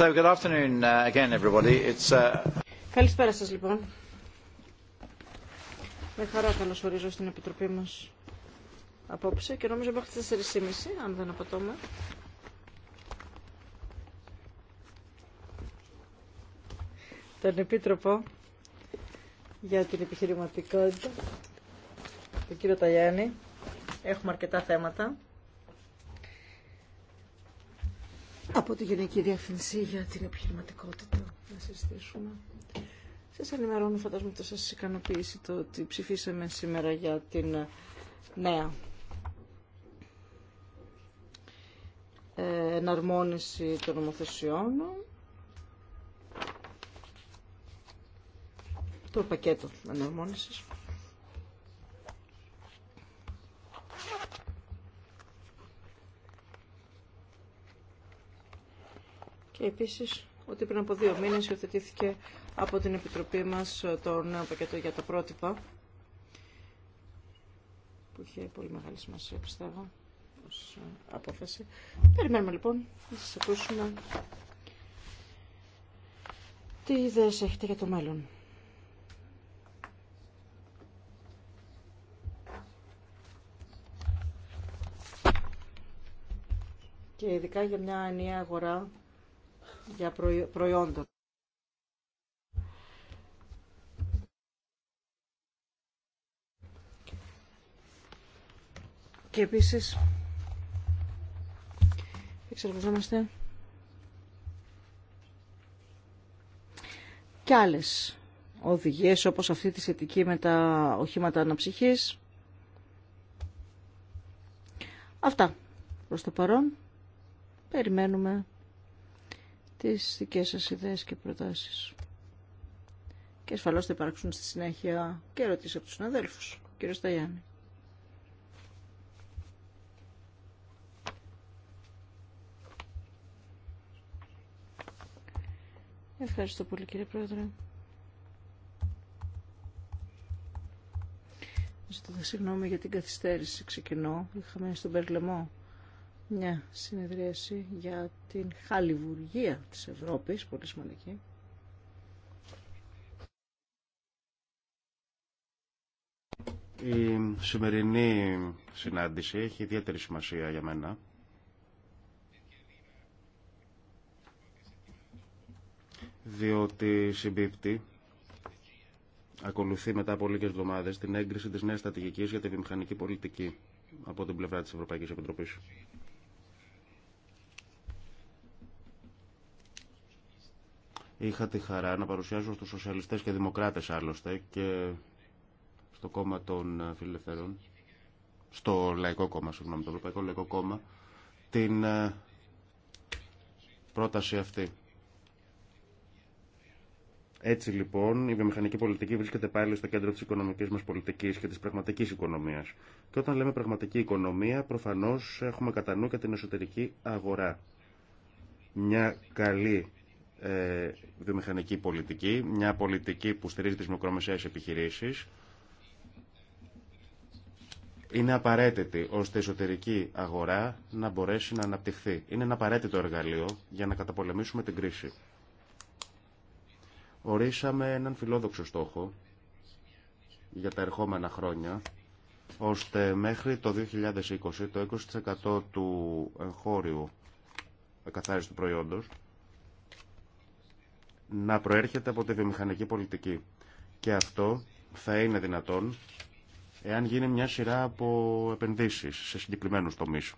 Uh, uh, Καλησπέρα σας λοιπόν. Με χαρά καλωσορίζω στην Επιτροπή μας απόψε και νομίζω μέχρι τις 4.30, αν δεν απατώμε. Τον Επίτροπο για την επιχειρηματικότητα, τον κύριο Ταγιάννη. Έχουμε αρκετά θέματα. από τη Γενική Διεύθυνση για την επιχειρηματικότητα να συζητήσουμε. Σας ενημερώνω, φαντάζομαι ότι σας ικανοποιήσει το ότι ψηφίσαμε σήμερα για την ε, νέα ε, εναρμόνιση των νομοθεσιών. Το πακέτο εναρμόνισης. και επίσης ότι πριν από δύο μήνες υιοθετήθηκε από την Επιτροπή μας ε, το νέο πακέτο για τα πρότυπα που είχε πολύ μεγάλη σημασία πιστεύω ως ε, απόφαση. Περιμένουμε λοιπόν να σας ακούσουμε τι ιδέες έχετε για το μέλλον. Και ειδικά για μια ενιαία αγορά για προϊόντα. Και επίσης εξεργαζόμαστε και άλλες οδηγίες όπως αυτή τη σχετική με τα οχήματα αναψυχής. Αυτά προς το παρόν. Περιμένουμε τις δικές σας ιδέες και προτάσεις. Και ασφαλώς θα υπάρξουν στη συνέχεια και ερωτήσεις από τους συναδέλφους. Κύριε Σταγιάννη. Ευχαριστώ πολύ κύριε Πρόεδρε. Ζητώ συγγνώμη για την καθυστέρηση. Ξεκινώ. Είχαμε στον Περλεμό μια συνεδρίαση για την χαλιβουργία της Ευρώπης, πολύ σημαντική. Η σημερινή συνάντηση έχει ιδιαίτερη σημασία για μένα. διότι συμπίπτει, ακολουθεί μετά από λίγες εβδομάδες την έγκριση της νέας στρατηγικής για τη βιομηχανική πολιτική από την πλευρά της Ευρωπαϊκής Επιτροπής. Είχα τη χαρά να παρουσιάζω στους σοσιαλιστές και δημοκράτες άλλωστε και στο κόμμα των ε, φιλελευθερών, στο Λαϊκό Κόμμα, συγγνώμη, το Ευρωπαϊκό Λαϊκό Κόμμα, την ε, πρόταση αυτή. Έτσι λοιπόν η βιομηχανική πολιτική βρίσκεται πάλι στο κέντρο της οικονομικής μας πολιτικής και της πραγματικής οικονομίας. Και όταν λέμε πραγματική οικονομία προφανώς έχουμε κατά νου και την εσωτερική αγορά. Μια καλή ε, βιομηχανική πολιτική, μια πολιτική που στηρίζει τις μικρομεσαίες επιχειρήσεις, είναι απαραίτητη ώστε η εσωτερική αγορά να μπορέσει να αναπτυχθεί. Είναι ένα απαραίτητο εργαλείο για να καταπολεμήσουμε την κρίση. Ορίσαμε έναν φιλόδοξο στόχο για τα ερχόμενα χρόνια, ώστε μέχρι το 2020 το 20% του εγχώριου εκαθάριστου προϊόντος να προέρχεται από τη βιομηχανική πολιτική. Και αυτό θα είναι δυνατόν εάν γίνει μια σειρά από επενδύσεις σε συγκεκριμένους τομείς.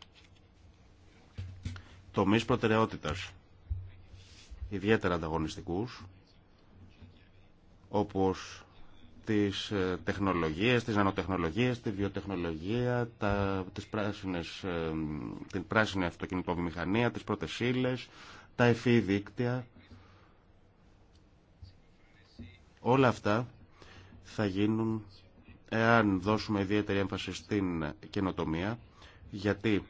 Τομείς προτεραιότητας, ιδιαίτερα ανταγωνιστικούς, όπως τις ε, τεχνολογίες, τις νανοτεχνολογίες, τη βιοτεχνολογία, τα, τις πράσινες, ε, την πράσινη αυτοκινητοβιομηχανία, τις πρώτες ύλες, τα εφή δίκτυα, Όλα αυτά θα γίνουν εάν δώσουμε ιδιαίτερη έμφαση στην καινοτομία, γιατί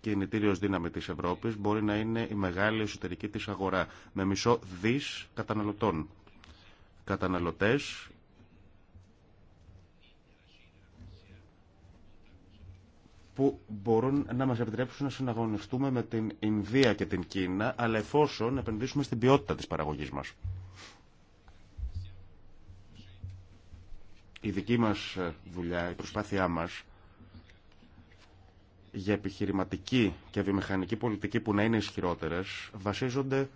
κινητήριος δύναμη της Ευρώπης μπορεί να είναι η μεγάλη εσωτερική της αγορά, με μισό δις καταναλωτών. Καταναλωτές που μπορούν να μας επιτρέψουν να συναγωνιστούμε με την Ινδία και την Κίνα, αλλά εφόσον επενδύσουμε στην ποιότητα της παραγωγής μας. η δική μας ε, δουλειά, η προσπάθειά μας για επιχειρηματική και βιομηχανική πολιτική που να είναι ισχυρότερες βασίζονται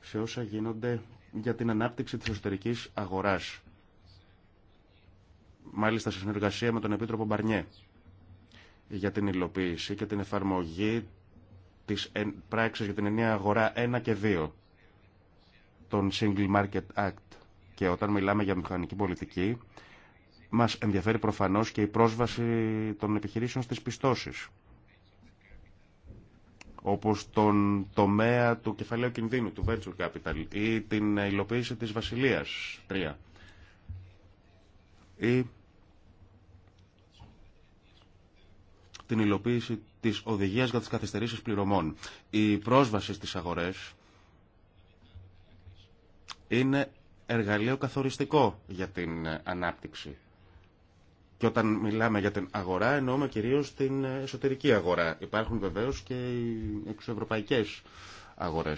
σε όσα γίνονται για την ανάπτυξη της εσωτερικής αγοράς. Μάλιστα σε συνεργασία με τον Επίτροπο Μπαρνιέ για την υλοποίηση και την εφαρμογή της πράξης για την ενιαία αγορά 1 και 2 των Single Market Act. Και όταν μιλάμε για μηχανική πολιτική, μας ενδιαφέρει προφανώς και η πρόσβαση των επιχειρήσεων στις πιστώσεις όπως τον τομέα του κεφαλαίου κινδύνου, του venture capital ή την υλοποίηση της Βασιλείας 3 ή την υλοποίηση της οδηγίας για τις καθυστερήσεις πληρωμών. Η πρόσβαση στις αγορές είναι εργαλείο καθοριστικό για την ανάπτυξη και όταν μιλάμε για την αγορά, εννοούμε κυρίω την εσωτερική αγορά. Υπάρχουν βεβαίω και οι εξωευρωπαϊκέ αγορέ.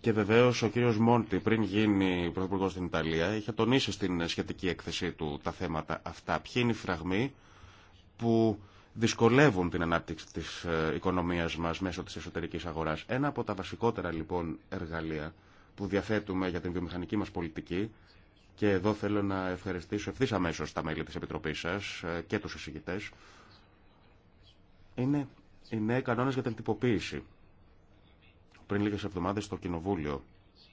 Και βεβαίω ο κύριο Μόντι, πριν γίνει πρωθυπουργό στην Ιταλία, είχε τονίσει στην σχετική έκθεσή του τα θέματα αυτά. Ποιοι είναι οι φραγμοί που δυσκολεύουν την ανάπτυξη της ε, οικονομίας μας μέσω της εσωτερικής αγοράς. Ένα από τα βασικότερα λοιπόν εργαλεία που διαθέτουμε για την βιομηχανική μας πολιτική και εδώ θέλω να ευχαριστήσω ευθύ αμέσω τα μέλη της Επιτροπής σας ε, και τους εισηγητές είναι οι νέοι κανόνες για την τυποποίηση. Πριν λίγες εβδομάδες το Κοινοβούλιο,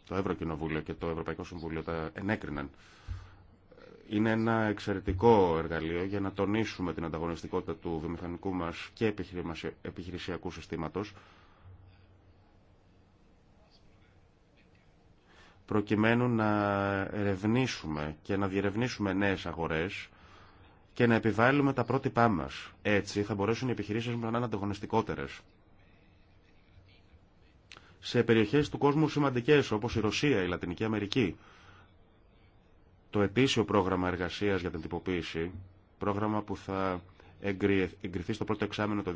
το Ευρωκοινοβούλιο και το Ευρωπαϊκό Συμβούλιο τα ενέκριναν είναι ένα εξαιρετικό εργαλείο για να τονίσουμε την ανταγωνιστικότητα του βιομηχανικού μας και επιχειρησιακού συστήματος προκειμένου να ερευνήσουμε και να διερευνήσουμε νέες αγορές και να επιβάλλουμε τα πρότυπά μας. Έτσι θα μπορέσουν οι επιχειρήσεις μας να είναι ανταγωνιστικότερες. Σε περιοχές του κόσμου σημαντικές όπως η Ρωσία, η Λατινική Αμερική, το ετήσιο πρόγραμμα εργασίας για την τυποποίηση, πρόγραμμα που θα εγκριθεί στο πρώτο εξάμενο το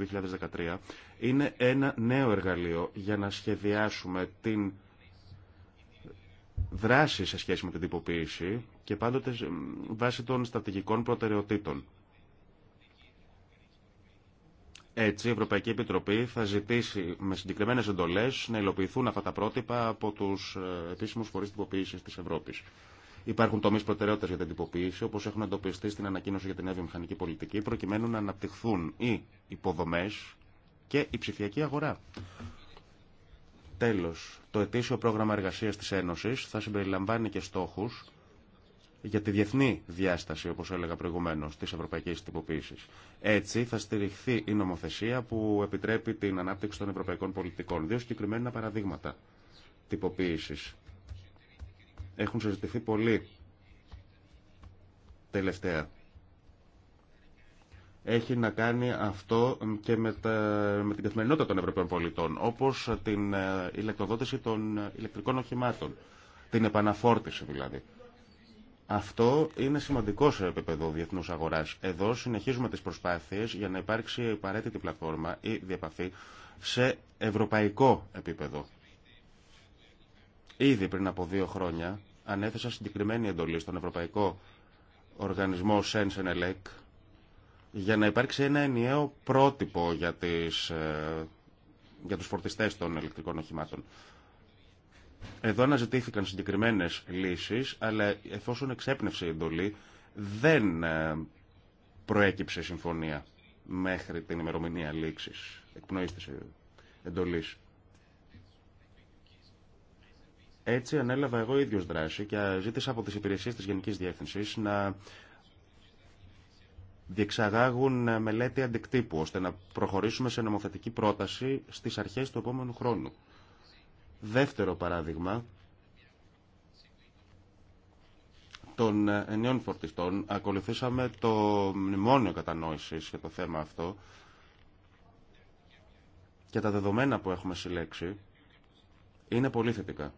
2013, είναι ένα νέο εργαλείο για να σχεδιάσουμε την δράση σε σχέση με την τυποποίηση και πάντοτε βάσει των στρατηγικών προτεραιοτήτων. Έτσι, η Ευρωπαϊκή Επιτροπή θα ζητήσει με συγκεκριμένες εντολές να υλοποιηθούν αυτά τα πρότυπα από τους ε, επίσημους φορείς τυποποίησης της Ευρώπης. Υπάρχουν τομεί προτεραιότητα για την τυποποίηση, όπω έχουν εντοπιστεί στην ανακοίνωση για την νέα βιομηχανική πολιτική, προκειμένου να αναπτυχθούν οι υποδομέ και η ψηφιακή αγορά. Τέλο, το ετήσιο πρόγραμμα εργασία τη Ένωση θα συμπεριλαμβάνει και στόχου για τη διεθνή διάσταση, όπω έλεγα προηγουμένω, τη ευρωπαϊκή τυποποίηση. Έτσι θα στηριχθεί η νομοθεσία που επιτρέπει την ανάπτυξη των ευρωπαϊκών πολιτικών. Δύο συγκεκριμένα παραδείγματα τυποποίηση έχουν συζητηθεί πολύ τελευταία. Έχει να κάνει αυτό και με, τα, με την καθημερινότητα των Ευρωπαίων πολιτών, όπως την ε, ηλεκτροδότηση των ηλεκτρικών οχημάτων, την επαναφόρτιση δηλαδή. Αυτό είναι σημαντικό σε επίπεδο διεθνούς αγοράς. Εδώ συνεχίζουμε τις προσπάθειες για να υπάρξει απαραίτητη πλατφόρμα ή διαπαθή σε ευρωπαϊκό επίπεδο Ήδη πριν από δύο χρόνια ανέθεσα συγκεκριμένη εντολή στον Ευρωπαϊκό Οργανισμό SENSEN-ELEC για να υπάρξει ένα ενιαίο πρότυπο για, τις, ε, για τους φορτιστές των ηλεκτρικών οχημάτων. Εδώ αναζητήθηκαν συγκεκριμένες λύσεις, αλλά εφόσον εξέπνευσε η εντολή, δεν ε, προέκυψε συμφωνία μέχρι την ημερομηνία λήξης, εκπνοής της εντολής. Έτσι ανέλαβα εγώ ίδιο δράση και ζήτησα από τις υπηρεσίες της Γενικής διεύθυνση να διεξαγάγουν μελέτη αντικτύπου, ώστε να προχωρήσουμε σε νομοθετική πρόταση στις αρχές του επόμενου χρόνου. Δεύτερο παράδειγμα των ενιών φορτιστών. Ακολουθήσαμε το μνημόνιο κατανόησης για το θέμα αυτό και τα δεδομένα που έχουμε συλλέξει είναι πολύ θετικά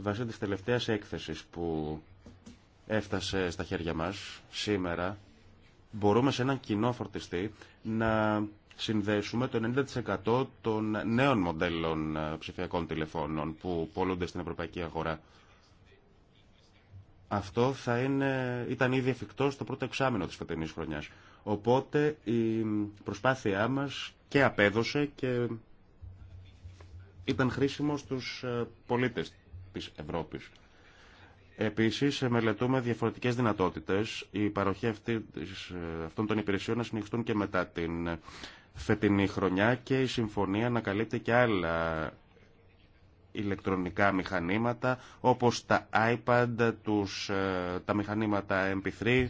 βάσει της τελευταίας έκθεσης που έφτασε στα χέρια μας σήμερα, μπορούμε σε έναν κοινό φορτιστή να συνδέσουμε το 90% των νέων μοντέλων ε, ψηφιακών τηλεφώνων που πολλούνται στην ευρωπαϊκή αγορά. Αυτό θα είναι, ήταν ήδη εφικτό στο πρώτο εξάμεινο της φετινής χρονιάς. Οπότε η προσπάθειά μας και απέδωσε και ήταν χρήσιμο στους ε, πολίτες της Επίσης, μελετούμε διαφορετικές δυνατότητες η παροχή αυτή, ε, αυτών των υπηρεσιών να συνεχιστούν και μετά την ε, φετινή χρονιά και η συμφωνία να καλύπτει και άλλα ηλεκτρονικά μηχανήματα όπως τα iPad, τους, ε, τα μηχανήματα MP3,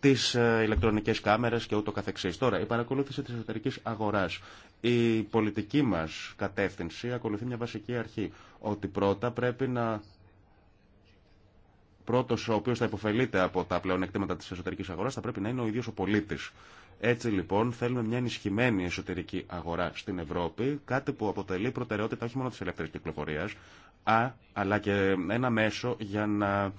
τις ηλεκτρονικές κάμερες και ούτω καθεξής. Τώρα, η παρακολούθηση της εσωτερικής αγοράς η πολιτική μας κατεύθυνση ακολουθεί μια βασική αρχή. Ότι πρώτα πρέπει να... Πρώτος ο οποίος θα υποφελείται από τα πλεονεκτήματα της εσωτερικής αγοράς θα πρέπει να είναι ο ίδιος ο πολίτης. Έτσι λοιπόν θέλουμε μια ενισχυμένη εσωτερική αγορά στην Ευρώπη, κάτι που αποτελεί προτεραιότητα όχι μόνο της ελεύθερης κυκλοφορίας, α, αλλά και ένα μέσο για να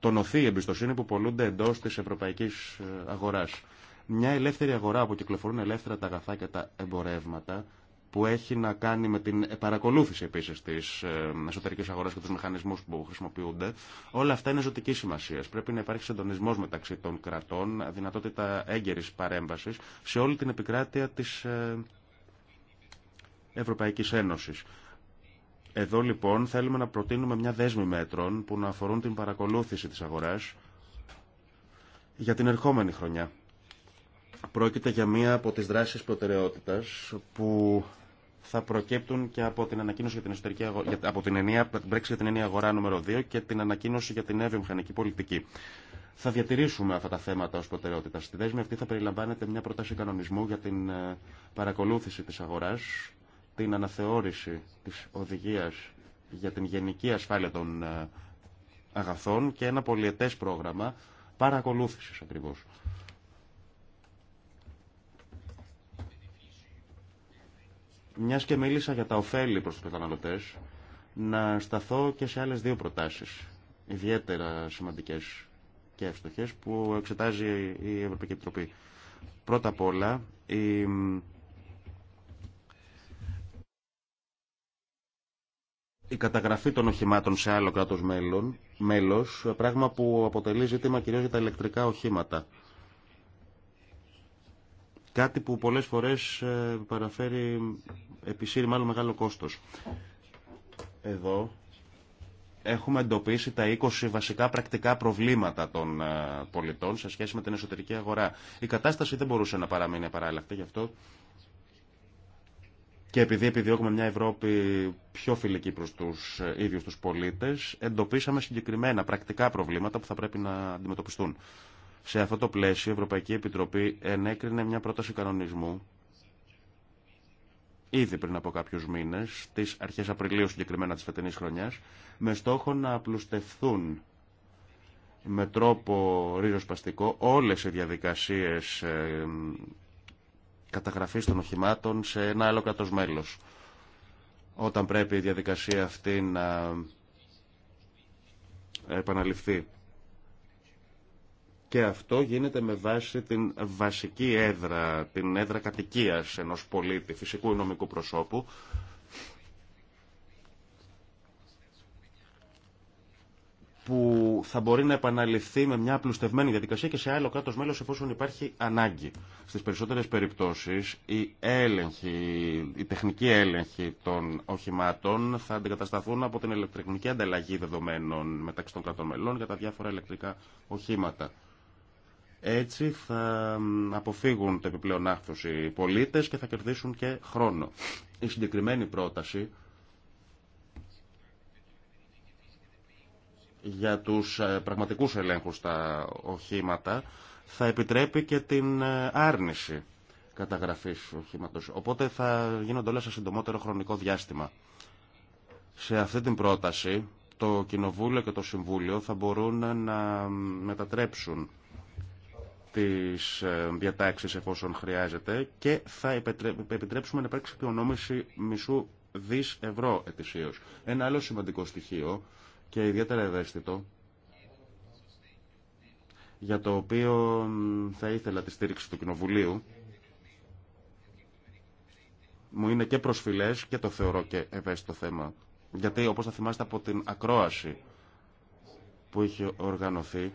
τονωθεί η εμπιστοσύνη που πολλούνται εντός της ευρωπαϊκής ε, αγοράς. Μια ελεύθερη αγορά που κυκλοφορούν ελεύθερα τα αγαθά και τα εμπορεύματα που έχει να κάνει με την παρακολούθηση επίση τη ε, εσωτερική αγορά και του μηχανισμού που χρησιμοποιούνται. Όλα αυτά είναι ζωτική σημασία. Πρέπει να υπάρχει συντονισμό μεταξύ των κρατών, δυνατότητα έγκαιρη παρέμβαση σε όλη την επικράτεια τη ε, Ευρωπαϊκή Ένωση. Εδώ λοιπόν θέλουμε να προτείνουμε μια δέσμη μέτρων που να αφορούν την παρακολούθηση τη αγορά για την ερχόμενη χρονιά. Πρόκειται για μία από τις δράσεις προτεραιότητας που θα προκέπτουν και από την ανακοίνωση για την εσωτερική αγορά, από την, ενία, Brexit για την ενία αγορά νούμερο 2 και την ανακοίνωση για την νέα μηχανική πολιτική. Θα διατηρήσουμε αυτά τα θέματα ως προτεραιότητα. Στη δέσμη αυτή θα περιλαμβάνεται μια πρόταση κανονισμού για την ε, παρακολούθηση της αγοράς, την αναθεώρηση της οδηγίας για την γενική ασφάλεια των ε, αγαθών και ένα πολιετές πρόγραμμα παρακολούθησης ακριβώς. μιας και μίλησα για τα ωφέλη προς τους καταναλωτέ να σταθώ και σε άλλες δύο προτάσεις, ιδιαίτερα σημαντικές και εύστοχε, που εξετάζει η Ευρωπαϊκή Επιτροπή. Πρώτα απ' όλα, η... η καταγραφή των οχημάτων σε άλλο κράτος μέλος, πράγμα που αποτελεί ζήτημα κυρίως για τα ηλεκτρικά οχήματα. Κάτι που πολλές φορές ε, παραφέρει, επισύρει μάλλον μεγάλο κόστος. Εδώ έχουμε εντοπίσει τα 20 βασικά πρακτικά προβλήματα των ε, πολιτών σε σχέση με την εσωτερική αγορά. Η κατάσταση δεν μπορούσε να παραμείνει απαράλλακτη γι' αυτό. Και επειδή επιδιώκουμε μια Ευρώπη πιο φιλική προς τους ε, ίδιους τους πολίτες, εντοπίσαμε συγκεκριμένα πρακτικά προβλήματα που θα πρέπει να αντιμετωπιστούν. Σε αυτό το πλαίσιο η Ευρωπαϊκή Επιτροπή ενέκρινε μια πρόταση κανονισμού ήδη πριν από κάποιου μήνε, τι αρχέ Απριλίου συγκεκριμένα τη φετινή χρονιά, με στόχο να απλουστευθούν με τρόπο ριζοσπαστικό όλες οι διαδικασίες ε, καταγραφής των οχημάτων σε ένα άλλο κράτος μέλος. Όταν πρέπει η διαδικασία αυτή να επαναληφθεί και αυτό γίνεται με βάση την βασική έδρα, την έδρα κατοικίας ενός πολίτη, φυσικού ή νομικού προσώπου, που θα μπορεί να επαναληφθεί με μια απλουστευμένη διαδικασία και σε άλλο κράτο μέλος εφόσον υπάρχει ανάγκη. Στις περισσότερες περιπτώσεις η, η τεχνική έλεγχη των οχημάτων θα αντικατασταθούν από την ηλεκτρονική ανταλλαγή δεδομένων μεταξύ των κρατών μελών για τα διάφορα ηλεκτρικά οχήματα. Έτσι θα αποφύγουν το επιπλέον άχθος οι πολίτες και θα κερδίσουν και χρόνο. Η συγκεκριμένη πρόταση για τους ε, πραγματικούς ελέγχους στα οχήματα θα επιτρέπει και την ε, άρνηση καταγραφής οχήματος. Οπότε θα γίνονται όλα σε συντομότερο χρονικό διάστημα. Σε αυτή την πρόταση το Κοινοβούλιο και το Συμβούλιο θα μπορούν να μετατρέψουν τις ε, διατάξεις εφόσον χρειάζεται και θα επιτρέψουμε να υπάρξει οικονόμηση μισού δις ευρώ ετησίως. Ένα άλλο σημαντικό στοιχείο και ιδιαίτερα ευαίσθητο για το οποίο θα ήθελα τη στήριξη του Κοινοβουλίου μου είναι και προσφυλές και το θεωρώ και ευαίσθητο θέμα. Γιατί όπως θα θυμάστε από την ακρόαση που είχε οργανωθεί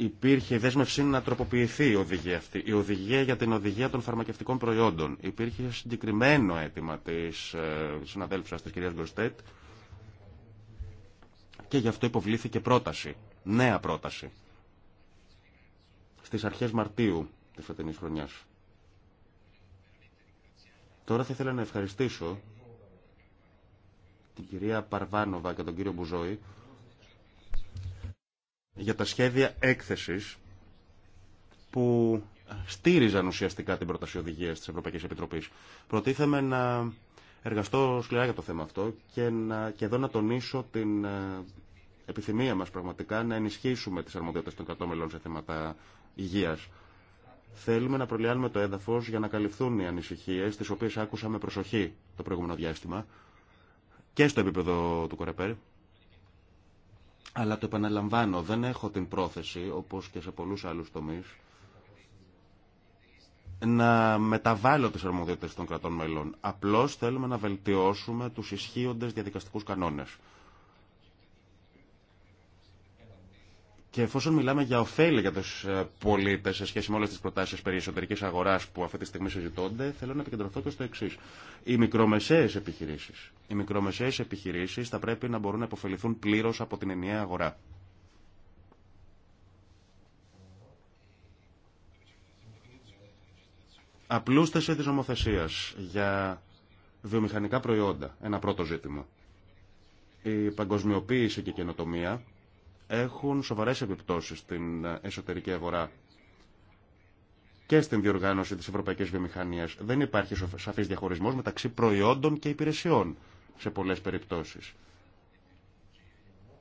υπήρχε η δέσμευση να τροποποιηθεί η οδηγία αυτή. Η οδηγία για την οδηγία των φαρμακευτικών προϊόντων. Υπήρχε συγκεκριμένο αίτημα της ε, συναδέλφου τη κυρία Γκροστέτ και γι' αυτό υποβλήθηκε πρόταση, νέα πρόταση, στις αρχές Μαρτίου τη φετινή χρονιά. Τώρα θα ήθελα να ευχαριστήσω την κυρία Παρβάνοβα και τον κύριο Μπουζόη για τα σχέδια έκθεσης που στήριζαν ουσιαστικά την πρόταση οδηγία της Ευρωπαϊκής Επιτροπής. Προτίθεμε να εργαστώ σκληρά για το θέμα αυτό και, να, και εδώ να τονίσω την ε, επιθυμία μας πραγματικά να ενισχύσουμε τις αρμοδιότητες των κρατών σε θέματα υγείας. Θέλουμε να προλιάνουμε το έδαφος για να καλυφθούν οι ανησυχίες τις οποίες άκουσα με προσοχή το προηγούμενο διάστημα και στο επίπεδο του Κορεπέρ αλλά το επαναλαμβάνω, δεν έχω την πρόθεση, όπως και σε πολλούς άλλους τομείς, να μεταβάλω τις αρμοδιότητες των κρατών μελών. Απλώς θέλουμε να βελτιώσουμε τους ισχύοντες διαδικαστικούς κανόνες. Και εφόσον μιλάμε για ωφέλη για του ε, πολίτε σε σχέση με όλε τι προτάσει περί εσωτερική αγορά που αυτή τη στιγμή συζητώνται, θέλω να επικεντρωθώ και στο εξή. Οι μικρομεσαίε επιχειρήσει. Οι μικρομεσαίε επιχειρήσει θα πρέπει να μπορούν να υποφεληθούν πλήρω από την ενιαία αγορά. σε τη νομοθεσίας για βιομηχανικά προϊόντα, ένα πρώτο ζήτημα. Η παγκοσμιοποίηση και η καινοτομία έχουν σοβαρές επιπτώσεις στην εσωτερική αγορά και στην διοργάνωση της ευρωπαϊκής βιομηχανίας. Δεν υπάρχει σαφής διαχωρισμός μεταξύ προϊόντων και υπηρεσιών σε πολλές περιπτώσεις.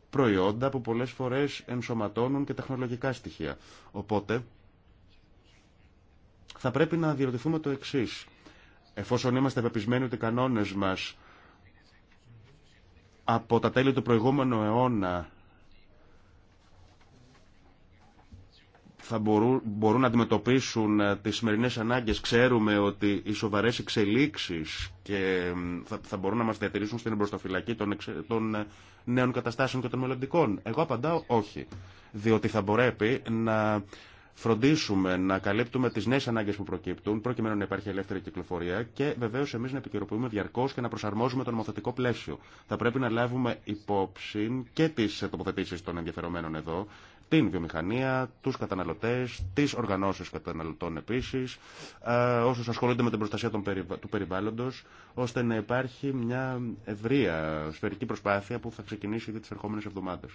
Προϊόντα που πολλές φορές ενσωματώνουν και τεχνολογικά στοιχεία. Οπότε, θα πρέπει να διερωτηθούμε το εξή. Εφόσον είμαστε πεπισμένοι ότι οι κανόνες μας από τα τέλη του προηγούμενου αιώνα θα μπορούν, να αντιμετωπίσουν ε, τις σημερινές ανάγκες. Ξέρουμε ότι οι σοβαρές εξελίξεις και θα, θα μπορούν να μας διατηρήσουν στην εμπροστοφυλακή των, εξε, ε, νέων καταστάσεων και των μελλοντικών. Εγώ απαντάω όχι, διότι θα μπορέπει να φροντίσουμε να καλύπτουμε τις νέες ανάγκες που προκύπτουν, προκειμένου να υπάρχει ελεύθερη κυκλοφορία και βεβαίως εμείς να επικαιροποιούμε διαρκώς και να προσαρμόζουμε το νομοθετικό πλαίσιο. Θα πρέπει να λάβουμε υπόψη και τις τοποθετήσεις των ενδιαφερομένων εδώ, την βιομηχανία, τους καταναλωτές, τις οργανώσεις καταναλωτών επίσης, ε, όσου ασχολούνται με την προστασία του περιβάλλοντος, ώστε να υπάρχει μια ευρεία σφαιρική προσπάθεια που θα ξεκινήσει ήδη τις ερχόμενες εβδομάδες.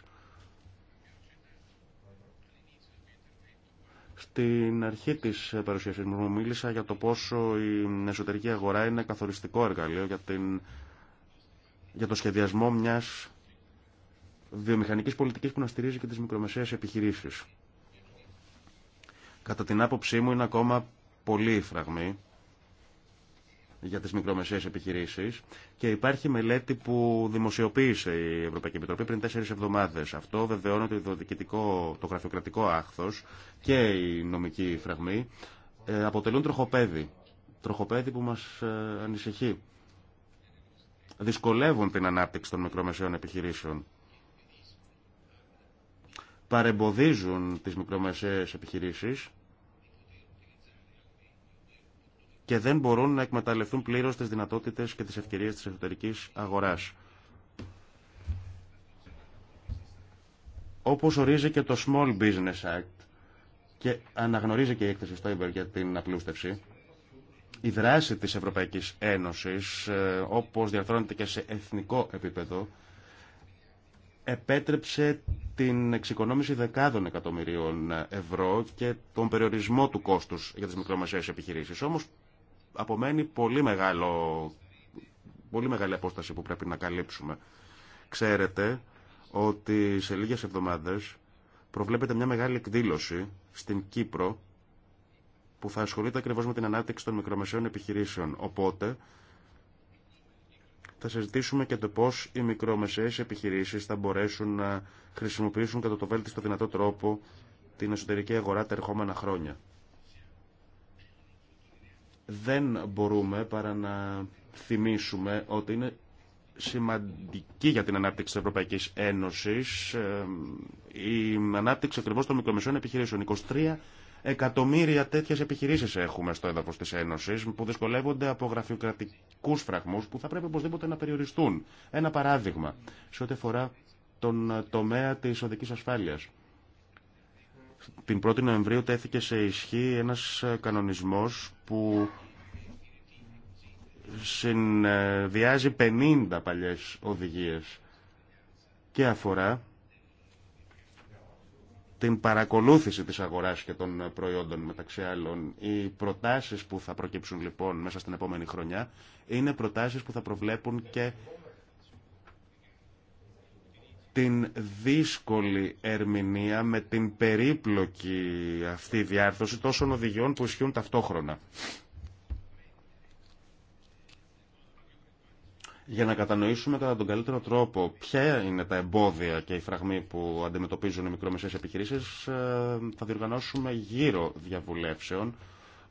Στην αρχή τη παρουσιασή μου μίλησα για το πόσο η εσωτερική αγορά είναι καθοριστικό εργαλείο για, την... για το σχεδιασμό μια βιομηχανική πολιτική που να στηρίζει και τι μικρομεσαίες επιχειρήσει. Κατά την άποψή μου είναι ακόμα πολύ φραγμή για τις μικρομεσαίες επιχειρήσεις και υπάρχει μελέτη που δημοσιοποίησε η Ευρωπαϊκή Επιτροπή πριν τέσσερις εβδομάδες. Αυτό βεβαιώνει ότι το, το γραφειοκρατικό άχθος και η νομική φραγμή ε, αποτελούν τροχοπέδι. Τροχοπέδι που μας ε, ανησυχεί. Δυσκολεύουν την ανάπτυξη των μικρομεσαίων επιχειρήσεων παρεμποδίζουν τις μικρομεσαίες επιχειρήσεις και δεν μπορούν να εκμεταλλευτούν πλήρως τις δυνατότητες και τις ευκαιρίες της εσωτερικής αγοράς. Όπως ορίζει και το Small Business Act και αναγνωρίζει και η έκθεση Stoiber για την απλούστευση, η δράση της Ευρωπαϊκής Ένωσης, ε, όπως διαρθρώνεται και σε εθνικό επίπεδο, επέτρεψε την εξοικονόμηση δεκάδων εκατομμυρίων ευρώ και τον περιορισμό του κόστους για τις μικρομεσαίες επιχειρήσεις. Όμως απομένει πολύ, μεγάλο, πολύ μεγάλη απόσταση που πρέπει να καλύψουμε. Ξέρετε ότι σε λίγες εβδομάδες προβλέπεται μια μεγάλη εκδήλωση στην Κύπρο που θα ασχολείται ακριβώς με την ανάπτυξη των μικρομεσαίων επιχειρήσεων. Οπότε θα συζητήσουμε και το πώ οι μικρομεσαίες επιχειρήσεις θα μπορέσουν να χρησιμοποιήσουν κατά το βέλτιστο δυνατό τρόπο την εσωτερική αγορά τα ερχόμενα χρόνια. Δεν μπορούμε παρά να θυμίσουμε ότι είναι σημαντική για την ανάπτυξη της Ευρωπαϊκής Ένωσης ε, η ανάπτυξη ακριβώς των μικρομεσαίων επιχειρήσεων. Εκατομμύρια τέτοιε επιχειρήσει έχουμε στο έδαφο τη Ένωση που δυσκολεύονται από γραφειοκρατικού φραγμού που θα πρέπει οπωσδήποτε να περιοριστούν. Ένα παράδειγμα σε ό,τι αφορά τον τομέα τη οδική ασφάλεια. Την 1η Νοεμβρίου τέθηκε σε ισχύ ένας κανονισμός που συνδυάζει 50 παλιές οδηγίες και αφορά την παρακολούθηση της αγοράς και των προϊόντων μεταξύ άλλων. Οι προτάσεις που θα προκύψουν λοιπόν μέσα στην επόμενη χρονιά είναι προτάσεις που θα προβλέπουν και την δύσκολη ερμηνεία με την περίπλοκη αυτή διάρθρωση τόσων οδηγιών που ισχύουν ταυτόχρονα. για να κατανοήσουμε κατά τον καλύτερο τρόπο ποια είναι τα εμπόδια και οι φραγμοί που αντιμετωπίζουν οι μικρομεσαίες επιχειρήσεις, ε, θα διοργανώσουμε γύρω διαβουλεύσεων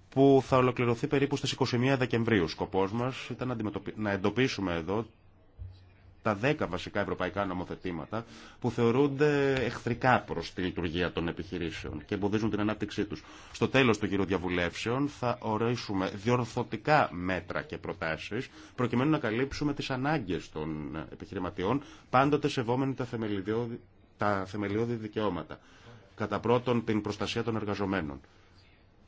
που θα ολοκληρωθεί περίπου στις 21 Δεκεμβρίου. Σκοπός μας ήταν να εντοπίσουμε εδώ τα 10 βασικά ευρωπαϊκά νομοθετήματα που θεωρούνται εχθρικά προ τη λειτουργία των επιχειρήσεων και εμποδίζουν την ανάπτυξή του. Στο τέλο του γύρου διαβουλεύσεων θα ορίσουμε διορθωτικά μέτρα και προτάσει προκειμένου να καλύψουμε τι ανάγκε των επιχειρηματιών, πάντοτε σεβόμενοι τα τα θεμελιώδη δικαιώματα. Κατά πρώτον, την προστασία των εργαζομένων.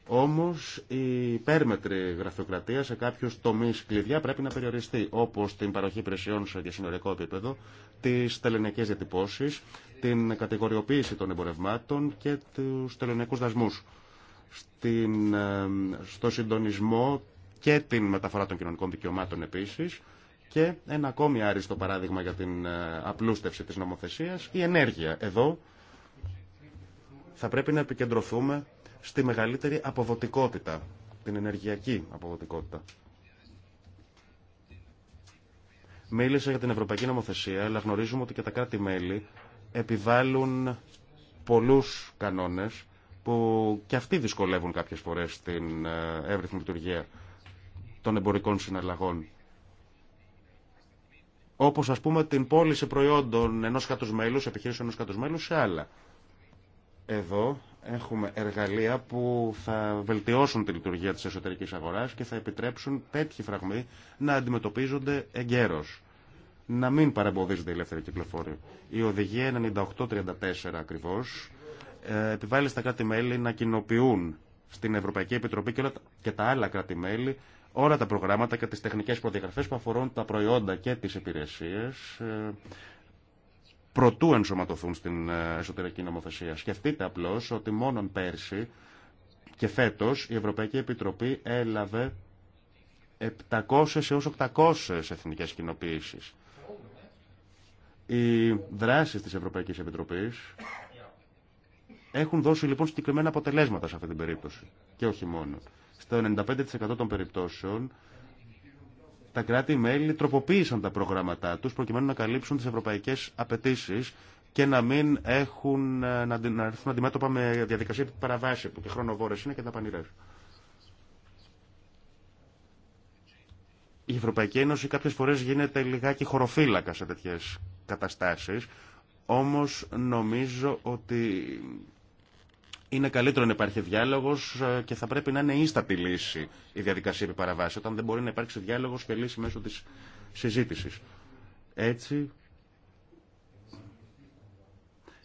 Όμως η υπέρμετρη γραφειοκρατία σε κάποιους τομείς κλειδιά πρέπει να περιοριστεί, όπως την παροχή υπηρεσιών σε διασυνοριακό επίπεδο, τις τελενιακές διατυπώσεις, την κατηγοριοποίηση των εμπορευμάτων και του τελενιακούς δασμούς. Στην, ε, στο συντονισμό και την μεταφορά των κοινωνικών δικαιωμάτων επίσης και ένα ακόμη άριστο παράδειγμα για την ε, απλούστευση της νομοθεσίας, η ενέργεια. Εδώ θα πρέπει να επικεντρωθούμε στη μεγαλύτερη αποδοτικότητα, την ενεργειακή αποδοτικότητα. Μίλησα για την Ευρωπαϊκή Νομοθεσία, αλλά γνωρίζουμε ότι και τα κράτη-μέλη επιβάλλουν πολλούς κανόνες που και αυτοί δυσκολεύουν κάποιες φορές την ε, εύρυθμη λειτουργία των εμπορικών συναλλαγών. Όπως ας πούμε την πώληση προϊόντων ενός κάτους μέλους, επιχείρηση ενός κάτους μέλους σε άλλα. Εδώ έχουμε εργαλεία που θα βελτιώσουν τη λειτουργία της εσωτερικής αγοράς και θα επιτρέψουν τέτοιοι φραγμοί να αντιμετωπίζονται εγκαίρως. Να μην παρεμποδίζονται η ελεύθερη κυκλοφορία. Η οδηγία 9834 ακριβώς ε, επιβάλλει στα κράτη-μέλη να κοινοποιούν στην Ευρωπαϊκή Επιτροπή και, όλα, τα άλλα κράτη-μέλη όλα τα προγράμματα και τις τεχνικές προδιαγραφές που αφορούν τα προϊόντα και τις υπηρεσίες ε, προτού ενσωματωθούν στην ε, εσωτερική νομοθεσία. Σκεφτείτε απλώς ότι μόνον πέρσι και φέτο η Ευρωπαϊκή Επιτροπή έλαβε 700 έω 800 εθνικές κοινοποιήσει. Οι δράσει τη Ευρωπαϊκή Επιτροπή έχουν δώσει λοιπόν συγκεκριμένα αποτελέσματα σε αυτή την περίπτωση. Και όχι μόνο. Στο 95% των περιπτώσεων τα κράτη-μέλη τροποποίησαν τα προγράμματά τους προκειμένου να καλύψουν τις ευρωπαϊκές απαιτήσει και να μην έχουν, ε, να, να έρθουν αντιμέτωπα με διαδικασία παραβάση που και χρονοβόρε είναι και τα πανηρές. Η Ευρωπαϊκή Ένωση κάποιες φορές γίνεται λιγάκι χωροφύλακα σε τέτοιε καταστάσεις, όμως νομίζω ότι είναι καλύτερο να υπάρχει διάλογο ε, και θα πρέπει να είναι ίστατη λύση η διαδικασία επί παραβάση, όταν δεν μπορεί να υπάρξει διάλογο και λύση μέσω τη συζήτηση. Έτσι,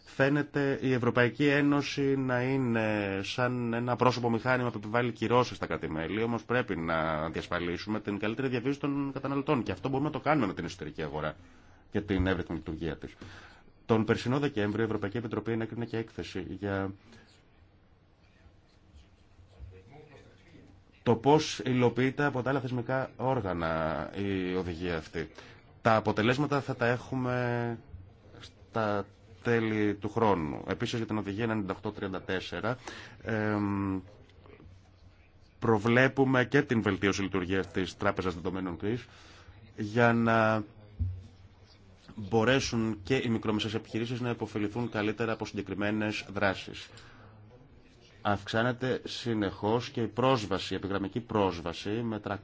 φαίνεται η Ευρωπαϊκή Ένωση να είναι σαν ένα πρόσωπο μηχάνημα που επιβάλλει κυρώσει στα κρατημέλη, μελη Όμω πρέπει να διασφαλίσουμε την καλύτερη διαβίωση των καταναλωτών. Και αυτό μπορούμε να το κάνουμε με την εσωτερική αγορά και την εύρυθμη λειτουργία τη. Τον περσινό Δεκέμβριο η Ευρωπαϊκή Επιτροπή ενέκρινε και έκθεση για το πώ υλοποιείται από τα άλλα θεσμικά όργανα η οδηγία αυτή. Τα αποτελέσματα θα τα έχουμε στα τέλη του χρόνου. Επίσης για την οδηγία 9834 προβλέπουμε και την βελτίωση λειτουργίας της Τράπεζας Δεδομένων Κρίς για να μπορέσουν και οι μικρομεσαίες επιχειρήσεις να υποφεληθούν καλύτερα από συγκεκριμένες δράσεις. Αυξάνεται συνεχώς και η πρόσβαση, η επιγραμμική πρόσβαση με 300.000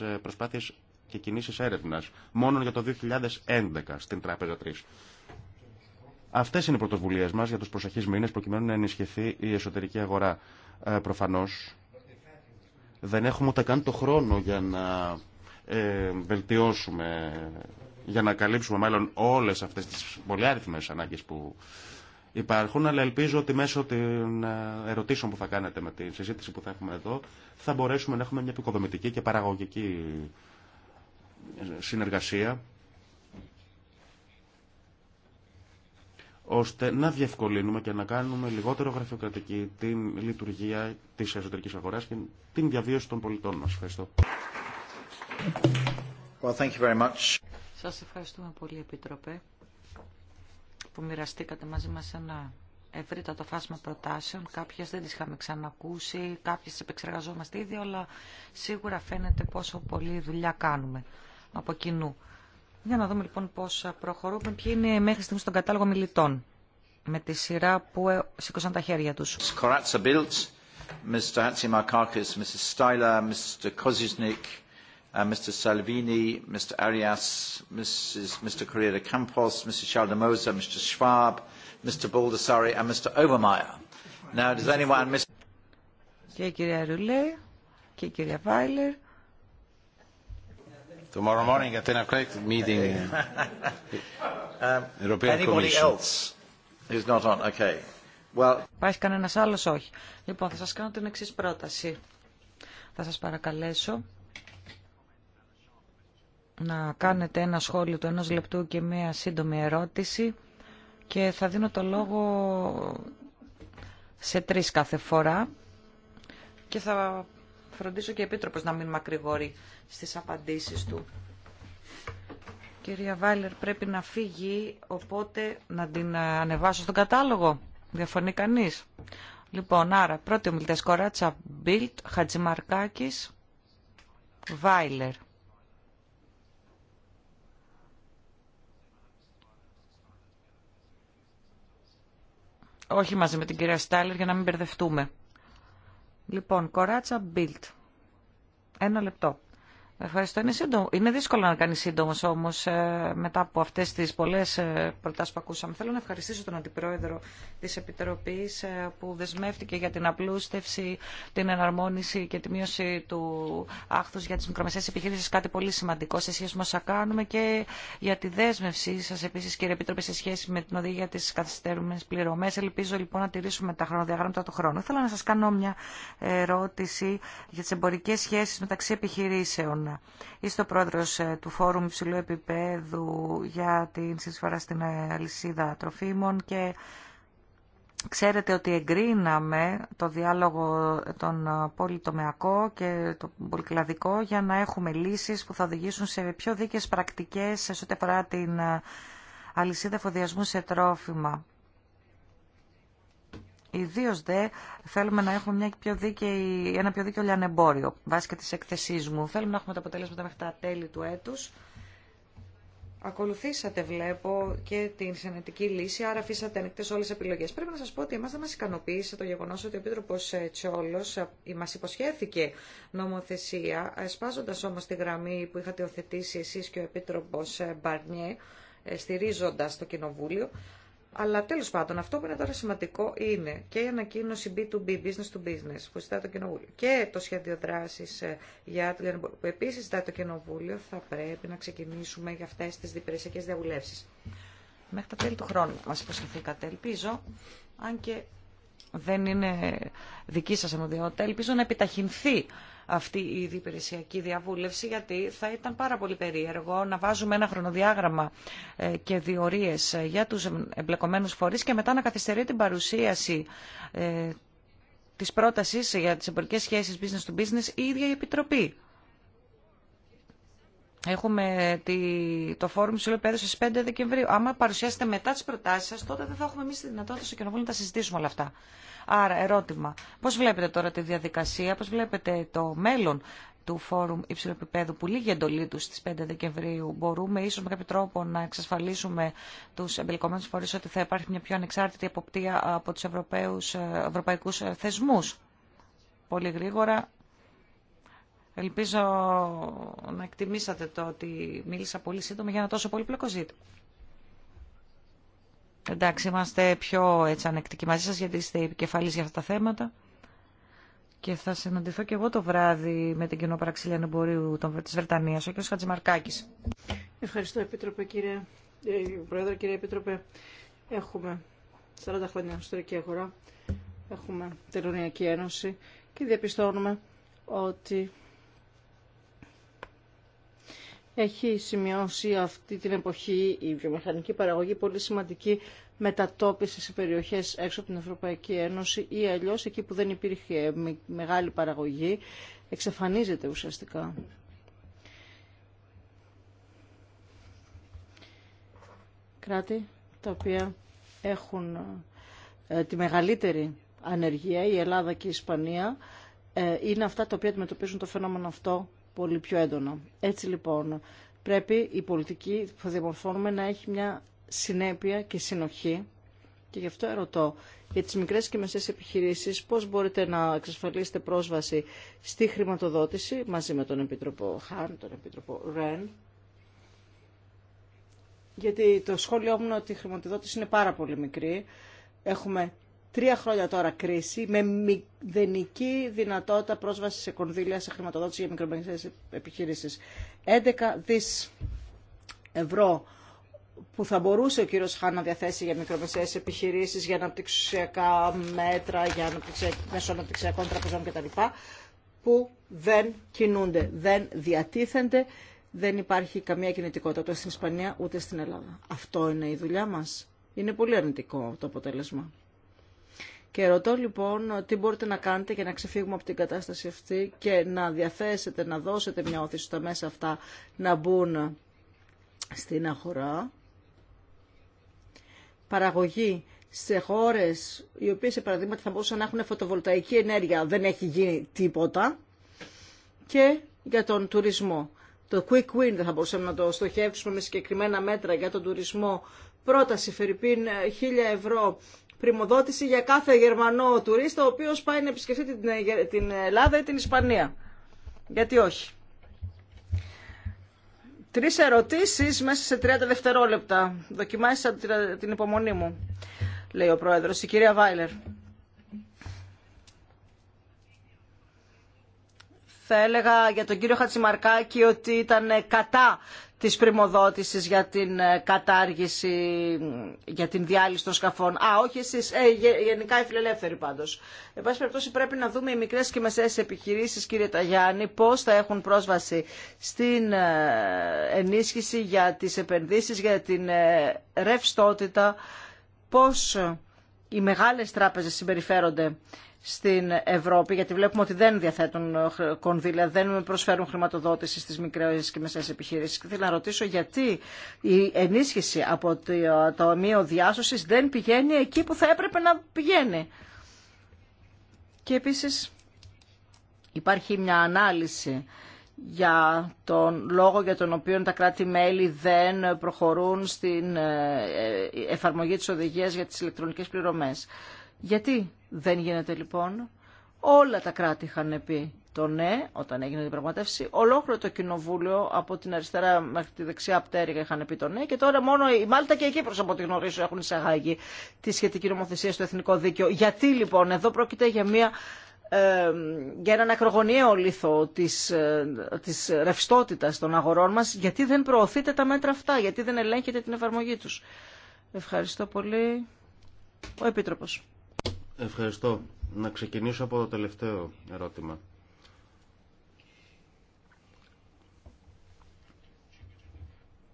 ε, προσπάθειες και κινήσεις έρευνας, μόνο για το 2011 στην Τράπεζα 3. Αυτές είναι οι πρωτοβουλίες μας για τους προσεχείς μήνες προκειμένου να ενισχυθεί η εσωτερική αγορά. Ε, προφανώς δεν έχουμε ούτε καν το χρόνο για να ε, βελτιώσουμε, για να καλύψουμε μάλλον όλες αυτές τις πολυάριθμες ανάγκες που υπάρχουν, αλλά ελπίζω ότι μέσω των ε, ερωτήσεων που θα κάνετε με τη συζήτηση που θα έχουμε εδώ, θα μπορέσουμε να έχουμε μια επικοδομητική και παραγωγική ε, συνεργασία, ώστε να διευκολύνουμε και να κάνουμε λιγότερο γραφειοκρατική την λειτουργία της εσωτερικής αγοράς και την διαβίωση των πολιτών μας. Ευχαριστώ. Well, thank you very much. Σας ευχαριστούμε πολύ, Επίτροπε που μοιραστήκατε μαζί μας ένα ευρύτατο φάσμα προτάσεων. Κάποιες δεν τις είχαμε ξανακούσει, κάποιες τις επεξεργαζόμαστε ήδη, αλλά σίγουρα φαίνεται πόσο πολλή δουλειά κάνουμε από κοινού. Για να δούμε λοιπόν πώς προχωρούμε, ποιοι είναι μέχρι στιγμή στον κατάλογο μιλητών, με τη σειρά που ε, σήκωσαν τα χέρια τους. Mr. Salvini, Mr. Arias, Mr. Correa de Campos, Mr. Schaldemose, Mr. Schwab, Mr. Baldessari and Mr. Obermeyer. Now, does anyone miss... Και κυρία Ρουλέ και κυρία Βάιλερ. Tomorrow morning at 10 o'clock meeting. um, European anybody Commission. else who's not on? Okay. Well... Υπάρχει κανένας άλλος? Όχι. Λοιπόν, θα σας κάνω την εξής πρόταση. Θα σας παρακαλέσω να κάνετε ένα σχόλιο του ενός λεπτού και μία σύντομη ερώτηση και θα δίνω το λόγο σε τρεις κάθε φορά και θα φροντίσω και επίτροπος να μην μακρηγόρει στις απαντήσεις του. Κυρία Βάιλερ πρέπει να φύγει, οπότε να την ανεβάσω στον κατάλογο. Διαφωνεί κανείς. Λοιπόν, άρα, πρώτη ομιλητές Κοράτσα Μπίλτ, Χατζημαρκάκης, Βάιλερ. Όχι μαζί με την κυρία Στάιλερ για να μην μπερδευτούμε. Λοιπόν, κοράτσα μπιλτ. Ένα λεπτό. Ευχαριστώ. Είναι, Είναι δύσκολο να κάνει σύντομο όμω ε, μετά από αυτέ τι πολλέ ε, προτάσει που ακούσαμε. Θέλω να ευχαριστήσω τον Αντιπρόεδρο τη Επιτροπή ε, που δεσμεύτηκε για την απλούστευση, την εναρμόνιση και τη μείωση του άχθου για τι μικρομεσαίε επιχειρήσει. Κάτι πολύ σημαντικό σε σχέση με όσα κάνουμε και για τη δέσμευσή σα επίση, κύριε Επίτροπε, σε σχέση με την οδηγία τη καθυστερούμενη πληρωμέ. Ελπίζω λοιπόν να τηρήσουμε τα χρονοδιαγράμματα του χρόνου. Θέλω να σα κάνω μια ερώτηση για τι εμπορικέ σχέσει μεταξύ επιχειρήσεων Είστε ο πρόεδρος ε, του Φόρουμ Υψηλού Επιπέδου για την συσφορά στην ε, αλυσίδα τροφίμων και Ξέρετε ότι εγκρίναμε το διάλογο ε, τον πολυτομεακό και το πολυκλαδικό για να έχουμε λύσεις που θα οδηγήσουν σε πιο δίκαιες πρακτικές σε ό,τι αφορά την αλυσίδα εφοδιασμού σε τρόφιμα. Ιδίω δε θέλουμε να έχουμε μια πιο δίκαιη, ένα πιο δίκαιο λιανεμπόριο βάσει και τη εκθεσή μου. Θέλουμε να έχουμε τα αποτελέσματα μέχρι τα τέλη του έτου. Ακολουθήσατε, βλέπω, και την συνετική λύση, άρα αφήσατε ανοιχτέ όλε τι επιλογέ. Πρέπει να σα πω ότι εμά δεν μα ικανοποίησε το γεγονό ότι ο Επίτροπο ε, Τσόλο ε, μα υποσχέθηκε νομοθεσία, σπάζοντα όμω τη γραμμή που είχατε οθετήσει εσεί και ο Επίτροπο ε, Μπαρνιέ, στηρίζοντα το Κοινοβούλιο. Αλλά τέλο πάντων, αυτό που είναι τώρα σημαντικό είναι και η ανακοίνωση B2B, business to business, που ζητάει το Κοινοβούλιο, και το σχέδιο δράση ε, για το που επίση ζητάει το Κοινοβούλιο, θα πρέπει να ξεκινήσουμε για αυτέ τι διπηρεσιακέ διαβουλεύσει. Μέχρι τα τέλη του χρόνου μα υποσχεθήκατε, ελπίζω, αν και δεν είναι δική σα αρμοδιότητα, ελπίζω να επιταχυνθεί αυτή η διπηρεσιακή διαβούλευση, γιατί θα ήταν πάρα πολύ περίεργο να βάζουμε ένα χρονοδιάγραμμα ε, και διορίες ε, για τους εμπλεκομένους φορείς και μετά να καθυστερεί την παρουσίαση ε, της πρότασης για τι εμπορικέ σχέσει business to business η ίδια η Επιτροπή. Έχουμε το φόρουμ Σύλλογου Εκπαίδευση στι 5 Δεκεμβρίου. Άμα παρουσιάσετε μετά τι προτάσει σα, τότε δεν θα έχουμε εμεί τη δυνατότητα στο Κοινοβούλιο να τα συζητήσουμε όλα αυτά. Άρα, ερώτημα. Πώ βλέπετε τώρα τη διαδικασία, πώ βλέπετε το μέλλον του Φόρουμ Υψηλού Επιπέδου που λύγει εντολή του στι 5 Δεκεμβρίου. Μπορούμε ίσω με κάποιο τρόπο να εξασφαλίσουμε του εμπλεκομένου φορεί ότι θα υπάρχει μια πιο ανεξάρτητη εποπτεία από του ε, ευρωπαϊκού ε, θεσμού. Πολύ γρήγορα, Ελπίζω να εκτιμήσατε το ότι μίλησα πολύ σύντομα για ένα τόσο πολύπλοκο ζήτημα. Εντάξει, είμαστε πιο έτσι, ανεκτικοί μαζί σας γιατί είστε επικεφαλής για αυτά τα θέματα. Και θα συναντηθώ και εγώ το βράδυ με την κοινοπραξίλια εμπορίου της Βρετανίας, ο κ. Χατζημαρκάκης. Ευχαριστώ, Επίτροπε, κύριε... Ε, Πρόεδρε, κύριε Επίτροπε. Έχουμε 40 χρόνια ιστορική αγορά, έχουμε τελωνιακή ένωση και διαπιστώνουμε ότι έχει σημειώσει αυτή την εποχή η βιομηχανική παραγωγή πολύ σημαντική μετατόπιση σε περιοχές έξω από την Ευρωπαϊκή Ένωση ή αλλιώς εκεί που δεν υπήρχε μεγάλη παραγωγή εξαφανίζεται ουσιαστικά. Κράτη τα οποία έχουν ε, τη μεγαλύτερη ανεργία, η Ελλάδα και η Ισπανία, ε, είναι αυτά τα οποία αντιμετωπίζουν το φαινόμενο αυτό πολύ πιο έντονο. Έτσι λοιπόν πρέπει η πολιτική που θα διαμορφώνουμε να έχει μια συνέπεια και συνοχή και γι' αυτό ερωτώ για τις μικρές και μεσές επιχειρήσεις πώς μπορείτε να εξασφαλίσετε πρόσβαση στη χρηματοδότηση μαζί με τον Επίτροπο Χάν, τον Επίτροπο Ρεν γιατί το σχόλιο μου είναι ότι η χρηματοδότηση είναι πάρα πολύ μικρή. Έχουμε τρία χρόνια τώρα κρίση με μηδενική δυνατότητα πρόσβαση σε κονδύλια σε χρηματοδότηση για μικρομεσαίες επιχειρήσεις. 11 δις ευρώ που θα μπορούσε ο κύριος Χάν να διαθέσει για μικρομεσαίες επιχειρήσεις, για αναπτυξιακά μέτρα, για μέσω αναπτυξιακών τραπεζών κτλ. που δεν κινούνται, δεν διατίθενται, δεν υπάρχει καμία κινητικότητα ούτε στην Ισπανία ούτε στην Ελλάδα. Αυτό είναι η δουλειά μας. Είναι πολύ αρνητικό το αποτέλεσμα. Και ρωτώ λοιπόν τι μπορείτε να κάνετε για να ξεφύγουμε από την κατάσταση αυτή και να διαθέσετε, να δώσετε μια όθηση στα μέσα αυτά να μπουν στην αγορά. Παραγωγή σε χώρες οι οποίες, σε παραδείγματα, θα μπορούσαν να έχουν φωτοβολταϊκή ενέργεια, δεν έχει γίνει τίποτα. Και για τον τουρισμό. Το quick win δεν θα μπορούσαμε να το στοχεύσουμε με συγκεκριμένα μέτρα για τον τουρισμό. Πρόταση Φερρυπίν 1000 ε, ευρώ πρημοδότηση για κάθε Γερμανό τουρίστα ο οποίος πάει να επισκεφτεί ε, την Ελλάδα ή την Ισπανία. Γιατί όχι. Τρεις ερωτήσεις μέσα σε 30 δευτερόλεπτα. Δοκιμάσα ε, την υπομονή μου, λέει ο πρόεδρος, η κυρία Βάιλερ. Θα έλεγα για τον κύριο Χατσιμαρκάκη ότι ήταν κατά της πρημοδότησης για την ε, κατάργηση, για την διάλυση των σκαφών. Α, όχι εσείς, ε, γενικά οι φιλελεύθεροι πάντως. Εν πάση περιπτώσει πρέπει να δούμε οι μικρές και μεσαίες επιχειρήσεις, κύριε Ταγιάννη, πώς θα έχουν πρόσβαση στην ε, ενίσχυση για τις επενδύσεις, για την ε, ρευστότητα, πώς οι μεγάλες τράπεζες συμπεριφέρονται στην Ευρώπη, γιατί βλέπουμε ότι δεν διαθέτουν ε, κονδύλια, δεν προσφέρουν χρηματοδότηση στις μικρές και μεσαίες επιχειρήσεις. Και θέλω να ρωτήσω γιατί η ενίσχυση από το Ταμείο Διάσωσης δεν πηγαίνει εκεί που θα έπρεπε να πηγαίνει. Και επίσης υπάρχει μια ανάλυση για τον λόγο για τον οποίο τα κράτη-μέλη δεν προχωρούν στην ε, ε, εφαρμογή της οδηγίας για τις ηλεκτρονικές πληρωμές. Γιατί δεν γίνεται λοιπόν. Όλα τα κράτη είχαν πει το ναι όταν έγινε η πραγματεύση. Ολόκληρο το κοινοβούλιο από την αριστερά μέχρι τη δεξιά πτέρυγα είχαν πει το ναι και τώρα μόνο η Μάλτα και η Κύπρος από ό,τι γνωρίζω έχουν εισαγάγει τη σχετική νομοθεσία στο εθνικό δίκαιο. Γιατί λοιπόν εδώ πρόκειται για μια ε, για έναν ακρογωνιαίο λίθο της, ε, της ρευστότητας των αγορών μας, γιατί δεν προωθείτε τα μέτρα αυτά, γιατί δεν ελέγχετε την εφαρμογή τους. Ευχαριστώ πολύ. Ο Επίτροπος. Ευχαριστώ. Να ξεκινήσω από το τελευταίο ερώτημα.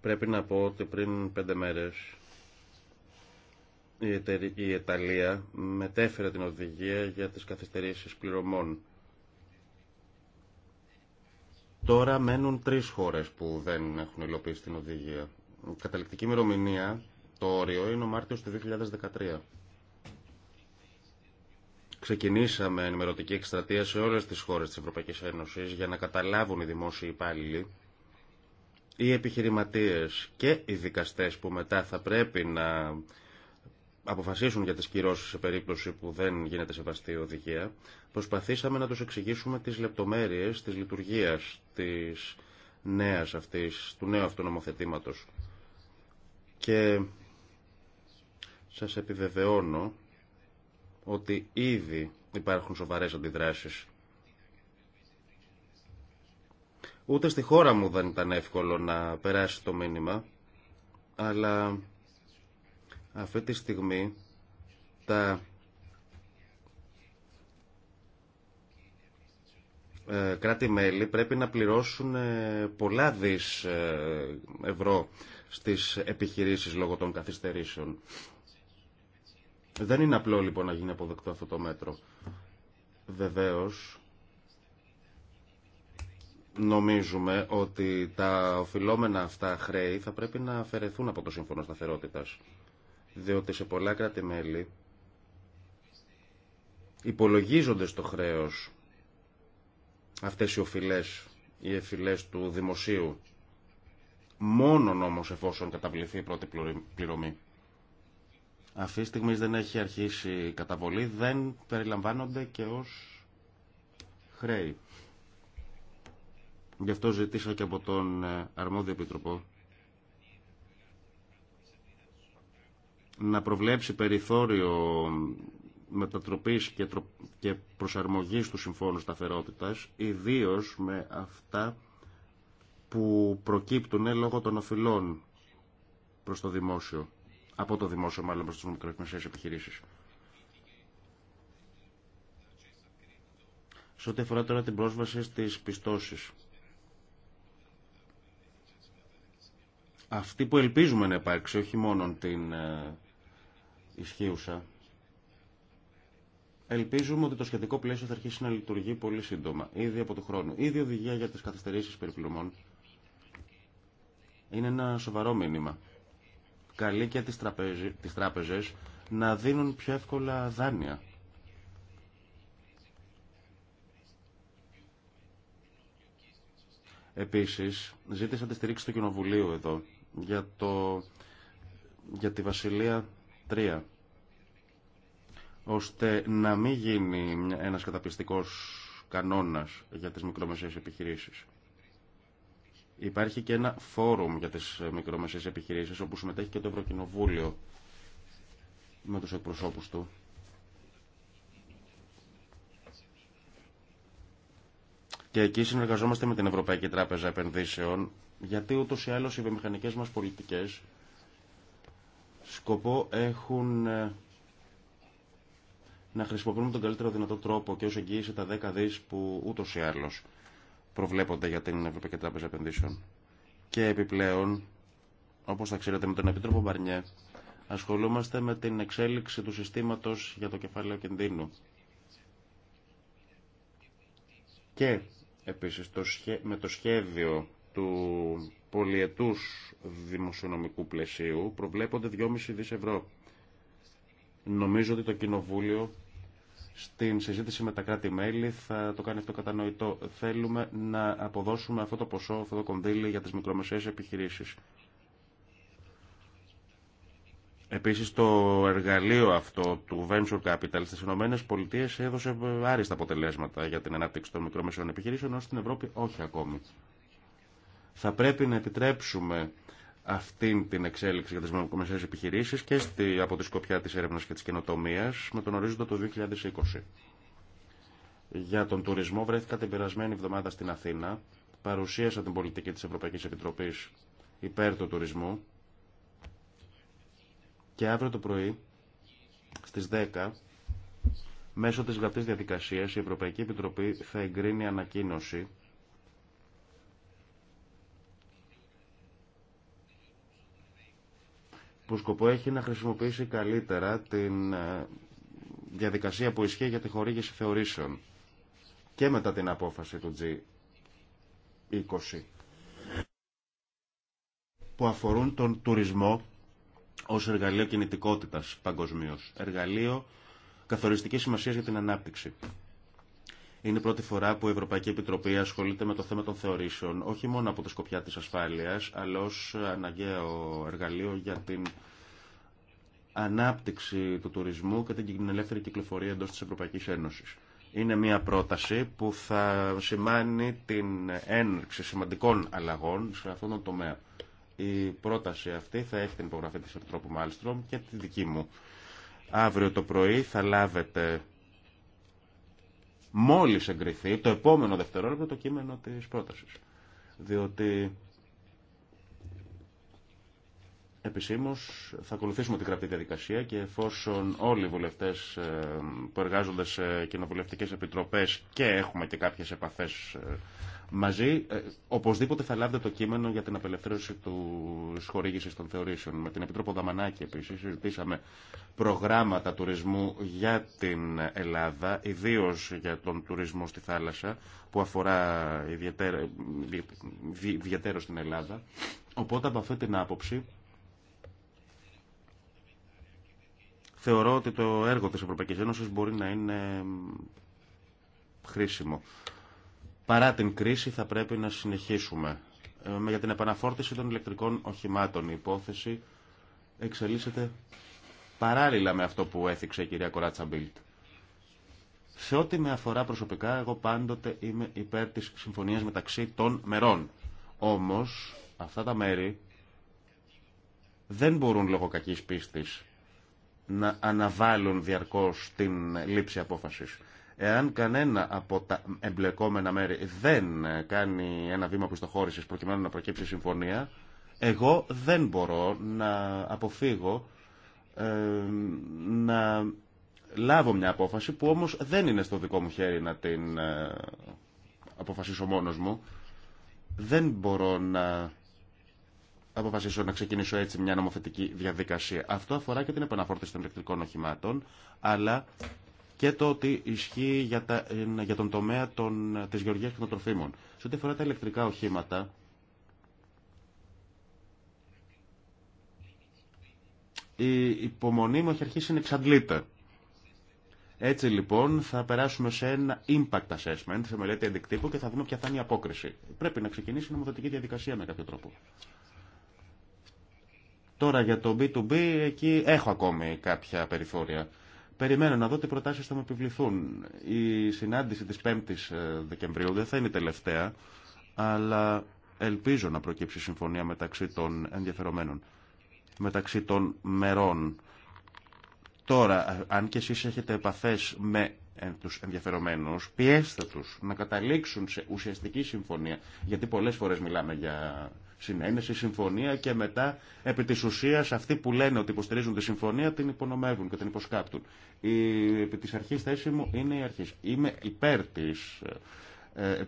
Πρέπει να πω ότι πριν πέντε μέρες η Ιταλία μετέφερε την οδηγία για τις καθυστερήσεις πληρωμών. Τώρα μένουν τρεις χώρες που δεν έχουν υλοποιήσει την οδηγία. Η καταληκτική ημερομηνία, το όριο, είναι ο Μάρτιος του 2013. Ξεκινήσαμε ενημερωτική εκστρατεία σε όλες τις χώρες της Ευρωπαϊκής Ένωσης για να καταλάβουν οι δημόσιοι υπάλληλοι, οι επιχειρηματίες και οι δικαστές που μετά θα πρέπει να αποφασίσουν για τις κυρώσεις σε περίπτωση που δεν γίνεται σεβαστή οδηγία, προσπαθήσαμε να τους εξηγήσουμε τις λεπτομέρειες της λειτουργίας της νέας αυτής, του νέου αυτού νομοθετήματος. Και σας επιβεβαιώνω ότι ήδη υπάρχουν σοβαρές αντιδράσεις. Ούτε στη χώρα μου δεν ήταν εύκολο να περάσει το μήνυμα, αλλά αυτή τη στιγμή τα ε, κράτη-μέλη πρέπει να πληρώσουν ε, πολλά δις ε, ευρώ στις επιχειρήσεις λόγω των καθυστερήσεων. Δεν είναι απλό λοιπόν να γίνει αποδεκτό αυτό το μέτρο. Βεβαίω νομίζουμε ότι τα οφειλόμενα αυτά χρέη θα πρέπει να αφαιρεθούν από το Σύμφωνο σταθερότητα, Διότι σε πολλά κράτη-μέλη υπολογίζονται στο χρέος αυτές οι οφειλέ, οι εφειλέ του δημοσίου, μόνον όμως εφόσον καταβληθεί η πρώτη πληρωμή. Αυτή τη στιγμή δεν έχει αρχίσει η καταβολή, δεν περιλαμβάνονται και ως χρέη. Γι' αυτό ζητήσα και από τον ε, αρμόδιο επιτροπό να προβλέψει περιθώριο μετατροπής και, και προσαρμογής του Συμφώνου Σταθερότητας, ιδίως με αυτά που προκύπτουν λόγω των οφειλών προς το δημόσιο από το δημόσιο μάλλον προς τις μικρομεσαίες επιχειρήσεις. Σε ό,τι αφορά τώρα την πρόσβαση στις πιστώσεις. Αυτή που ελπίζουμε να υπάρξει, όχι μόνο την ε, ισχύουσα, Ελπίζουμε ότι το σχετικό πλαίσιο θα αρχίσει να λειτουργεί πολύ σύντομα, ήδη από το χρόνο. Ήδη οδηγία για τις καθυστερήσεις περιπλωμών είναι ένα σοβαρό μήνυμα καλεί και τις, τραπεζι, τράπεζες να δίνουν πιο εύκολα δάνεια. Επίσης, ζήτησα τη στηρίξη του Κοινοβουλίου εδώ για, το, για τη Βασιλεία 3 ώστε να μην γίνει ένας καταπιστικός κανόνας για τις μικρομεσαίες επιχειρήσεις. Υπάρχει και ένα φόρουμ για τις μικρομεσαίες επιχειρήσεις όπου συμμετέχει και το Ευρωκοινοβούλιο με τους εκπροσώπους του. Και εκεί συνεργαζόμαστε με την Ευρωπαϊκή Τράπεζα Επενδύσεων γιατί ούτως ή άλλως οι βιομηχανικές μας πολιτικές σκοπό έχουν ε, να χρησιμοποιούμε τον καλύτερο δυνατό τρόπο και ως εγγύηση τα 10 δις που ούτως ή άλλως προβλέπονται για την Ευρωπαϊκή Τράπεζα Επενδύσεων. Και επιπλέον, όπως θα ξέρετε με τον Επίτροπο Μπαρνιέ, ασχολούμαστε με την εξέλιξη του συστήματος για το κεφάλαιο κινδύνου. Και επίσης με το σχέδιο του πολιετούς δημοσιονομικού πλαισίου προβλέπονται 2,5 δις ευρώ. Νομίζω ότι το Κοινοβούλιο στην συζήτηση με τα κράτη-μέλη θα το κάνει αυτό κατανοητό. Θέλουμε να αποδώσουμε αυτό το ποσό, αυτό το κονδύλι για τις μικρομεσαίες επιχειρήσεις. Επίσης το εργαλείο αυτό του Venture Capital στις ΗΠΑ Πολιτείες έδωσε άριστα αποτελέσματα για την ανάπτυξη των μικρομεσαίων επιχειρήσεων, ενώ στην Ευρώπη όχι ακόμη. Θα πρέπει να επιτρέψουμε αυτήν την εξέλιξη για τις μικρομεσαίες επιχειρήσεις και στη, από τη σκοπιά της έρευνας και της καινοτομία με τον ορίζοντα το 2020. Για τον τουρισμό βρέθηκα την περασμένη εβδομάδα στην Αθήνα, παρουσίασα την πολιτική της Ευρωπαϊκής Επιτροπής υπέρ του τουρισμού και αύριο το πρωί στις 10 μέσω της γραπτής διαδικασίας η Ευρωπαϊκή Επιτροπή θα εγκρίνει ανακοίνωση που σκοπό έχει να χρησιμοποιήσει καλύτερα την ε, διαδικασία που ισχύει για τη χορήγηση θεωρήσεων και μετά την απόφαση του G20 που αφορούν τον τουρισμό ως εργαλείο κινητικότητας παγκοσμίω, εργαλείο καθοριστικής σημασίας για την ανάπτυξη. Είναι η πρώτη φορά που η Ευρωπαϊκή Επιτροπή ασχολείται με το θέμα των θεωρήσεων, όχι μόνο από τη σκοπιά της ασφάλειας, αλλά ως αναγκαίο εργαλείο για την ανάπτυξη του τουρισμού και την ελεύθερη κυκλοφορία εντός της Ευρωπαϊκής Ένωσης. Είναι μια πρόταση που θα σημάνει την έναρξη σημαντικών αλλαγών σε αυτόν τον τομέα. Η πρόταση αυτή θα έχει την υπογραφή της Επιτρόπου Μάλστρομ και τη δική μου. Αύριο το πρωί θα λάβετε μόλις εγκριθεί το επόμενο δευτερόλεπτο το κείμενο της πρότασης. Διότι Επισήμω θα ακολουθήσουμε την κρατή διαδικασία και εφόσον όλοι οι βουλευτέ ε, που εργάζονται σε κοινοβουλευτικέ επιτροπέ και έχουμε και κάποιε επαφέ ε, μαζί. Ε, οπωσδήποτε θα λάβετε το κείμενο για την απελευθέρωση του χορήγηση των θεωρήσεων. Με την Επιτρόπο Δαμανάκη επίση συζητήσαμε προγράμματα τουρισμού για την Ελλάδα, ιδίω για τον τουρισμό στη θάλασσα, που αφορά ιδιαίτερο στην Ελλάδα. Οπότε από αυτή την άποψη θεωρώ ότι το έργο της Ευρωπαϊκής Ένωσης μπορεί να είναι χρήσιμο. Παρά την κρίση θα πρέπει να συνεχίσουμε. Ε, για την επαναφόρτιση των ηλεκτρικών οχημάτων η υπόθεση εξελίσσεται παράλληλα με αυτό που έθιξε η κυρία Κοράτσα Μπίλτ. Σε ό,τι με αφορά προσωπικά, εγώ πάντοτε είμαι υπέρ της συμφωνίας μεταξύ των μερών. Όμως, αυτά τα μέρη δεν μπορούν λόγω κακής πίστης να αναβάλουν διαρκώς την λήψη απόφασης. Εάν κανένα από τα εμπλεκόμενα μέρη δεν κάνει ένα βήμα πιστοχώρηση προκειμένου να προκύψει συμφωνία, εγώ δεν μπορώ να αποφύγω ε, να λάβω μια απόφαση που όμως δεν είναι στο δικό μου χέρι να την ε, αποφασίσω μόνος μου. Δεν μπορώ να αποφασίσω να ξεκινήσω έτσι μια νομοθετική διαδικασία. Αυτό αφορά και την επαναφόρτηση των ηλεκτρικών οχημάτων, αλλά και το ότι ισχύει για, τα, ε, για τον τομέα τη της γεωργίας και των τροφίμων. Σε ό,τι αφορά τα ηλεκτρικά οχήματα, η υπομονή μου έχει αρχίσει να εξαντλείται. Έτσι λοιπόν θα περάσουμε σε ένα impact assessment, σε μελέτη αντικτύπου και θα δούμε ποια θα είναι η απόκριση. Πρέπει να ξεκινήσει η νομοθετική διαδικασία με κάποιο τρόπο. Τώρα για το B2B, εκεί έχω ακόμη κάποια περιφόρια. Περιμένω να δω τι προτάσεις θα μου επιβληθούν. Η συνάντηση της 5 η ε, Δεκεμβρίου δεν θα είναι τελευταία, αλλά ελπίζω να προκύψει συμφωνία μεταξύ των ενδιαφερομένων, μεταξύ των μερών. Τώρα, αν και εσεί έχετε επαφέ με ε, του ενδιαφερομένους, πιέστε του να καταλήξουν σε ουσιαστική συμφωνία, γιατί πολλές φορές μιλάμε για συνένεση, συμφωνία και μετά επί της ουσίας αυτοί που λένε ότι υποστηρίζουν τη συμφωνία την υπονομεύουν και την υποσκάπτουν. Η, επί της αρχής θέση μου είναι η αρχής. Είμαι υπέρ της ε, ε,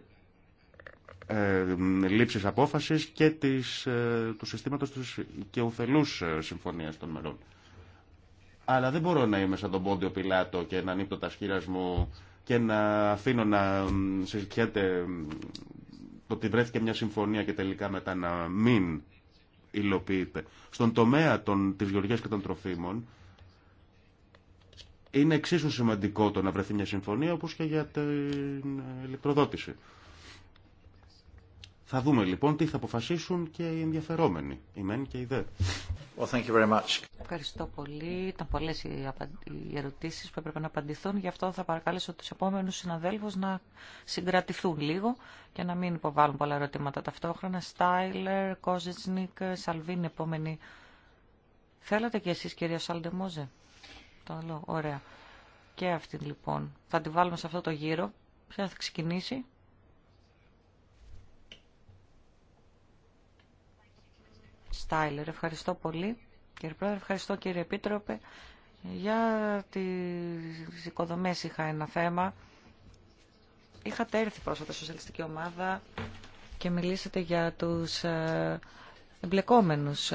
ε λήψης απόφασης και της, ε, του συστήματος της οικειοθελούς ε, συμφωνίας των μερών. Αλλά δεν μπορώ να είμαι σαν τον Πόντιο Πιλάτο και να ανύπτω τα σχήρας μου και να αφήνω να συζητιέται ότι βρέθηκε μια συμφωνία και τελικά μετά να μην υλοποιείται. Στον τομέα των, της γεωργίας και των τροφίμων είναι εξίσου σημαντικό το να βρεθεί μια συμφωνία όπως και για την ε, ηλεκτροδότηση. Θα δούμε λοιπόν τι θα αποφασίσουν και οι ενδιαφερόμενοι, οι μεν και οι δε. thank you very much. Ευχαριστώ πολύ. Ήταν πολλέ οι ερωτήσει που έπρεπε να απαντηθούν. Γι' αυτό θα παρακαλέσω του επόμενου συναδέλφου να συγκρατηθούν λίγο και να μην υποβάλουν πολλά ερωτήματα ταυτόχρονα. Στάιλερ, Κόζετσνικ, Σαλβίν, επόμενη. Θέλατε κι εσεί, κυρία Σαλντεμόζε. Το λέω. Ωραία. Και αυτή λοιπόν. Θα τη βάλουμε σε αυτό το γύρο. Ποια θα ξεκινήσει. Στάιλερ. Ευχαριστώ πολύ κύριε Πρόεδρε, ευχαριστώ κύριε Επίτροπε. Για τις οικοδομές είχα ένα θέμα. Είχατε έρθει πρόσφατα στη Σοσιαλιστική Ομάδα και μιλήσατε για τους ε, εμπλεκόμενους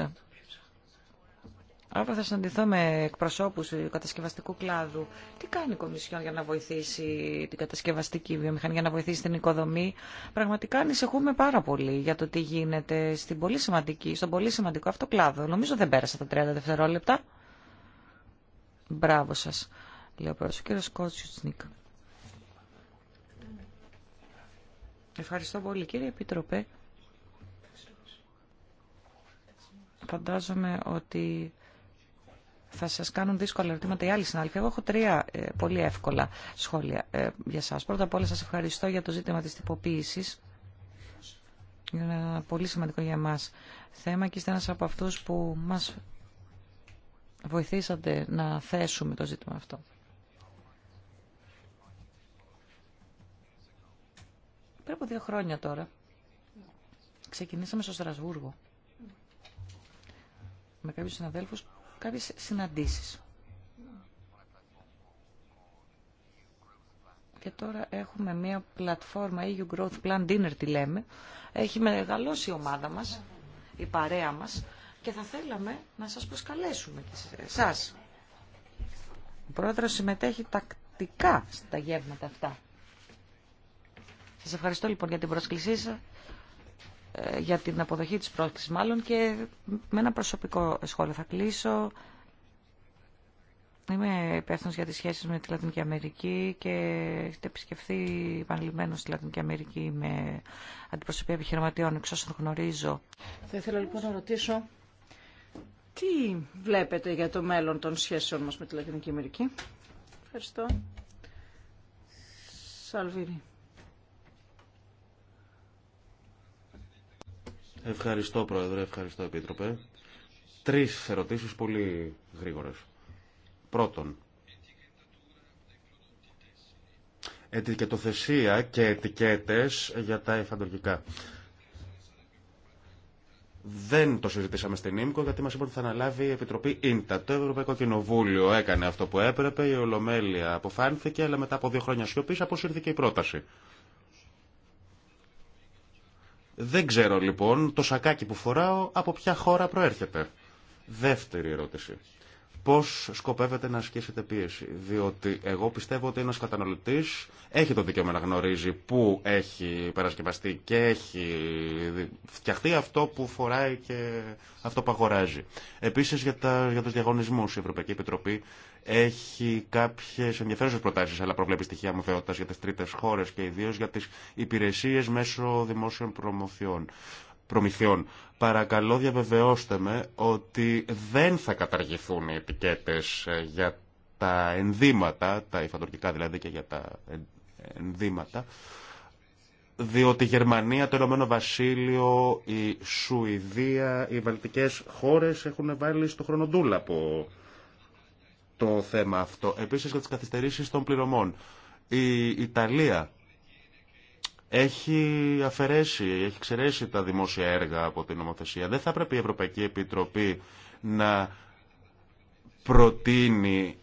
άρα θα συναντηθώ με εκπροσώπους του κατασκευαστικού κλάδου. Τι κάνει η Κομισιόν για να βοηθήσει την κατασκευαστική βιομηχανία, για να βοηθήσει την οικοδομή. Πραγματικά ανησυχούμε πάρα πολύ για το τι γίνεται στην πολύ σημαντική, στον πολύ σημαντικό αυτό κλάδο. Νομίζω δεν πέρασα τα 30 δευτερόλεπτα. Μπράβο σας, λέω πρώτος ο κύριος Ευχαριστώ πολύ κύριε Επίτροπε. Φαντάζομαι ότι θα σας κάνουν δύσκολα ερωτήματα οι άλλοι συνάδελφοι. Εγώ έχω τρία ε, πολύ εύκολα σχόλια ε, για σας. Πρώτα απ' όλα σας ευχαριστώ για το ζήτημα της τυποποίηση, Είναι ένα πολύ σημαντικό για εμά θέμα και είστε ένα από αυτού που μας βοηθήσατε να θέσουμε το ζήτημα αυτό. Πριν από δύο χρόνια τώρα ξεκινήσαμε στο Στρασβούργο με κάποιους συναδέλφους κάποιες συναντήσεις. Και τώρα έχουμε μια πλατφόρμα, EU Growth Plan Dinner τη λέμε. Έχει μεγαλώσει η ομάδα μας, η παρέα μας και θα θέλαμε να σας προσκαλέσουμε και εσάς. Ο πρόεδρος συμμετέχει τακτικά στα γεύματα αυτά. Σας ευχαριστώ λοιπόν για την πρόσκλησή σας. Ε, για την αποδοχή της πρόσκλησης μάλλον και με ένα προσωπικό σχόλιο θα κλείσω. Είμαι υπεύθυνο για τις σχέσεις με τη Λατινική Αμερική και έχετε επισκεφθεί επανειλημμένως στη Λατινική Αμερική με αντιπροσωπεία επιχειρηματιών, εξ όσων γνωρίζω. Θα ήθελα λοιπόν να ρωτήσω τι βλέπετε για το μέλλον των σχέσεων μας με τη Λατινική Αμερική. Ευχαριστώ. Σαλβίνη. Ευχαριστώ, Πρόεδρε. Ευχαριστώ, Επίτροπε. Τρεις ερωτήσεις πολύ γρήγορες. Πρώτον, ετικετοθεσία και ετικέτες για τα εφαντουργικά. Δεν το συζητήσαμε στην ΙΜΚΟ γιατί μας είπαν ότι θα αναλάβει η Επιτροπή ΙΝΤΑ. Το Ευρωπαϊκό Κοινοβούλιο έκανε αυτό που έπρεπε, η Ολομέλεια αποφάνθηκε, αλλά μετά από δύο χρόνια σιωπής αποσύρθηκε η πρόταση. Δεν ξέρω λοιπόν το σακάκι που φοράω από ποια χώρα προέρχεται. Δεύτερη ερώτηση πώς σκοπεύετε να ασκήσετε πίεση. Διότι εγώ πιστεύω ότι ένας καταναλωτής έχει το δικαίωμα να γνωρίζει πού έχει παρασκευαστεί και έχει φτιαχτεί αυτό που φοράει και αυτό που αγοράζει. Επίσης για, τα, για τους διαγωνισμούς η Ευρωπαϊκή Επιτροπή έχει κάποιες ενδιαφέρουσες προτάσεις αλλά προβλέπει στοιχεία αμοιβαιότητας για τις τρίτες χώρες και ιδίως για τις υπηρεσίες μέσω δημόσιων προμοθειών προμηθειών. Παρακαλώ διαβεβαιώστε με ότι δεν θα καταργηθούν οι ετικέτες ε, για τα ενδύματα, τα υφαντορκικά δηλαδή και για τα ενδύματα, διότι η Γερμανία, το Ηνωμένο Βασίλειο, η Σουηδία, οι βαλτικές χώρες έχουν βάλει στο χρονοτούλαπο το θέμα αυτό. Επίσης για τις καθυστερήσεις των πληρωμών. Η Ιταλία έχει αφαιρέσει, έχει εξαιρέσει τα δημόσια έργα από την νομοθεσία. Δεν θα πρέπει η Ευρωπαϊκή Επιτροπή να προτείνει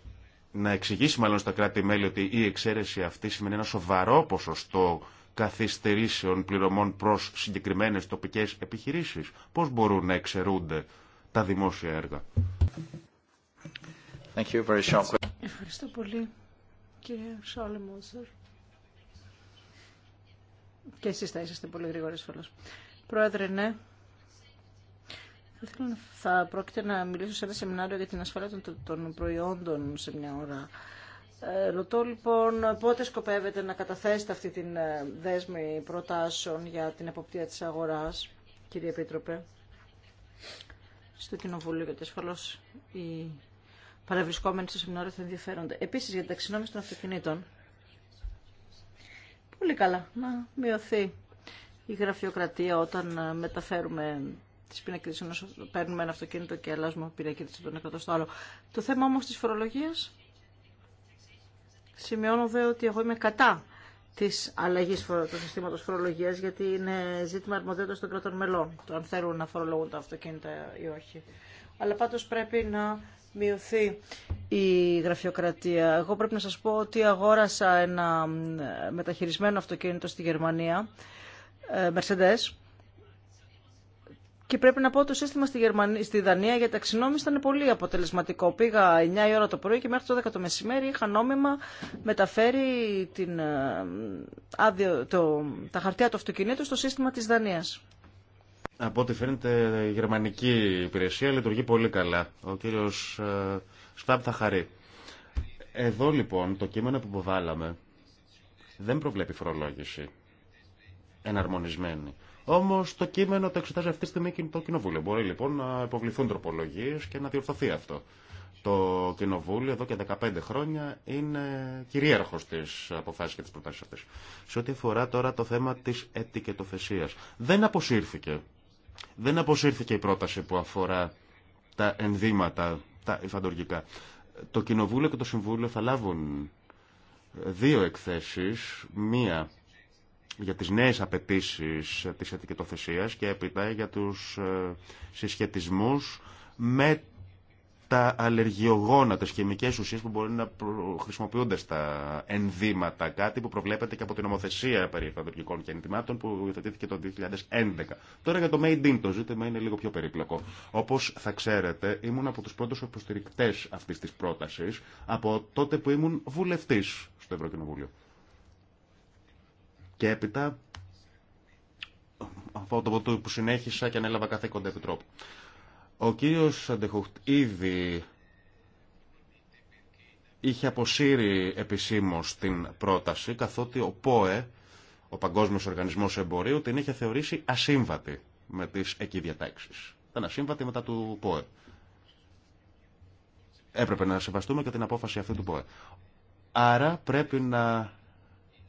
να εξηγήσει μάλλον στα κράτη-μέλη ότι η εξαίρεση αυτή σημαίνει ένα σοβαρό ποσοστό καθυστερήσεων πληρωμών προς συγκεκριμένες τοπικές επιχειρήσεις. Πώς μπορούν να εξαιρούνται τα δημόσια έργα. Thank you very Ευχαριστώ πολύ κύριε και εσείς θα είσαστε πολύ γρήγορες φόλος. Πρόεδρε, ναι. Θα πρόκειται να μιλήσω σε ένα σεμινάριο για την ασφάλεια των προϊόντων σε μια ώρα. Ε, ρωτώ λοιπόν πότε σκοπεύετε να καταθέσετε αυτή την ε, δέσμη προτάσεων για την εποπτεία της αγοράς, κύριε Επίτροπε, στο Κοινοβούλιο, γιατί ασφαλώς οι παρευρισκόμενοι στο σεμινάριο θα ενδιαφέρονται. Επίσης για την ταξινόμηση των αυτοκινήτων, Πολύ καλά. Να μειωθεί η γραφειοκρατία όταν ε, μεταφέρουμε τι πινακίδε ενό. Παίρνουμε ένα αυτοκίνητο και αλλάζουμε πινακίδε από τον εκατό στο άλλο. Το θέμα όμω τη φορολογία. Σημειώνω δε ότι εγώ είμαι κατά τη αλλαγή του συστήματο φορολογία, γιατί είναι ζήτημα αρμοδιότητα των κρατών μελών, το αν θέλουν να φορολογούν τα αυτοκίνητα ή όχι. Αλλά πάντω πρέπει να μειωθεί η γραφειοκρατία. Εγώ πρέπει να σας πω ότι αγόρασα ένα μεταχειρισμένο αυτοκίνητο στη Γερμανία, ε, Mercedes, και πρέπει να πω ότι το σύστημα στη, Γερμανία, στη Δανία για ταξινόμηση ήταν πολύ αποτελεσματικό. Πήγα 9 η ώρα το πρωί και μέχρι το 10 το μεσημέρι είχα νόμιμα μεταφέρει την, ε, το, τα χαρτιά του αυτοκινήτου στο σύστημα της Δανίας. Από ό,τι φαίνεται η γερμανική υπηρεσία λειτουργεί πολύ καλά. Ο κύριος ε, Στάμπ θα χαρεί. Εδώ λοιπόν το κείμενο που βάλαμε δεν προβλέπει φορολόγηση εναρμονισμένη. Όμω το κείμενο το εξετάζει αυτή τη στιγμή το Κοινοβούλιο. Μπορεί λοιπόν να υποβληθούν τροπολογίε και να διορθωθεί αυτό. Το Κοινοβούλιο εδώ και 15 χρόνια είναι κυρίαρχο τη αποφάση και τη προτάσει αυτέ. Σε ό,τι αφορά τώρα το θέμα τη ετικετοθεσία. Δεν αποσύρθηκε δεν αποσύρθηκε η πρόταση που αφορά τα ενδύματα, τα υφαντοργικά. Το Κοινοβούλιο και το Συμβούλιο θα λάβουν ε, δύο εκθέσεις, μία για τις νέες απαιτήσει ε, της ετικετοθεσίας και έπειτα για τους ε, συσχετισμούς με τα αλλεργιογόνα, τι χημικέ ουσίε που μπορεί να χρησιμοποιούνται στα ενδύματα, κάτι που προβλέπεται και από την νομοθεσία περί φαντουργικών και ενδυμάτων που υιοθετήθηκε το 2011. Τώρα για το Made in το ζήτημα είναι λίγο πιο περίπλοκο. Όπω θα ξέρετε, ήμουν από του πρώτους υποστηρικτέ αυτή τη πρόταση από τότε που ήμουν βουλευτή στο Ευρωκοινοβούλιο. Και έπειτα, από το που συνέχισα και ανέλαβα κάθε κοντά επιτρόπου. Ο κύριος Αντεχουχτ ήδη είχε αποσύρει επισήμως την πρόταση, καθότι ο ΠΟΕ, ο Παγκόσμιος Οργανισμός Εμπορίου, την είχε θεωρήσει ασύμβατη με τις εκεί διατάξεις. Ήταν ασύμβατη μετά του ΠΟΕ. Έπρεπε να σεβαστούμε και την απόφαση αυτή του ΠΟΕ. Άρα πρέπει να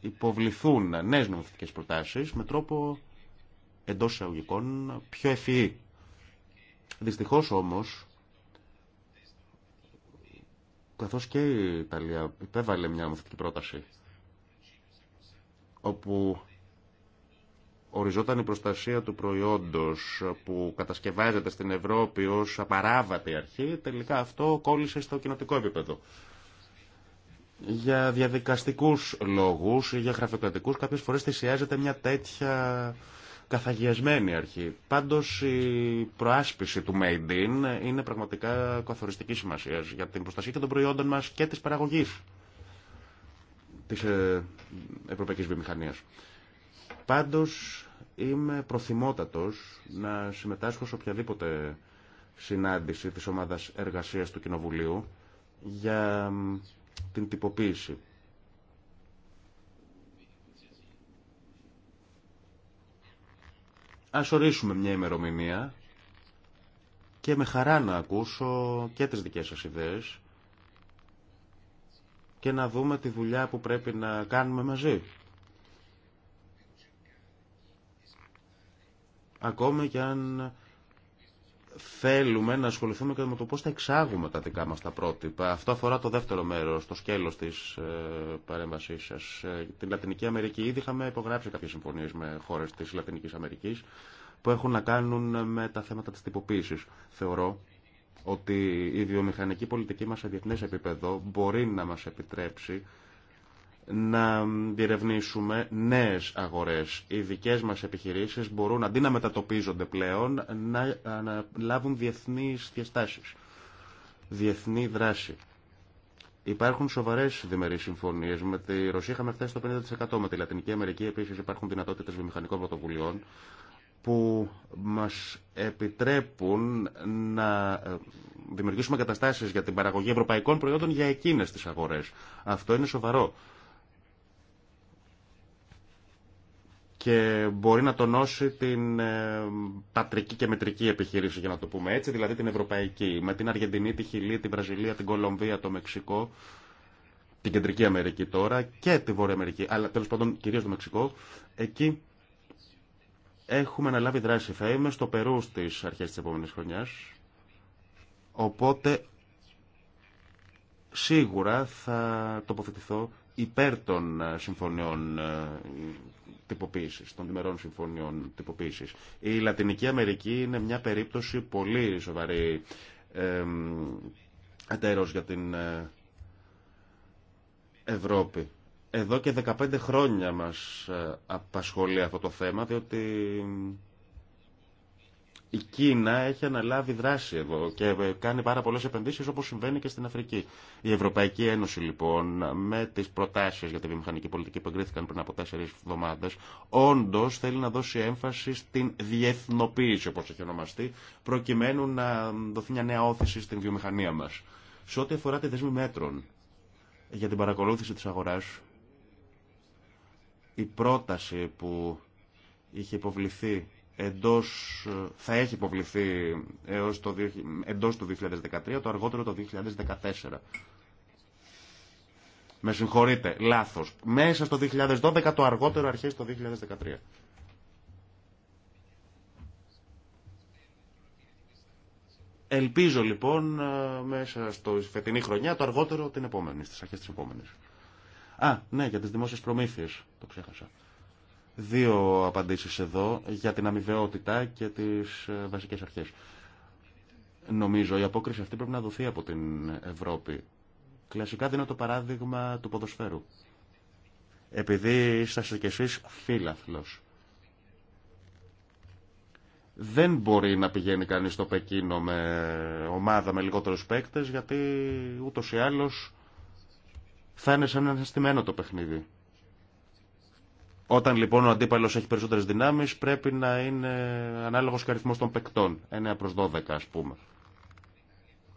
υποβληθούν νέες νομοθετικές προτάσεις με τρόπο εντός εισαγωγικών πιο ευφυή Δυστυχώς όμως, καθώς και η Ιταλία υπέβαλε μια νομοθετική πρόταση, όπου οριζόταν η προστασία του προϊόντος που κατασκευάζεται στην Ευρώπη ως απαράβατη αρχή, τελικά αυτό κόλλησε στο κοινοτικό επίπεδο. Για διαδικαστικούς λόγους ή για γραφειοκρατικούς κάποιες φορές θυσιάζεται μια τέτοια καθαγιασμένη αρχή. Πάντως η προάσπιση του Made in είναι πραγματικά καθοριστική σημασία για την προστασία και των προϊόντων μας και της παραγωγής της ε, ευρωπαϊκής βιομηχανίας. Πάντως είμαι προθυμότατος να συμμετάσχω σε οποιαδήποτε συνάντηση της ομάδας εργασίας του Κοινοβουλίου για την τυποποίηση Ας ορίσουμε μια ημερομηνία και με χαρά να ακούσω και τις δικές σας ιδέες και να δούμε τη δουλειά που πρέπει να κάνουμε μαζί. Ακόμη και αν θέλουμε να ασχοληθούμε και με το πώ θα εξάγουμε τα δικά μα τα πρότυπα. Αυτό αφορά το δεύτερο μέρος, το σκέλος της ε, παρέμβασής σας. Ε, την Λατινική Αμερική ήδη είχαμε υπογράψει κάποιες συμφωνίες με χώρε της Λατινική Αμερική που έχουν να κάνουν με τα θέματα της τυποποίηση. Θεωρώ ότι η βιομηχανική πολιτική μα σε διεθνέ επίπεδο μπορεί να μα επιτρέψει να διερευνήσουμε νέες αγορές. Οι δικές μας επιχειρήσεις μπορούν αντί να μετατοπίζονται πλέον να, να λάβουν διεθνείς διαστάσεις, διεθνή δράση. Υπάρχουν σοβαρέ διμερεί συμφωνίε. Με τη Ρωσία είχαμε φτάσει στο 50%. Με τη Λατινική Αμερική επίση υπάρχουν δυνατότητε βιομηχανικών πρωτοβουλειών που μα επιτρέπουν να ε, δημιουργήσουμε καταστάσει για την παραγωγή ευρωπαϊκών προϊόντων για εκείνε τι αγορέ. Αυτό είναι σοβαρό. και μπορεί να τονώσει την πατρική ε, και μετρική επιχείρηση, για να το πούμε έτσι, δηλαδή την ευρωπαϊκή, με την Αργεντινή, τη Χιλή, την Βραζιλία, την Κολομβία, το Μεξικό, την Κεντρική Αμερική τώρα και τη Βόρεια Αμερική, αλλά τέλο πάντων κυρίως το Μεξικό, εκεί έχουμε αναλάβει δράση. Θα είμαι στο Περού στις αρχέ τη επόμενη χρονιά, οπότε σίγουρα θα τοποθετηθώ υπέρ των ε, συμφωνιών ε, τυποποίηση, των διμερών συμφωνιών τυποποίηση. Η Λατινική Αμερική είναι μια περίπτωση πολύ σοβαρή ε, για την ε, Ευρώπη. Εδώ και 15 χρόνια μας ε, απασχολεί αυτό το θέμα, διότι η Κίνα έχει αναλάβει δράση εδώ και κάνει πάρα πολλές επενδύσεις όπως συμβαίνει και στην Αφρική. Η Ευρωπαϊκή Ένωση λοιπόν με τις προτάσεις για τη βιομηχανική πολιτική που εγκρίθηκαν πριν από τέσσερις εβδομάδες όντως θέλει να δώσει έμφαση στην διεθνοποίηση όπως έχει ονομαστεί προκειμένου να δοθεί μια νέα όθηση στην βιομηχανία μας. Σε ό,τι αφορά τη δεσμή μέτρων για την παρακολούθηση της αγοράς η πρόταση που είχε υποβληθεί εντός, θα έχει υποβληθεί έως το, εντός του 2013, το αργότερο το 2014. Με συγχωρείτε, λάθος. Μέσα στο 2012, το αργότερο αρχίζει το 2013. Ελπίζω λοιπόν μέσα στο φετινή χρονιά, το αργότερο την επόμενη, στις αρχές της επόμενης. Α, ναι, για τις δημόσιες προμήθειες, το ξέχασα δύο απαντήσεις εδώ για την αμοιβαιότητα και τις ε, βασικές αρχές. Νομίζω η απόκριση αυτή πρέπει να δοθεί από την Ευρώπη. Κλασικά δίνω το παράδειγμα του ποδοσφαίρου. Επειδή είσαστε κι εσείς φύλαθλος. Δεν μπορεί να πηγαίνει κανείς στο Πεκίνο με ομάδα με λιγότερους παίκτες γιατί ούτως ή άλλως θα είναι σαν ένα το παιχνίδι. Όταν λοιπόν ο αντίπαλος έχει περισσότερες δυνάμεις πρέπει να είναι ανάλογος και αριθμό των παικτών, 9 προς 12 ας πούμε.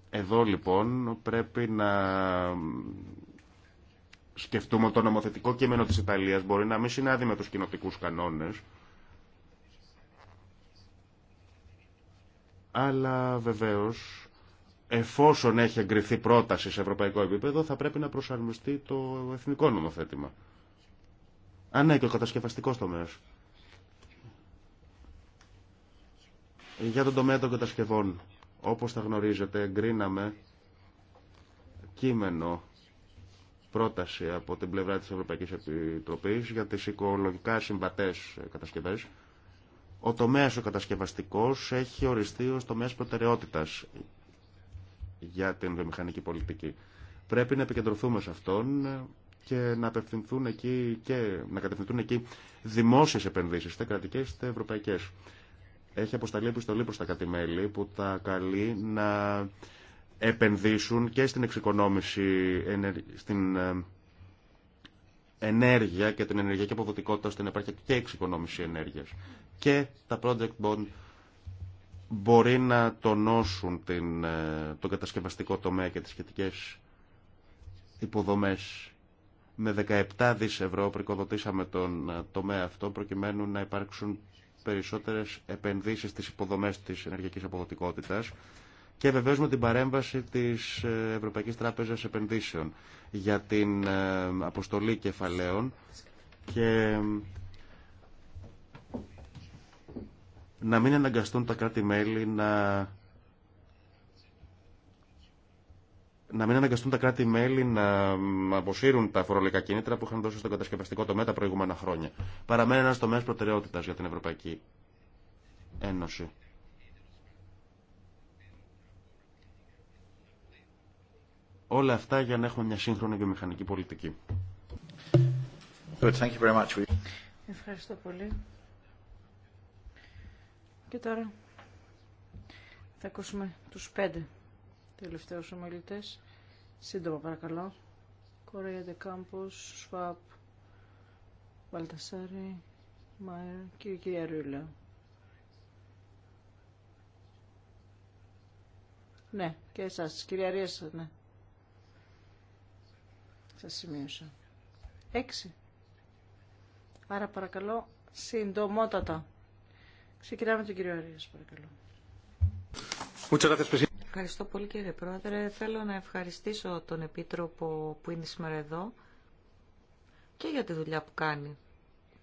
Εδώ λοιπόν πρέπει να σκεφτούμε ότι το νομοθετικό κείμενο της Ιταλίας μπορεί να μην συνάδει με τους κοινοτικού κανόνες, αλλά βεβαίω, εφόσον έχει εγκριθεί πρόταση σε ευρωπαϊκό επίπεδο θα πρέπει να προσαρμοστεί το εθνικό νομοθέτημα. Α, ναι, και ο κατασκευαστικό τομέας. Για τον τομέα των κατασκευών, όπως θα γνωρίζετε, εγκρίναμε κείμενο πρόταση από την πλευρά της Ευρωπαϊκής Επιτροπής για τις οικολογικά συμβατές κατασκευές. Ο τομέας ο κατασκευαστικός έχει οριστεί ως τομέας προτεραιότητας για την βιομηχανική πολιτική. Πρέπει να επικεντρωθούμε σε αυτόν και να, απευθυνθούν εκεί και να κατευθυνθούν εκεί δημόσιες επενδύσεις, είτε κρατικές είτε ευρωπαϊκές. Έχει αποσταλεί επιστολή προς τα κατημέλη που τα καλεί να επενδύσουν και στην εξοικονόμηση, στην ε, ενέργεια και την ενεργειακή αποδοτικότητα στην επάρκεια και εξοικονόμηση ενέργειας. Και τα project bond μπορεί να τονώσουν την, ε, τον κατασκευαστικό τομέα και τις σχετικές υποδομές με 17 δις ευρώ πρικοδοτήσαμε τον ε, τομέα αυτό προκειμένου να υπάρξουν περισσότερες επενδύσεις στις υποδομές της ενεργειακής αποδοτικότητας και βεβαίως με την παρέμβαση της ε, Ευρωπαϊκής Τράπεζας Επενδύσεων για την ε, αποστολή κεφαλαίων και να μην αναγκαστούν τα κράτη-μέλη να να μην αναγκαστούν τα κράτη-μέλη να αποσύρουν τα φορολογικά κίνητρα που είχαν δώσει στον κατασκευαστικό τομέα τα προηγούμενα χρόνια. Παραμένει ένα τομέα προτεραιότητα για την Ευρωπαϊκή Ένωση. Όλα αυτά για να έχουμε μια σύγχρονη βιομηχανική πολιτική. Ευχαριστώ πολύ. Και τώρα θα ακούσουμε τους πέντε τελευταίους ομιλητές. Σύντομα παρακαλώ. Κορέα Δεκάμπος, Σφάπ, Βαλτασάρη, Μάιρ και η κυρία Ρούλα. Ναι, και εσάς, κυρία Ρίασα, ναι. Σας σημείωσα. Έξι. Άρα παρακαλώ, συντομότατα. Ξεκινάμε τον κύριο Αρίας, παρακαλώ. Ευχαριστώ πολύ κύριε Πρόεδρε. Θέλω να ευχαριστήσω τον Επίτροπο που είναι σήμερα εδώ και για τη δουλειά που κάνει.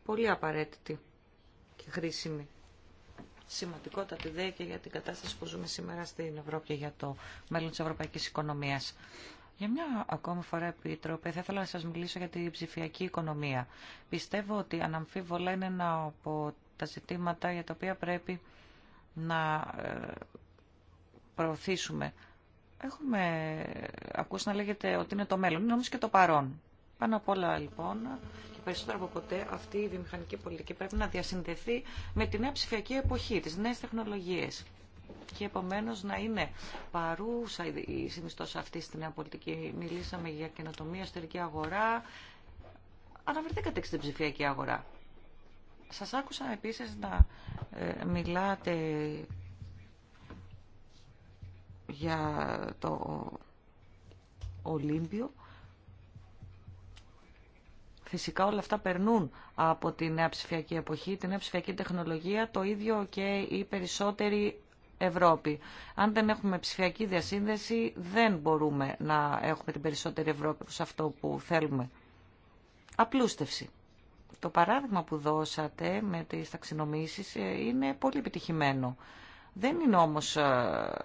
Πολύ απαραίτητη και χρήσιμη. Σημαντικότατη ιδέα και για την κατάσταση που ζούμε σήμερα στην Ευρώπη και για το μέλλον της ευρωπαϊκής οικονομίας. Για μια ακόμη φορά, Επίτροπε, θα ήθελα να σας μιλήσω για την ψηφιακή οικονομία. Πιστεύω ότι αναμφίβολα είναι ένα από τα ζητήματα για τα οποία πρέπει να ε, προωθήσουμε. Έχουμε ακούσει να λέγεται ότι είναι το μέλλον, είναι όμως και το παρόν. Πάνω απ' όλα λοιπόν και περισσότερο από ποτέ αυτή η βιομηχανική πολιτική πρέπει να διασυνδεθεί με τη νέα ψηφιακή εποχή, τις νέες τεχνολογίες. Και επομένω να είναι παρούσα η συνιστόσα αυτή στη νέα πολιτική. Μιλήσαμε για καινοτομία, εσωτερική αγορά. Αναφερθήκατε και στην ψηφιακή αγορά. Σας άκουσα επίσης να ε, μιλάτε για το Ολύμπιο. Φυσικά όλα αυτά περνούν από την νέα ψηφιακή εποχή, την νέα ψηφιακή τεχνολογία, το ίδιο και η περισσότερη Ευρώπη. Αν δεν έχουμε ψηφιακή διασύνδεση, δεν μπορούμε να έχουμε την περισσότερη Ευρώπη σε αυτό που θέλουμε. Απλούστευση. Το παράδειγμα που δώσατε με τις ταξινομήσεις ε, είναι πολύ επιτυχημένο. Δεν είναι όμως ε,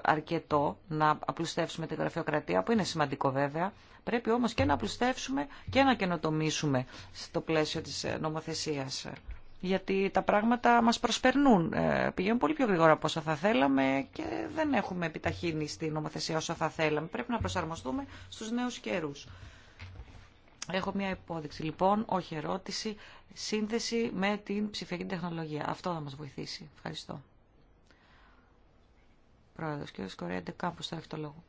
αρκετό να απλουστεύσουμε τη γραφειοκρατία, που είναι σημαντικό βέβαια. Πρέπει όμως και να απλουστεύσουμε και να καινοτομήσουμε στο πλαίσιο της ε, νομοθεσίας. Γιατί τα πράγματα μας προσπερνούν, ε, πηγαίνουν πολύ πιο γρήγορα από όσα θα θέλαμε και δεν έχουμε επιταχύνει στη νομοθεσία όσο θα θέλαμε. Πρέπει να προσαρμοστούμε στους νέους καιρούς. Έχω μια υπόδειξη λοιπόν, όχι ερώτηση, σύνδεση με την ψηφιακή τεχνολογία. Αυτό θα μας βοηθήσει. Ευχαριστώ. Πρόεδρος. Κύριε Σκορέντε, κάπως θα έχει το λόγο.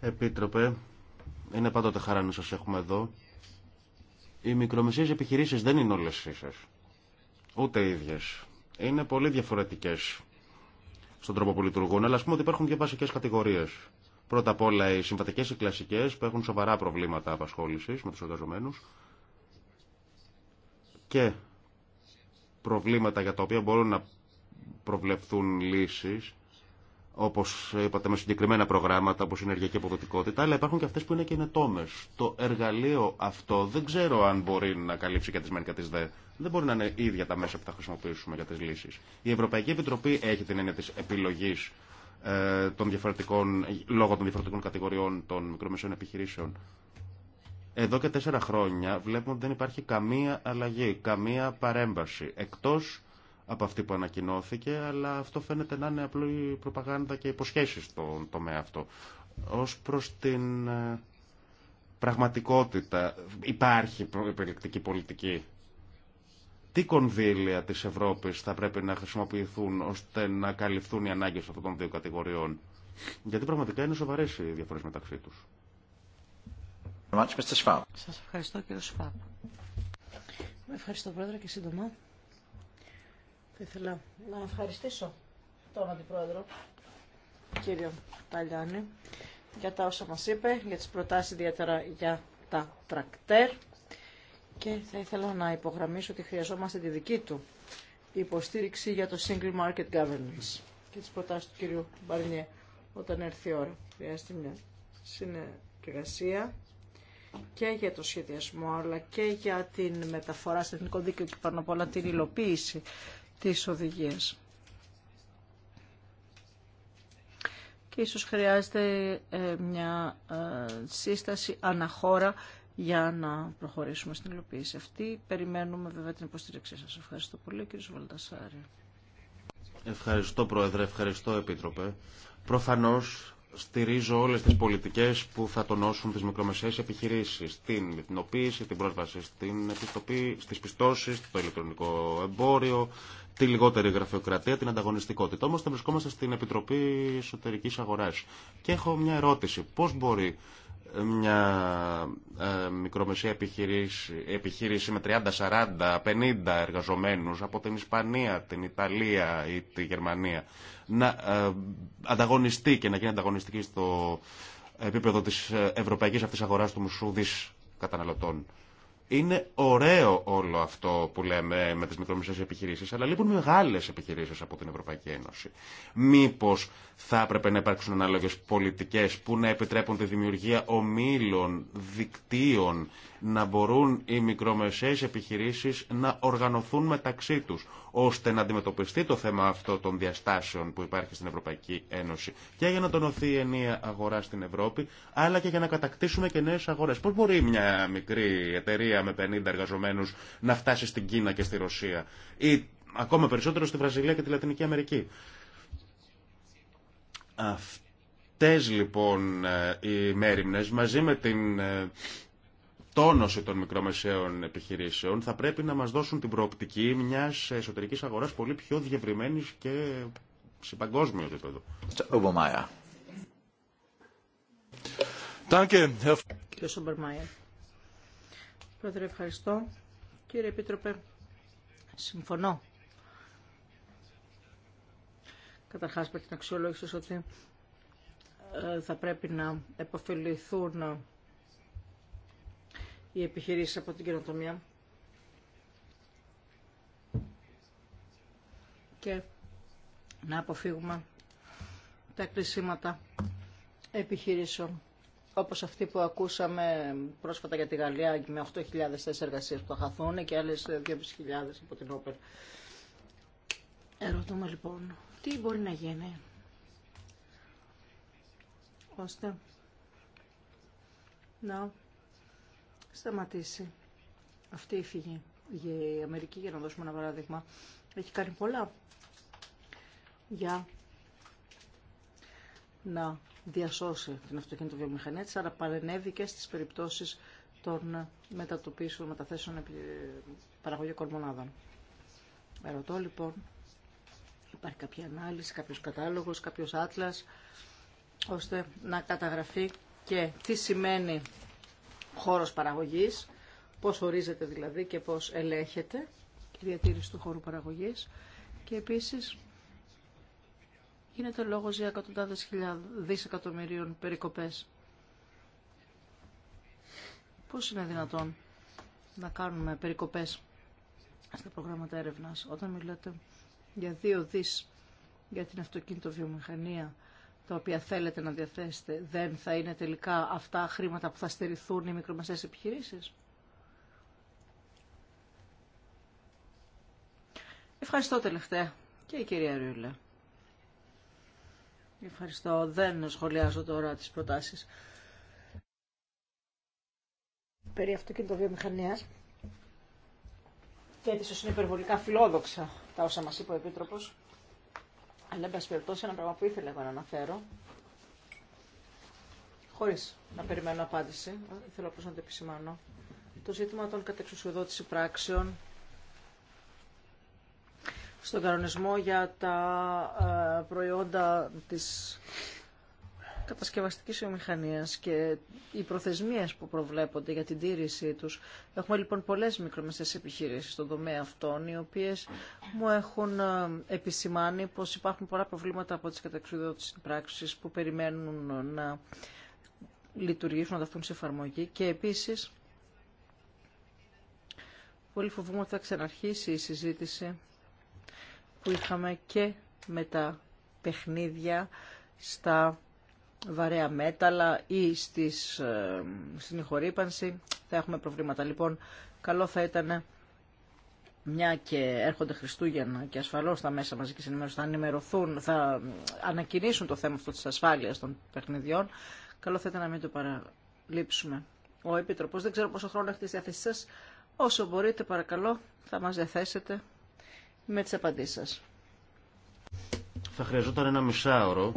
Επίτροπε, είναι πάντοτε χαρά να σας έχουμε εδώ. Οι μικρομεσαίες επιχειρήσεις δεν είναι όλες ίσες. Ούτε ίδιες. Είναι πολύ διαφορετικές στον τρόπο που λειτουργούν, αλλά α πούμε ότι υπάρχουν δύο βασικέ κατηγορίε. Πρώτα απ' όλα οι συμβατικέ και κλασικέ που έχουν σοβαρά προβλήματα απασχόληση με του εργαζομένου και προβλήματα για τα οποία μπορούν να προβλεφθούν λύσεις, όπως είπατε με συγκεκριμένα προγράμματα όπως η ενεργειακή αποδοτικότητα, αλλά υπάρχουν και αυτές που είναι και Το εργαλείο αυτό δεν ξέρω αν μπορεί να καλύψει και τις μεν και τις δε. Δεν μπορεί να είναι ίδια τα μέσα που θα χρησιμοποιήσουμε για τις λύσεις. Η Ευρωπαϊκή Επιτροπή έχει την έννοια της επιλογής ε, των διαφορετικών, λόγω των διαφορετικών κατηγοριών των μικρομεσαίων επιχειρήσεων. Εδώ και τέσσερα χρόνια βλέπουμε ότι δεν υπάρχει καμία αλλαγή, καμία παρέμβαση, εκτός από αυτή που ανακοινώθηκε, αλλά αυτό φαίνεται να είναι απλή προπαγάνδα και υποσχέσεις στον τομέα αυτό. Ως προς την ε, πραγματικότητα υπάρχει επιλεκτική πολιτική. Τι κονδύλια της Ευρώπης θα πρέπει να χρησιμοποιηθούν ώστε να καλυφθούν οι ανάγκες αυτών των δύο κατηγοριών. Γιατί πραγματικά είναι σοβαρές οι διαφορές μεταξύ τους. Σας ευχαριστώ κύριο Σφάπ. Ευχαριστώ πρόεδρε και σύντομα. Θα ήθελα να ευχαριστήσω τον Αντιπρόεδρο, κύριο Ταλιάνη, για τα όσα μας είπε, για τις προτάσεις ιδιαίτερα για τα τρακτέρ και θα ήθελα να υπογραμμίσω ότι χρειαζόμαστε τη δική του υποστήριξη για το Single Market Governance και τις προτάσεις του κύριου Μπαρνιέ όταν έρθει η ώρα. Χρειάζεται μια συνεργασία και για το σχεδιασμό αλλά και για την μεταφορά στο εθνικό δίκαιο και πάνω απ' όλα την υλοποίηση τις οδηγίες. Και ίσως χρειάζεται ε, μια ε, σύσταση αναχώρα για να προχωρήσουμε στην υλοποίηση αυτή. Περιμένουμε βέβαια την υποστήριξή σας. Ευχαριστώ πολύ κύριε Βαλτασάρη. Ευχαριστώ Πρόεδρε, ευχαριστώ Επίτροπε. Προφανώς στηρίζω όλες τις πολιτικές που θα τονώσουν τις μικρομεσαίες επιχειρήσεις, την εθνοποίηση, την πρόσβαση στην επιστοπή, στις πιστώσεις, το ηλεκτρονικό εμπόριο, τη λιγότερη γραφειοκρατία, την ανταγωνιστικότητα. Όμως θα βρισκόμαστε στην Επιτροπή Εσωτερικής Αγοράς. Και έχω μια ερώτηση. Πώς μπορεί μια ε, μικρομεσαία επιχείρηση, με 30, 40, 50 εργαζομένους από την Ισπανία, την Ιταλία ή τη Γερμανία να ε, ανταγωνιστεί και να γίνει ανταγωνιστική στο επίπεδο της ε, ευρωπαϊκής αυτής αγοράς του μισού καταναλωτών. Είναι ωραίο όλο αυτό που λέμε με τις μικρομεσαίες επιχειρήσεις, αλλά λείπουν μεγάλες επιχειρήσεις από την Ευρωπαϊκή Ένωση. Μήπως θα έπρεπε να υπάρξουν ανάλογες πολιτικές που να επιτρέπουν τη δημιουργία ομίλων, δικτύων, να μπορούν οι μικρομεσαίες επιχειρήσεις να οργανωθούν μεταξύ τους, ώστε να αντιμετωπιστεί το θέμα αυτό των διαστάσεων που υπάρχει στην Ευρωπαϊκή Ένωση και για να τονωθεί η ενία αγορά στην Ευρώπη, αλλά και για να κατακτήσουμε και νέες αγορές. Πώς μπορεί μια μικρή εταιρεία με 50 εργαζομένους να φτάσει στην Κίνα και στη Ρωσία ή ακόμα περισσότερο στη Βραζιλία και τη Λατινική Αμερική. Αυτές λοιπόν ε, οι μέρημνες μαζί με την ε, τόνωση των μικρομεσαίων επιχειρήσεων θα πρέπει να μας δώσουν την προοπτική μιας εσωτερικής αγοράς πολύ πιο διευρυμένης και σε παγκόσμιο επίπεδο. Κύριε Σομπερμάια. Πρόεδρε, ευχαριστώ. Κύριε Επίτροπε, συμφωνώ. Καταρχάς, πρέπει να αξιολόγησες ότι ε, θα πρέπει να επωφεληθούν οι επιχειρήσεις από την καινοτομία. Και να αποφύγουμε τα κλεισίματα επιχειρήσεων όπως αυτή που ακούσαμε πρόσφατα για τη Γαλλία με 8.000 θέσεις εργασίας που θα χαθούν και άλλες 2.500 από την Όπερ. Ερωτούμε λοιπόν, τι μπορεί να γίνει ώστε να σταματήσει αυτή η φυγή. Η Αμερική, για να δώσουμε ένα παράδειγμα, έχει κάνει πολλά για να διασώσει την αυτοκίνητο βιομηχανία της, αλλά παρενέβη και στις περιπτώσεις των μετατοπίσεων, μεταθέσεων παραγωγικών μονάδων. Ερωτώ λοιπόν, υπάρχει κάποια ανάλυση, κάποιος κατάλογος, κάποιος άτλας, ώστε να καταγραφεί και τι σημαίνει χώρος παραγωγής, πώς ορίζεται δηλαδή και πώς ελέγχεται η διατήρηση του χώρου παραγωγής και επίσης γίνεται λόγος για εκατοντάδες χιλιάδες δισεκατομμυρίων περικοπές. Πώς είναι δυνατόν να κάνουμε περικοπές στα προγράμματα έρευνας όταν μιλάτε για δύο δις για την αυτοκίνητο βιομηχανία τα οποία θέλετε να διαθέσετε, δεν θα είναι τελικά αυτά χρήματα που θα στερηθούν οι μικρομεσαίες επιχειρήσεις. Ευχαριστώ τελευταία και η κυρία Ρούλα. Ευχαριστώ. Δεν σχολιάζω τώρα τις προτάσεις. Περί αυτοκινητοβιομηχανίας και έτσι είναι υπερβολικά φιλόδοξα τα όσα μας είπε ο Επίτροπος. Λέμε δεν πας περιπτώσει, ένα πράγμα που ήθελα εγώ να αναφέρω, χωρίς να περιμένω απάντηση, ε, θέλω απλώς να το επισημάνω, το ζήτημα των κατεξουσιοδότηση πράξεων στον κανονισμό για τα ε, προϊόντα της κατασκευαστικής βιομηχανίας και οι προθεσμίες που προβλέπονται για την τήρησή τους. Έχουμε λοιπόν πολλές μικρομεσαίες επιχειρήσεις στον τομέα αυτών, οι οποίες μου έχουν ε, επισημάνει πως υπάρχουν πολλά προβλήματα από τις καταξιδότητες πράξεις που περιμένουν να λειτουργήσουν, να δαθούν σε εφαρμογή και επίσης πολύ φοβούμαι ότι θα ξαναρχίσει η συζήτηση που είχαμε και με τα παιχνίδια στα βαρέα μέταλλα ή στις, ε, στην ηχορύπανση θα έχουμε προβλήματα. Λοιπόν, καλό θα ήταν μια και έρχονται Χριστούγεννα και ασφαλώς τα μέσα μαζικής ενημέρωσης θα ενημερωθούν, θα ανακοινήσουν το θέμα αυτό της ασφάλειας των παιχνιδιών, καλό θα ήταν να μην το παραλείψουμε. Ο Επίτροπος, δεν ξέρω πόσο χρόνο έχετε στη διάθεσή σας, όσο μπορείτε παρακαλώ θα μας διαθέσετε με τις απαντήσεις σας. Θα χρειαζόταν ένα μισάωρο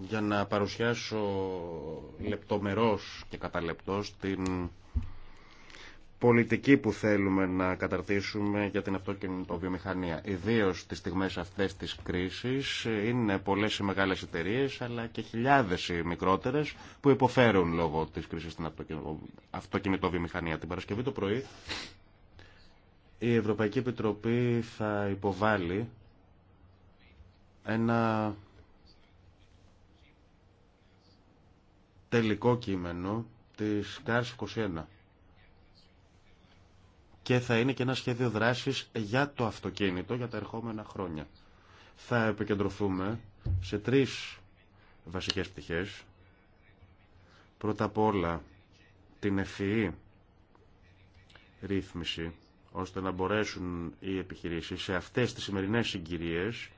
για να παρουσιάσω λεπτομερώς και καταλεπτός την πολιτική που θέλουμε να καταρτήσουμε για την αυτοκινητοβιομηχανία. Ιδίως τις στιγμές αυτές της κρίσης είναι πολλές οι μεγάλες εταιρείες αλλά και χιλιάδες οι μικρότερες που υποφέρουν λόγω της κρίσης στην αυτοκινητοβιομηχανία. Την Παρασκευή το πρωί η Ευρωπαϊκή Επιτροπή θα υποβάλει ένα τελικό κείμενο της ΚΑΡΣ 21 και θα είναι και ένα σχέδιο δράσης για το αυτοκίνητο για τα ερχόμενα χρόνια. Θα επικεντρωθούμε σε τρεις βασικές πτυχές. Πρώτα απ' όλα την ευφυή ρύθμιση ώστε να μπορέσουν οι επιχειρήσεις σε αυτές τις σημερινές συγκυρίες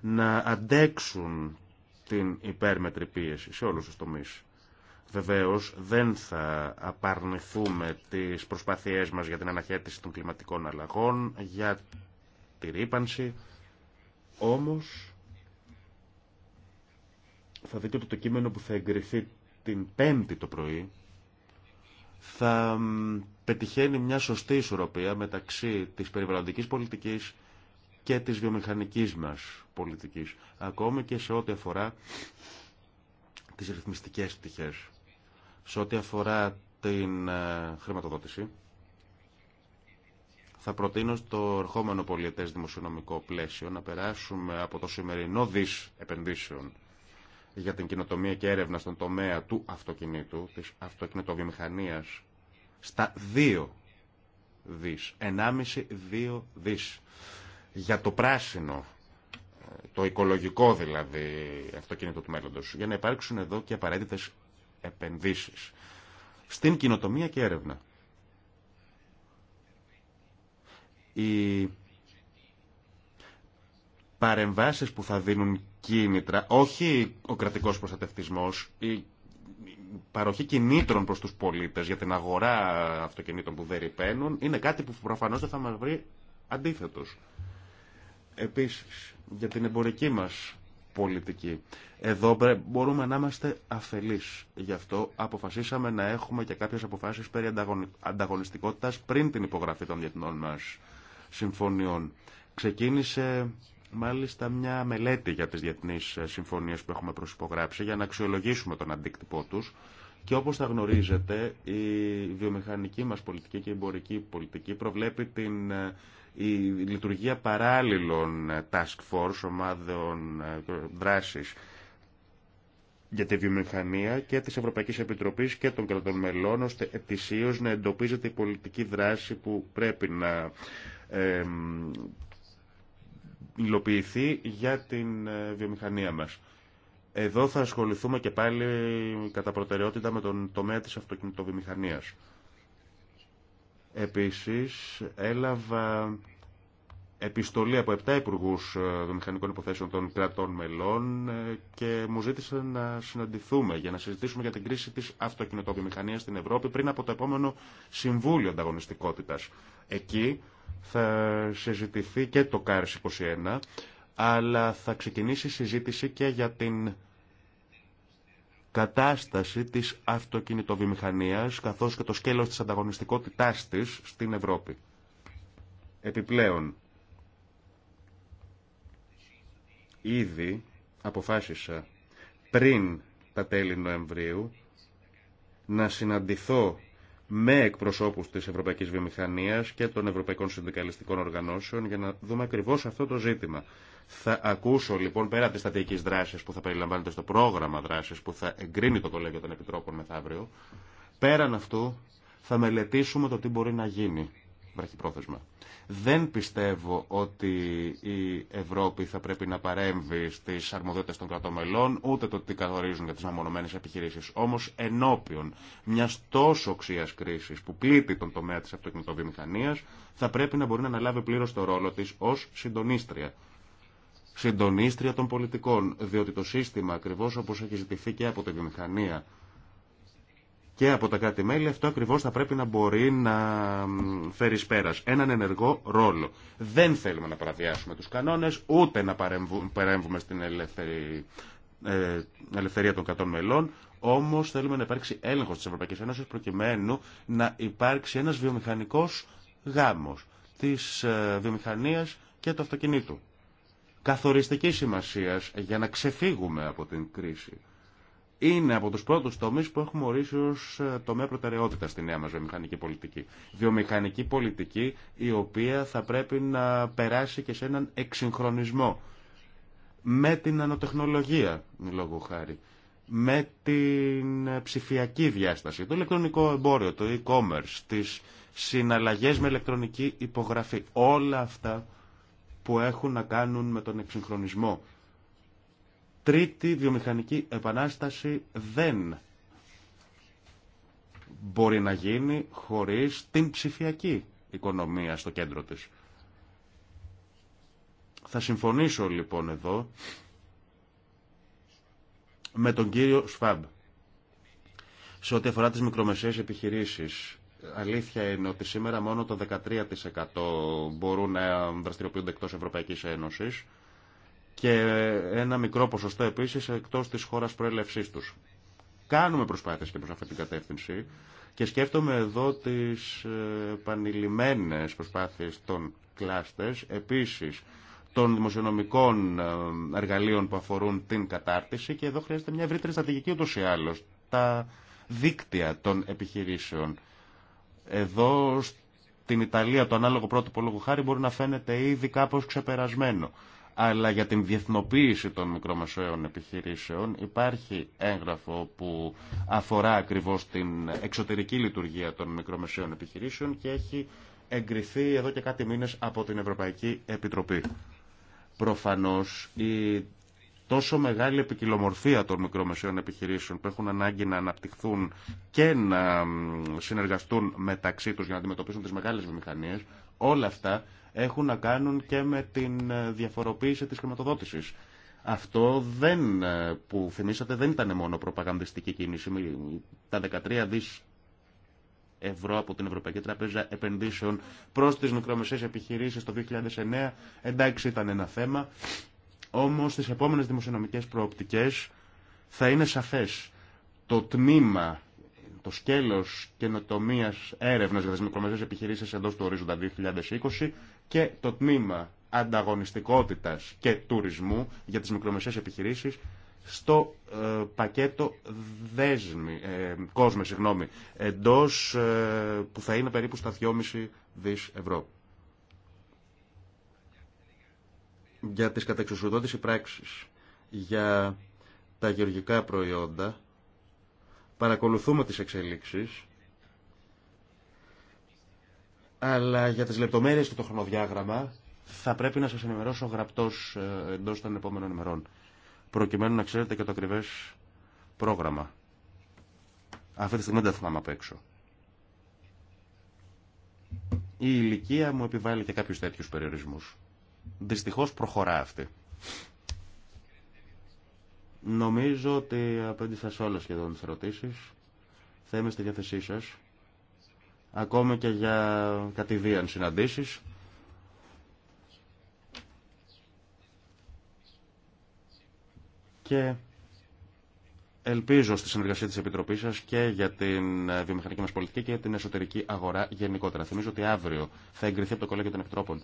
να αντέξουν την υπέρμετρη πίεση σε όλους τους τομείς. Βεβαίως δεν θα απαρνηθούμε τις προσπάθειές μας για την αναχέτηση των κλιματικών αλλαγών, για τη ρήπανση, όμως θα δείτε ότι το κείμενο που θα εγκριθεί την πέμπτη το πρωί θα πετυχαίνει μια σωστή ισορροπία μεταξύ της περιβαλλοντικής πολιτικής και της βιομηχανικής μας πολιτικής, ακόμη και σε ό,τι αφορά τις ρυθμιστικές στοιχές, σε ό,τι αφορά την ε, χρηματοδότηση. Θα προτείνω στο ερχόμενο πολιετές δημοσιονομικό πλαίσιο να περάσουμε από το σημερινό δις επενδύσεων για την κοινοτομία και έρευνα στον τομέα του αυτοκινήτου, της αυτοκινητοβιομηχανίας, στα δύο δις, 15 δύο δις για το πράσινο, το οικολογικό δηλαδή αυτοκίνητο του μέλλοντος, για να υπάρξουν εδώ και απαραίτητες επενδύσεις στην κοινοτομία και έρευνα. Οι παρεμβάσεις που θα δίνουν κίνητρα, όχι ο κρατικός προστατευτισμός, η παροχή κινήτρων προς τους πολίτες για την αγορά αυτοκινήτων που δεν ρηπαίνουν, είναι κάτι που προφανώς δεν θα μας βρει αντίθετος. Επίσης, για την εμπορική μας πολιτική. Εδώ μπορούμε να είμαστε αφελείς. Γι' αυτό αποφασίσαμε να έχουμε και κάποιες αποφάσεις περί ανταγωνιστικότητας πριν την υπογραφή των διεθνών μας συμφωνιών. Ξεκίνησε μάλιστα μια μελέτη για τις διεθνείς ε, συμφωνίες που έχουμε προσυπογράψει για να αξιολογήσουμε τον αντίκτυπό τους και όπως θα γνωρίζετε η βιομηχανική μας πολιτική και η εμπορική πολιτική προβλέπει την ε, η λειτουργία παράλληλων ε, task force, ομάδων ε, δράσης για τη βιομηχανία και της Ευρωπαϊκής Επιτροπής και των κρατών μελών, ώστε ετησίως να εντοπίζεται η πολιτική δράση που πρέπει να υλοποιηθεί για την ε, βιομηχανία μας. Εδώ θα ασχοληθούμε και πάλι κατά προτεραιότητα με τον τομέα της αυτοκινητοβιομηχανίας. Επίσης, έλαβα επιστολή από 7 υπουργού των ε, μηχανικών υποθέσεων των κρατών μελών ε, και μου ζήτησαν να συναντηθούμε για να συζητήσουμε για την κρίση της αυτοκινητοβιομηχανίας στην Ευρώπη πριν από το επόμενο Συμβούλιο Ανταγωνιστικότητας. Εκεί θα συζητηθεί και το ΚΑΡΣ 21, αλλά θα ξεκινήσει συζήτηση και για την κατάσταση της αυτοκινητοβιομηχανίας καθώς και το σκέλος της ανταγωνιστικότητάς της στην Ευρώπη. Επιπλέον, ήδη αποφάσισα πριν τα τέλη Νοεμβρίου να συναντηθώ με εκπροσώπους της Ευρωπαϊκής Βιομηχανίας και των Ευρωπαϊκών Συνδικαλιστικών Οργανώσεων για να δούμε ακριβώς αυτό το ζήτημα. Θα ακούσω λοιπόν πέρα από τις στατικές δράσεις που θα περιλαμβάνεται στο πρόγραμμα δράσης που θα εγκρίνει το Κολέγιο των Επιτρόπων μεθαύριο, πέραν αυτού θα μελετήσουμε το τι μπορεί να γίνει βραχυπρόθεσμα. Δεν πιστεύω ότι η Ευρώπη θα πρέπει να παρέμβει στι αρμοδιότητε των κρατών ούτε το τι καθορίζουν για τι μεμονωμένε επιχειρήσει. Όμω, ενώπιον μια τόσο οξία κρίση που πλήττει τον τομέα τη αυτοκινητοβιομηχανία, θα πρέπει να μπορεί να αναλάβει πλήρω το ρόλο τη ω συντονίστρια. Συντονίστρια των πολιτικών, διότι το σύστημα, ακριβώ όπω έχει ζητηθεί και από τη βιομηχανία, και από τα κράτη-μέλη, αυτό ακριβώς θα πρέπει να μπορεί να φέρει πέρα έναν ενεργό ρόλο. Δεν θέλουμε να παραβιάσουμε τους κανόνες, ούτε να παρέμβουμε στην ε, ελευθερία των κατών μελών, όμως θέλουμε να υπάρξει έλεγχος της Ευρωπαϊκής Ένωσης προκειμένου να υπάρξει ένας βιομηχανικός γάμος της ε, βιομηχανίας και του αυτοκινήτου. Καθοριστική σημασία για να ξεφύγουμε από την κρίση είναι από τους πρώτους τομείς που έχουμε ορίσει ως ε, τομέα προτεραιότητα στη νέα μα βιομηχανική πολιτική. Βιομηχανική πολιτική η οποία θα πρέπει να περάσει και σε έναν εξυγχρονισμό με την ανοτεχνολογία, λόγω χάρη, με την ε, ψηφιακή διάσταση, το ηλεκτρονικό εμπόριο, το e-commerce, τις συναλλαγές με ηλεκτρονική υπογραφή. Όλα αυτά που έχουν να κάνουν με τον εξυγχρονισμό τρίτη βιομηχανική επανάσταση δεν μπορεί να γίνει χωρίς την ψηφιακή οικονομία στο κέντρο της. Θα συμφωνήσω λοιπόν εδώ με τον κύριο Σφάμπ. Σε ό,τι αφορά τις μικρομεσαίες επιχειρήσεις, αλήθεια είναι ότι σήμερα μόνο το 13% μπορούν να δραστηριοποιούνται εκτός Ευρωπαϊκής Ένωσης και ένα μικρό ποσοστό επίσης εκτός της χώρας προέλευσής τους. Κάνουμε προσπάθειες και προς αυτή την κατεύθυνση και σκέφτομαι εδώ τις ε, επανειλημμένες προσπάθειες των κλάστες, επίσης των δημοσιονομικών ε, εργαλείων που αφορούν την κατάρτιση και εδώ χρειάζεται μια ευρύτερη στρατηγική ούτως ή άλλως. Τα δίκτυα των επιχειρήσεων. Εδώ στην Ιταλία το ανάλογο πρότυπο λόγω χάρη μπορεί να φαίνεται ήδη κάπως ξεπερασμένο αλλά για την διεθνοποίηση των μικρομεσαίων επιχειρήσεων υπάρχει έγγραφο που αφορά ακριβώς την εξωτερική λειτουργία των μικρομεσαίων επιχειρήσεων και έχει εγκριθεί εδώ και κάτι μήνες από την Ευρωπαϊκή Επιτροπή. Προφανώς η τόσο μεγάλη επικοινομορφία των μικρομεσαίων επιχειρήσεων που έχουν ανάγκη να αναπτυχθούν και να συνεργαστούν μεταξύ τους για να αντιμετωπίσουν τις μεγάλες βιομηχανίες, όλα αυτά έχουν να κάνουν και με τη ε, διαφοροποίηση της χρηματοδότησης. Αυτό δεν, ε, που θυμήσατε δεν ήταν μόνο προπαγανδιστική κίνηση. Τα 13 δις ευρώ από την Ευρωπαϊκή Τραπέζα Επενδύσεων προς τις μικρομεσαίες επιχειρήσεις το 2009 εντάξει ήταν ένα θέμα. Όμως στις επόμενες δημοσιονομικές προοπτικές θα είναι σαφές το τμήμα το σκέλος καινοτομία έρευνα για τι μικρομεσαίες επιχειρήσει εντό του ορίζοντα 2020 και το τμήμα ανταγωνιστικότητας και τουρισμού για τις μικρομεσαίες επιχειρήσεις στο ε, πακέτο δέσμη, ε, κόσμε, συγγνώμη, εντός ε, που θα είναι περίπου στα 2,5 δις ευρώ. Για τις κατεξουσιοδότηση πράξεις, για τα γεωργικά προϊόντα, παρακολουθούμε τις εξελίξεις αλλά για τις λεπτομέρειες και το χρονοδιάγραμμα θα πρέπει να σας ενημερώσω γραπτός ε, εντό των επόμενων ημερών, προκειμένου να ξέρετε και το ακριβές πρόγραμμα. Αυτή τη στιγμή δεν θυμάμαι απ' έξω. Η ηλικία μου επιβάλλει και κάποιους τέτοιους περιορισμούς. Δυστυχώς προχωρά αυτή. Νομίζω ότι απέντησα σε όλες σχεδόν τις ερωτήσεις. Θα είμαι στη διάθεσή σας ακόμη και για κατηδίαν συναντήσεις. Και ελπίζω στη συνεργασία της Επιτροπής σας και για την βιομηχανική μας πολιτική και για την εσωτερική αγορά γενικότερα. Θυμίζω ότι αύριο θα εγκριθεί από το Κολέγιο των Επιτρόπων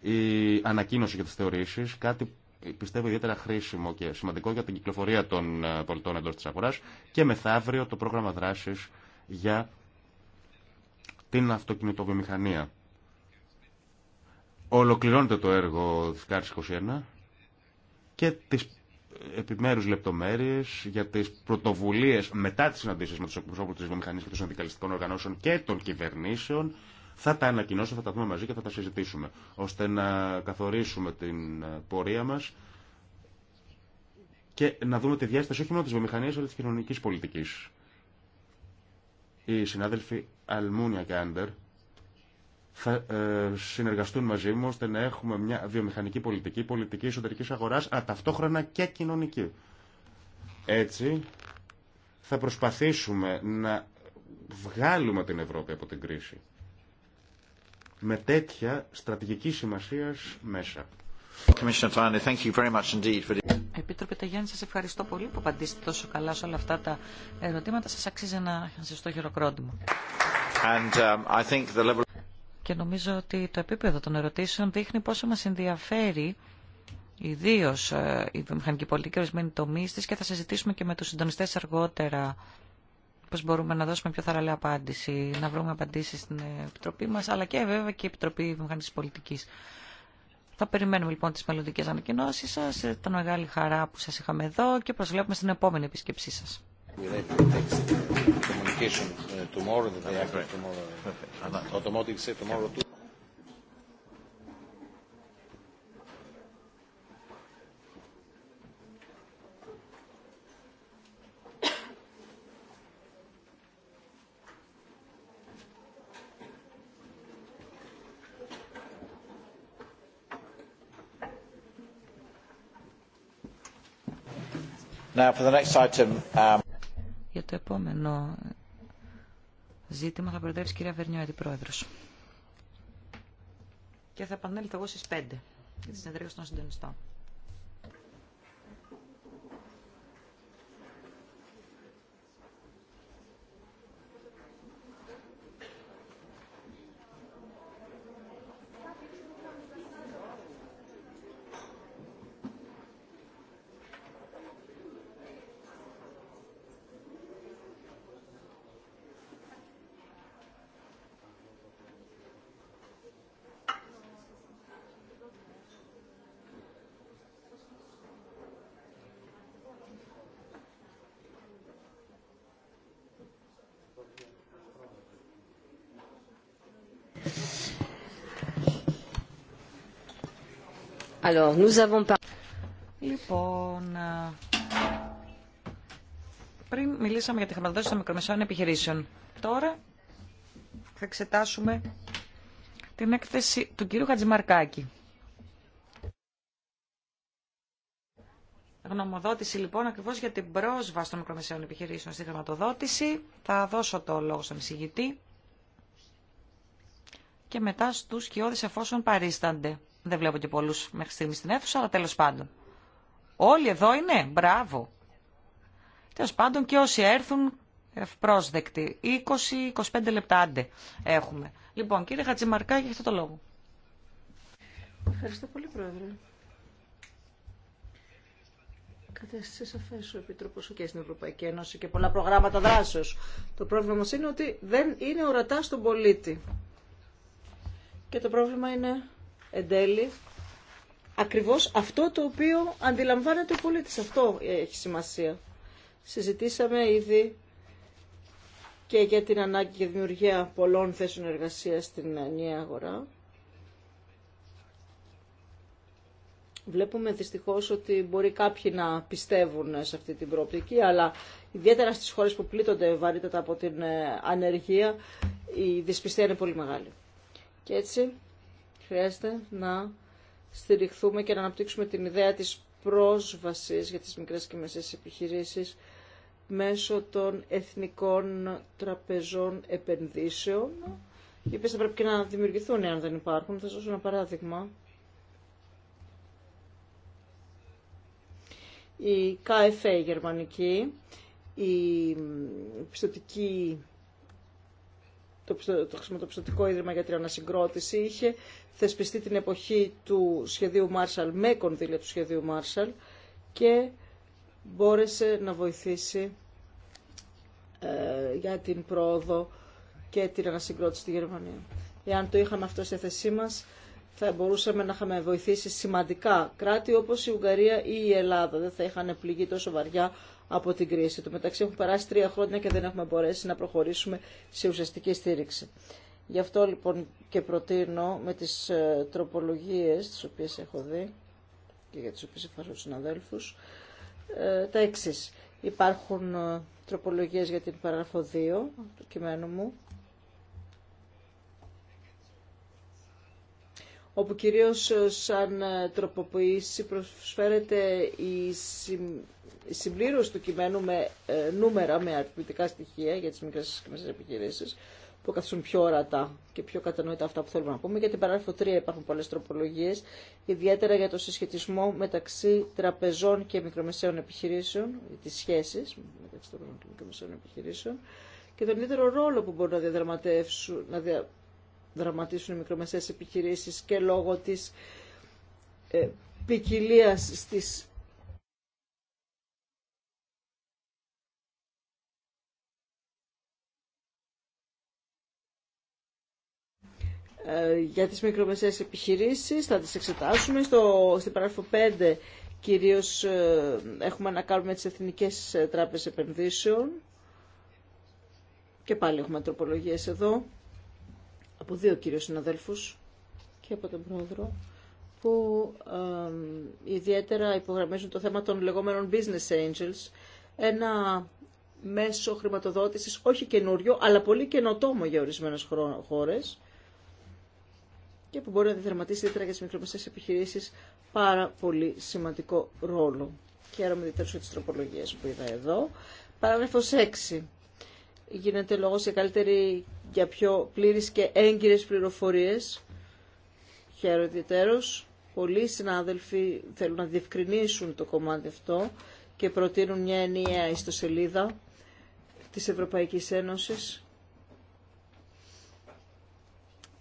η ανακοίνωση για τις θεωρήσεις, κάτι πιστεύω ιδιαίτερα χρήσιμο και σημαντικό για την κυκλοφορία των ε, πολιτών εντός της αγοράς και μεθαύριο το πρόγραμμα δράσης για την αυτοκινητοβιομηχανία. Ολοκληρώνεται το έργο της ΚΑΡΣ 21 και τις επιμέρους λεπτομέρειες για τις πρωτοβουλίες μετά τις συναντήσεις με τους εκπροσώπους της βιομηχανίας και των συνδικαλιστικών οργανώσεων και των κυβερνήσεων θα τα ανακοινώσω, θα τα δούμε μαζί και θα τα συζητήσουμε ώστε να καθορίσουμε την ε, πορεία μας και να δούμε τη διάσταση όχι μόνο της βιομηχανίας αλλά της κοινωνικής πολιτικής οι συνάδελφοι Αλμούνια και Άντερ θα ε, συνεργαστούν μαζί μου ώστε να έχουμε μια βιομηχανική πολιτική, πολιτική εσωτερική αγορά, αλλά ταυτόχρονα και κοινωνική. Έτσι θα προσπαθήσουμε να βγάλουμε την Ευρώπη από την κρίση με τέτοια στρατηγική σημασία μέσα. Επίτροπε Ταγιάννη, σας ευχαριστώ πολύ που απαντήσετε τόσο καλά σε όλα αυτά τα ερωτήματα. Σας αξίζει ένα ζεστό χειροκρότημα. And, um, I Και νομίζω ότι το επίπεδο των ερωτήσεων δείχνει πόσο μας ενδιαφέρει ιδίω ε, η βιομηχανική πολιτική ορισμένη τομή τη και θα συζητήσουμε και με του συντονιστέ αργότερα πώ μπορούμε να δώσουμε πιο θαραλέα απάντηση, να βρούμε απαντήσει στην Επιτροπή μα, αλλά και βέβαια και η Επιτροπή Βιομηχανική Πολιτική. Θα περιμένουμε λοιπόν τις μελλοντικές ανακοινώσεις σας. Ε, ήταν μεγάλη χαρά που σας είχαμε εδώ και προσβλέπουμε στην επόμενη επίσκεψή σας. Now for the next item, um... Για το επόμενο ζήτημα θα προεδρεύσει η κυρία Βερνιώτη, πρόεδρος. Και θα επανέλθω εγώ στις 5 για τη συνεδρία των συντονιστών. Λοιπόν, πριν μιλήσαμε για τη χρηματοδότηση των μικρομεσαίων επιχειρήσεων. Τώρα θα εξετάσουμε την έκθεση του κυρίου Χατζημαρκάκη. Γνωμοδότηση λοιπόν ακριβώς για την πρόσβαση των μικρομεσαίων επιχειρήσεων στη χρηματοδότηση. Θα δώσω το λόγο στον εισηγητή και μετά στους κοιόδης εφόσον παρίστανται. Δεν βλέπω και πολλού μέχρι στιγμή στην αίθουσα, αλλά τέλο πάντων. Όλοι εδώ είναι, μπράβο. Τέλο πάντων και όσοι έρθουν ευπρόσδεκτοι. 20-25 λεπτά άντε έχουμε. Λοιπόν, κύριε για αυτό το λόγο. Ευχαριστώ πολύ, Πρόεδρε. Κατέστησε σαφέ ο Επιτροπό και στην Ευρωπαϊκή Ένωση και πολλά προγράμματα δράσεω. Το πρόβλημα μα είναι ότι δεν είναι ορατά στον πολίτη. Και το πρόβλημα είναι εν τέλει ακριβώς αυτό το οποίο αντιλαμβάνεται ο πολίτης. Αυτό έχει σημασία. Συζητήσαμε ήδη και για την ανάγκη και δημιουργία πολλών θέσεων εργασίας στην νέα αγορά. Βλέπουμε δυστυχώς ότι μπορεί κάποιοι να πιστεύουν σε αυτή την προοπτική, αλλά ιδιαίτερα στις χώρες που πλήττονται βαρύτατα από την ε, ανεργία, η δυσπιστία είναι πολύ μεγάλη. Και έτσι χρειάζεται να στηριχθούμε και να αναπτύξουμε την ιδέα της πρόσβασης για τις μικρές και μεσαίες επιχειρήσεις μέσω των εθνικών τραπεζών επενδύσεων, οι οποίες θα πρέπει και να δημιουργηθούν αν δεν υπάρχουν. Θα σας δώσω ένα παράδειγμα. Η KFA γερμανική, η πιστοτική το, το, Ίδρυμα για την Ανασυγκρότηση είχε θεσπιστεί την εποχή του σχεδίου Μάρσαλ με κονδύλια του σχεδίου Μάρσαλ και μπόρεσε να βοηθήσει ε, για την πρόοδο και την ανασυγκρότηση στη Γερμανία. Εάν το είχαμε αυτό σε θέση μας, θα μπορούσαμε να είχαμε βοηθήσει σημαντικά κράτη όπως η Ουγγαρία ή η Ελλάδα. Δεν θα είχαν πληγεί τόσο βαριά από την κρίση του. Μεταξύ έχουν περάσει τρία χρόνια και δεν έχουμε μπορέσει να προχωρήσουμε σε ουσιαστική στήριξη. Γι' αυτό λοιπόν και προτείνω με τις ε, τροπολογίες τις οποίες έχω δει και για τις οποίες ευχαριστώ συναδέλφους ε, τα εξή. Υπάρχουν ε, τροπολογίες για την παράγραφο 2 του κειμένου μου όπου κυρίως σαν τροποποίηση προσφέρεται η, συμπλήρωση του κειμένου με νούμερα, με αριθμητικά στοιχεία για τις μικρές και μεσές επιχειρήσεις που καθίσουν πιο ορατά και πιο κατανοητά αυτά που θέλουμε να πούμε. Για την παράγραφο 3 υπάρχουν πολλέ τροπολογίε, ιδιαίτερα για το συσχετισμό μεταξύ τραπεζών και μικρομεσαίων επιχειρήσεων, τις σχέσεις μεταξύ τραπεζών και μικρομεσαίων επιχειρήσεων και τον ιδιαίτερο ρόλο που μπορούν να διαδραματεύσουν, να διαδραματίσουν οι μικρομεσαίες επιχειρήσεις και λόγω της ε, ποικιλία στις Ε, για τις μικρομεσαίες επιχειρήσεις, θα τις εξετάσουμε. Στο, στην παράγραφο 5 κυρίως ε, έχουμε να κάνουμε τις Εθνικές Τράπεζες Επενδύσεων και πάλι έχουμε τροπολογίες εδώ από δύο κυρίως συναδέλφους και από τον πρόεδρο που ιδιαίτερα υπογραμμίζουν το θέμα των λεγόμενων business angels, ένα μέσο χρηματοδότησης όχι καινούριο, αλλά πολύ καινοτόμο για ορισμένες χώρες, και που μπορεί να διδερματίσει ιδιαίτερα για τι μικρομεσαίε επιχειρήσει πάρα πολύ σημαντικό ρόλο. Χαίρομαι ιδιαίτερω για τι τροπολογίε που είδα εδώ. Παράγραφο 6. Γίνεται λόγο για καλύτερη, για πιο πλήρε και έγκυρε πληροφορίε. Χαίρομαι ιδιαίτερω. Πολλοί συνάδελφοι θέλουν να διευκρινίσουν το κομμάτι αυτό και προτείνουν μια ενιαία ιστοσελίδα της Ευρωπαϊκής Ένωσης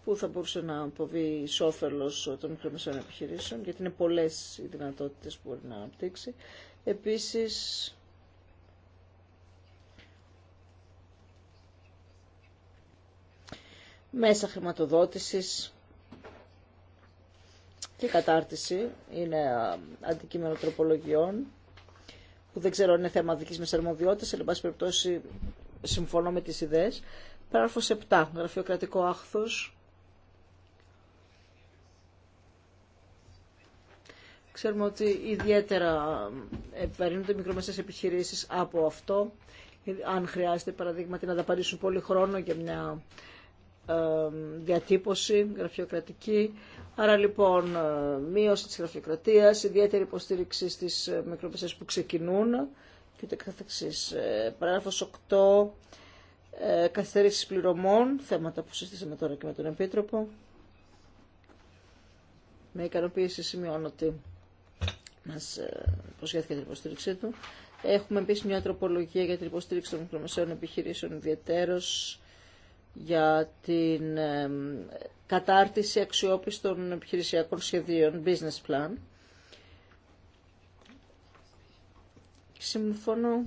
που θα μπορούσε να αποβεί εις όφελος των μικρομεσαίων επιχειρήσεων, γιατί είναι πολλές οι δυνατότητες που μπορεί να αναπτύξει. Επίσης, μέσα χρηματοδότησης και κατάρτιση είναι αντικείμενο τροπολογιών που δεν ξέρω αν είναι θέμα δικής μας αρμοδιότητας, αλλά εν πάση περιπτώσει συμφωνώ με τις ιδέες. Παράγραφος 7. Γραφειοκρατικό άχθος. Ξέρουμε ότι ιδιαίτερα επιβαρύνονται μικρομεσαίες επιχειρήσεις από αυτό. Αν χρειάζεται, παραδείγματι, να δαπανίσουν πολύ χρόνο για μια ε, διατύπωση γραφειοκρατική. Άρα λοιπόν ε, μείωση της γραφειοκρατίας, ιδιαίτερη υποστήριξη στις ε, μικρομεσαίες που ξεκινούν και το καθεξής. Παράγραφος 8, καθυστέρηση πληρωμών, θέματα που συζητήσαμε τώρα και με τον Επίτροπο. Με ικανοποίηση σημειώνω ότι μας ε, προσχέθηκε την υποστήριξή του. Έχουμε επίση μια τροπολογία για την υποστήριξη των μικρομεσαίων επιχειρήσεων ιδιαίτερως για την ε, κατάρτιση αξιόπιστων επιχειρησιακών σχεδίων, business plan. Συμφωνώ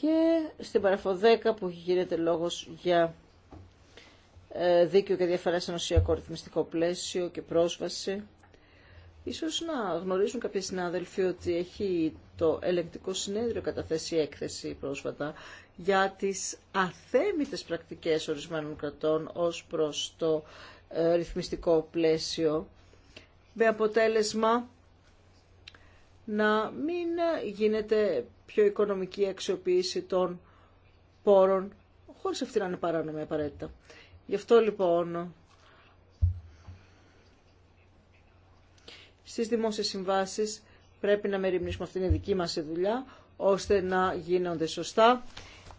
και στην 10 που γίνεται λόγος για ε, δίκαιο και διαφορά σε νοσιακό ρυθμιστικό πλαίσιο και πρόσβαση. Ίσως να γνωρίζουν κάποιοι συνάδελφοι ότι έχει το ελεγκτικό συνέδριο καταθέσει έκθεση πρόσφατα για τις αθέμητες πρακτικές ορισμένων κρατών ως προς το ε, ρυθμιστικό πλαίσιο με αποτέλεσμα να μην γίνεται πιο οικονομική αξιοποίηση των πόρων χωρίς αυτή να είναι παράνομη απαραίτητα. Γι' αυτό λοιπόν στις δημόσιες συμβάσεις πρέπει να μεριμνήσουμε αυτήν την δική μας δουλειά ώστε να γίνονται σωστά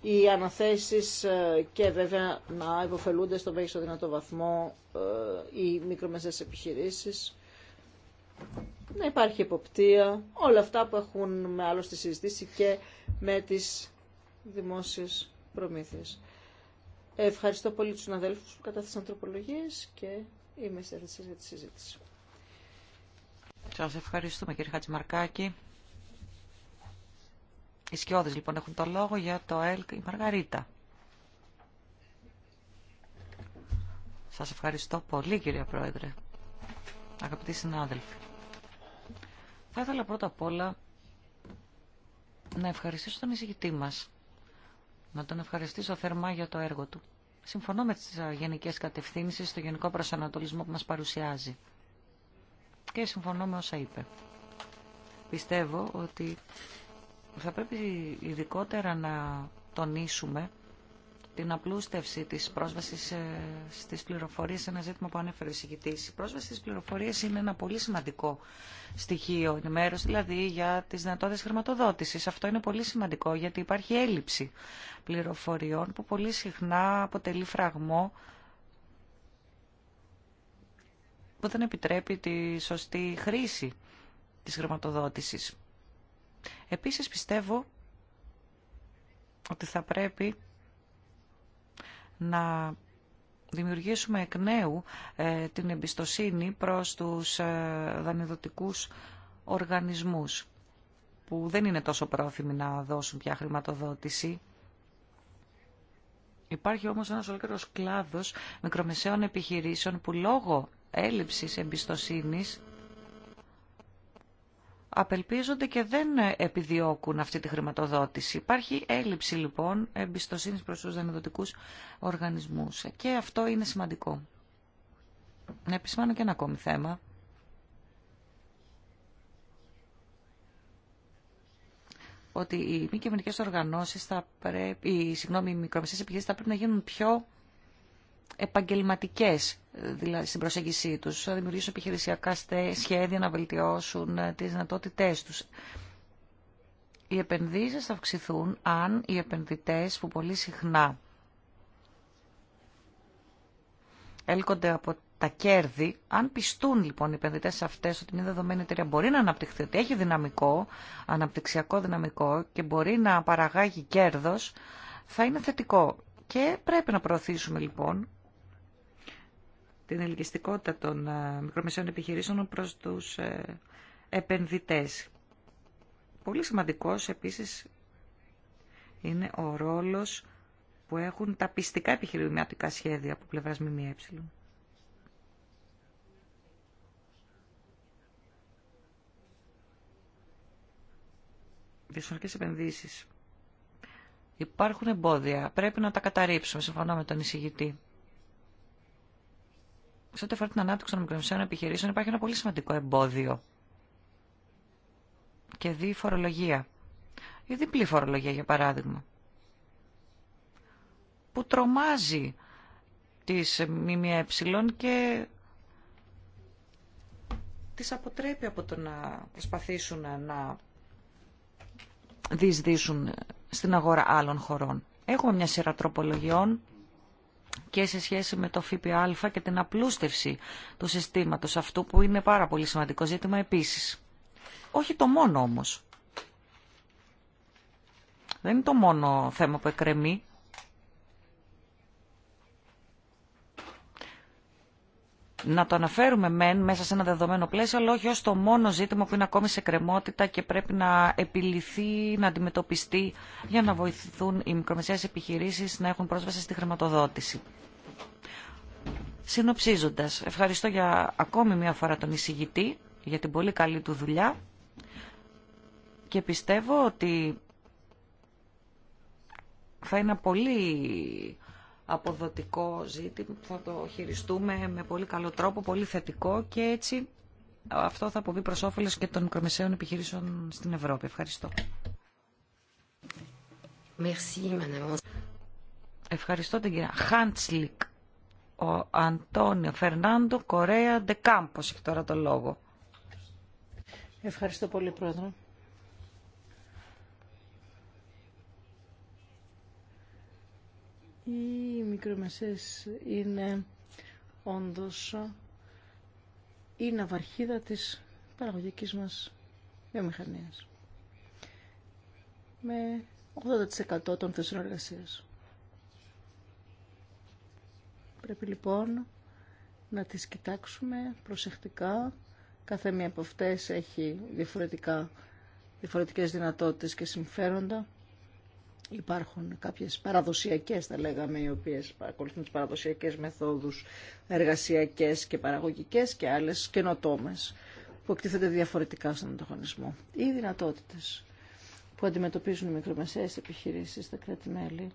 οι αναθέσεις ε, και βέβαια να υποφελούνται στο μέγιστο δυνατό βαθμό ε, οι μικρομεσαίες επιχειρήσεις να υπάρχει εποπτεία, όλα αυτά που έχουν με στη συζήτηση και με τις δημόσιες προμήθειες. Ευχαριστώ πολύ τους συναδέλφους που κατάθεσαν τροπολογίες και είμαι στη θέση για τη συζήτηση. Σας ευχαριστούμε κύριε Χατζημαρκάκη. Οι σκιώδες λοιπόν έχουν το λόγο για το ΕΛΚ η Μαργαρίτα. Σας ευχαριστώ πολύ κύριε Πρόεδρε. Αγαπητοί συνάδελφοι. Θα ήθελα πρώτα απ' όλα να ευχαριστήσω τον εισηγητή μας. Να τον ευχαριστήσω θερμά για το έργο του. Συμφωνώ με τις γενικές κατευθύνσεις στο γενικό προσανατολισμό που μας παρουσιάζει και συμφωνώ με όσα είπε. Πιστεύω ότι θα πρέπει ειδικότερα να τονίσουμε την απλούστευση της πρόσβασης ε, στις πληροφορίες, ένα ζήτημα που ανέφερε ο συγκητή. Η πρόσβαση στις πληροφορίες είναι ένα πολύ σημαντικό στοιχείο ενημέρωση, δηλαδή για τις δυνατότητες χρηματοδότησης. Αυτό είναι πολύ σημαντικό γιατί υπάρχει έλλειψη πληροφοριών που πολύ συχνά αποτελεί φραγμό που δεν επιτρέπει τη σωστή χρήση της χρηματοδότησης. Επίσης πιστεύω ότι θα πρέπει να δημιουργήσουμε εκ νέου ε, την εμπιστοσύνη προς τους ε, δανειδοτικούς οργανισμούς που δεν είναι τόσο πρόθυμοι να δώσουν πια χρηματοδότηση. Υπάρχει όμως ένας ολόκληρος κλάδος μικρομεσαίων επιχειρήσεων που λόγω έλλειψης εμπιστοσύνης απελπίζονται και δεν επιδιώκουν αυτή τη χρηματοδότηση. Υπάρχει έλλειψη λοιπόν εμπιστοσύνης προς τους δανειοδοτικούς οργανισμούς και αυτό είναι σημαντικό. Να επισημάνω και ένα ακόμη θέμα. Ότι οι μη κυβερνητικέ οργανώσει θα πρέπει, οι, συγγνώμη, οι μικρομεσαίε επιχειρήσει θα πρέπει να γίνουν πιο επαγγελματικές δηλαδή στην προσέγγιση τους, θα δημιουργήσουν επιχειρησιακά σχέδια να βελτιώσουν ε, τις δυνατότητέ τους. Οι επενδύσεις θα αυξηθούν αν οι επενδυτές που πολύ συχνά έλκονται από τα κέρδη, αν πιστούν λοιπόν οι επενδυτέ αυτέ ότι μια δεδομένη εταιρεία μπορεί να αναπτυχθεί, ότι έχει δυναμικό, αναπτυξιακό δυναμικό και μπορεί να παραγάγει κέρδο, θα είναι θετικό. Και πρέπει να προωθήσουμε λοιπόν την ελκυστικότητα των ε, μικρομεσαίων επιχειρήσεων προς τους ε, επενδυτές. Πολύ σημαντικός επίσης είναι ο ρόλος που έχουν τα πιστικά επιχειρηματικά σχέδια από πλευράς ΜΜΕ. Διασφαλικές επενδύσεις. Υπάρχουν εμπόδια. Πρέπει να τα καταρρύψουμε, συμφωνώ με τον εισηγητή σε ό,τι αφορά την ανάπτυξη των μικρομεσαίων επιχειρήσεων υπάρχει ένα πολύ σημαντικό εμπόδιο και δι φορολογία. Η διπλή φορολογία, για παράδειγμα, που τρομάζει τις ΜΜΕ και τις αποτρέπει από το να προσπαθήσουν να διεισδύσουν στην αγορά άλλων χωρών. Έχουμε μια σειρά τροπολογιών και σε σχέση με το ΦΠΑ και την απλούστευση του συστήματος αυτού που είναι πάρα πολύ σημαντικό ζήτημα επίσης. Όχι το μόνο όμως. Δεν είναι το μόνο θέμα που εκκρεμεί. να το αναφέρουμε μεν μέσα σε ένα δεδομένο πλαίσιο, αλλά όχι ως το μόνο ζήτημα που είναι ακόμη σε κρεμότητα και πρέπει να επιληθεί, να αντιμετωπιστεί για να βοηθηθούν οι μικρομεσαίες επιχειρήσεις να έχουν πρόσβαση στη χρηματοδότηση. Συνοψίζοντας, ευχαριστώ για ακόμη μια φορά τον εισηγητή για την πολύ καλή του δουλειά και πιστεύω ότι θα είναι πολύ αποδοτικό ζήτημα που θα το χειριστούμε με πολύ καλό τρόπο, πολύ θετικό και έτσι αυτό θα αποβεί προς όφελο και των μικρομεσαίων επιχειρήσεων στην Ευρώπη. Ευχαριστώ. Merci, Ευχαριστώ την κυρία Χάντσλικ. Ο Αντώνιο Φερνάντο Κορέα Ντεκάμπος έχει τώρα το λόγο. Ευχαριστώ πολύ, Πρόεδρε. Οι μικρομεσαίες είναι όντως η ναυαρχίδα της παραγωγικής μας βιομηχανίας. Με 80% των θέσεων εργασία. Πρέπει λοιπόν να τις κοιτάξουμε προσεκτικά. Κάθε μία από αυτές έχει διαφορετικά, διαφορετικές δυνατότητες και συμφέροντα. Υπάρχουν κάποιες παραδοσιακές, θα λέγαμε, οι οποίες παρακολουθούν τις παραδοσιακές μεθόδους εργασιακές και παραγωγικές και άλλες καινοτόμε που εκτίθενται διαφορετικά στον ανταγωνισμό. Οι δυνατότητες που αντιμετωπίζουν οι μικρομεσαίες επιχειρήσεις στα κράτη-μέλη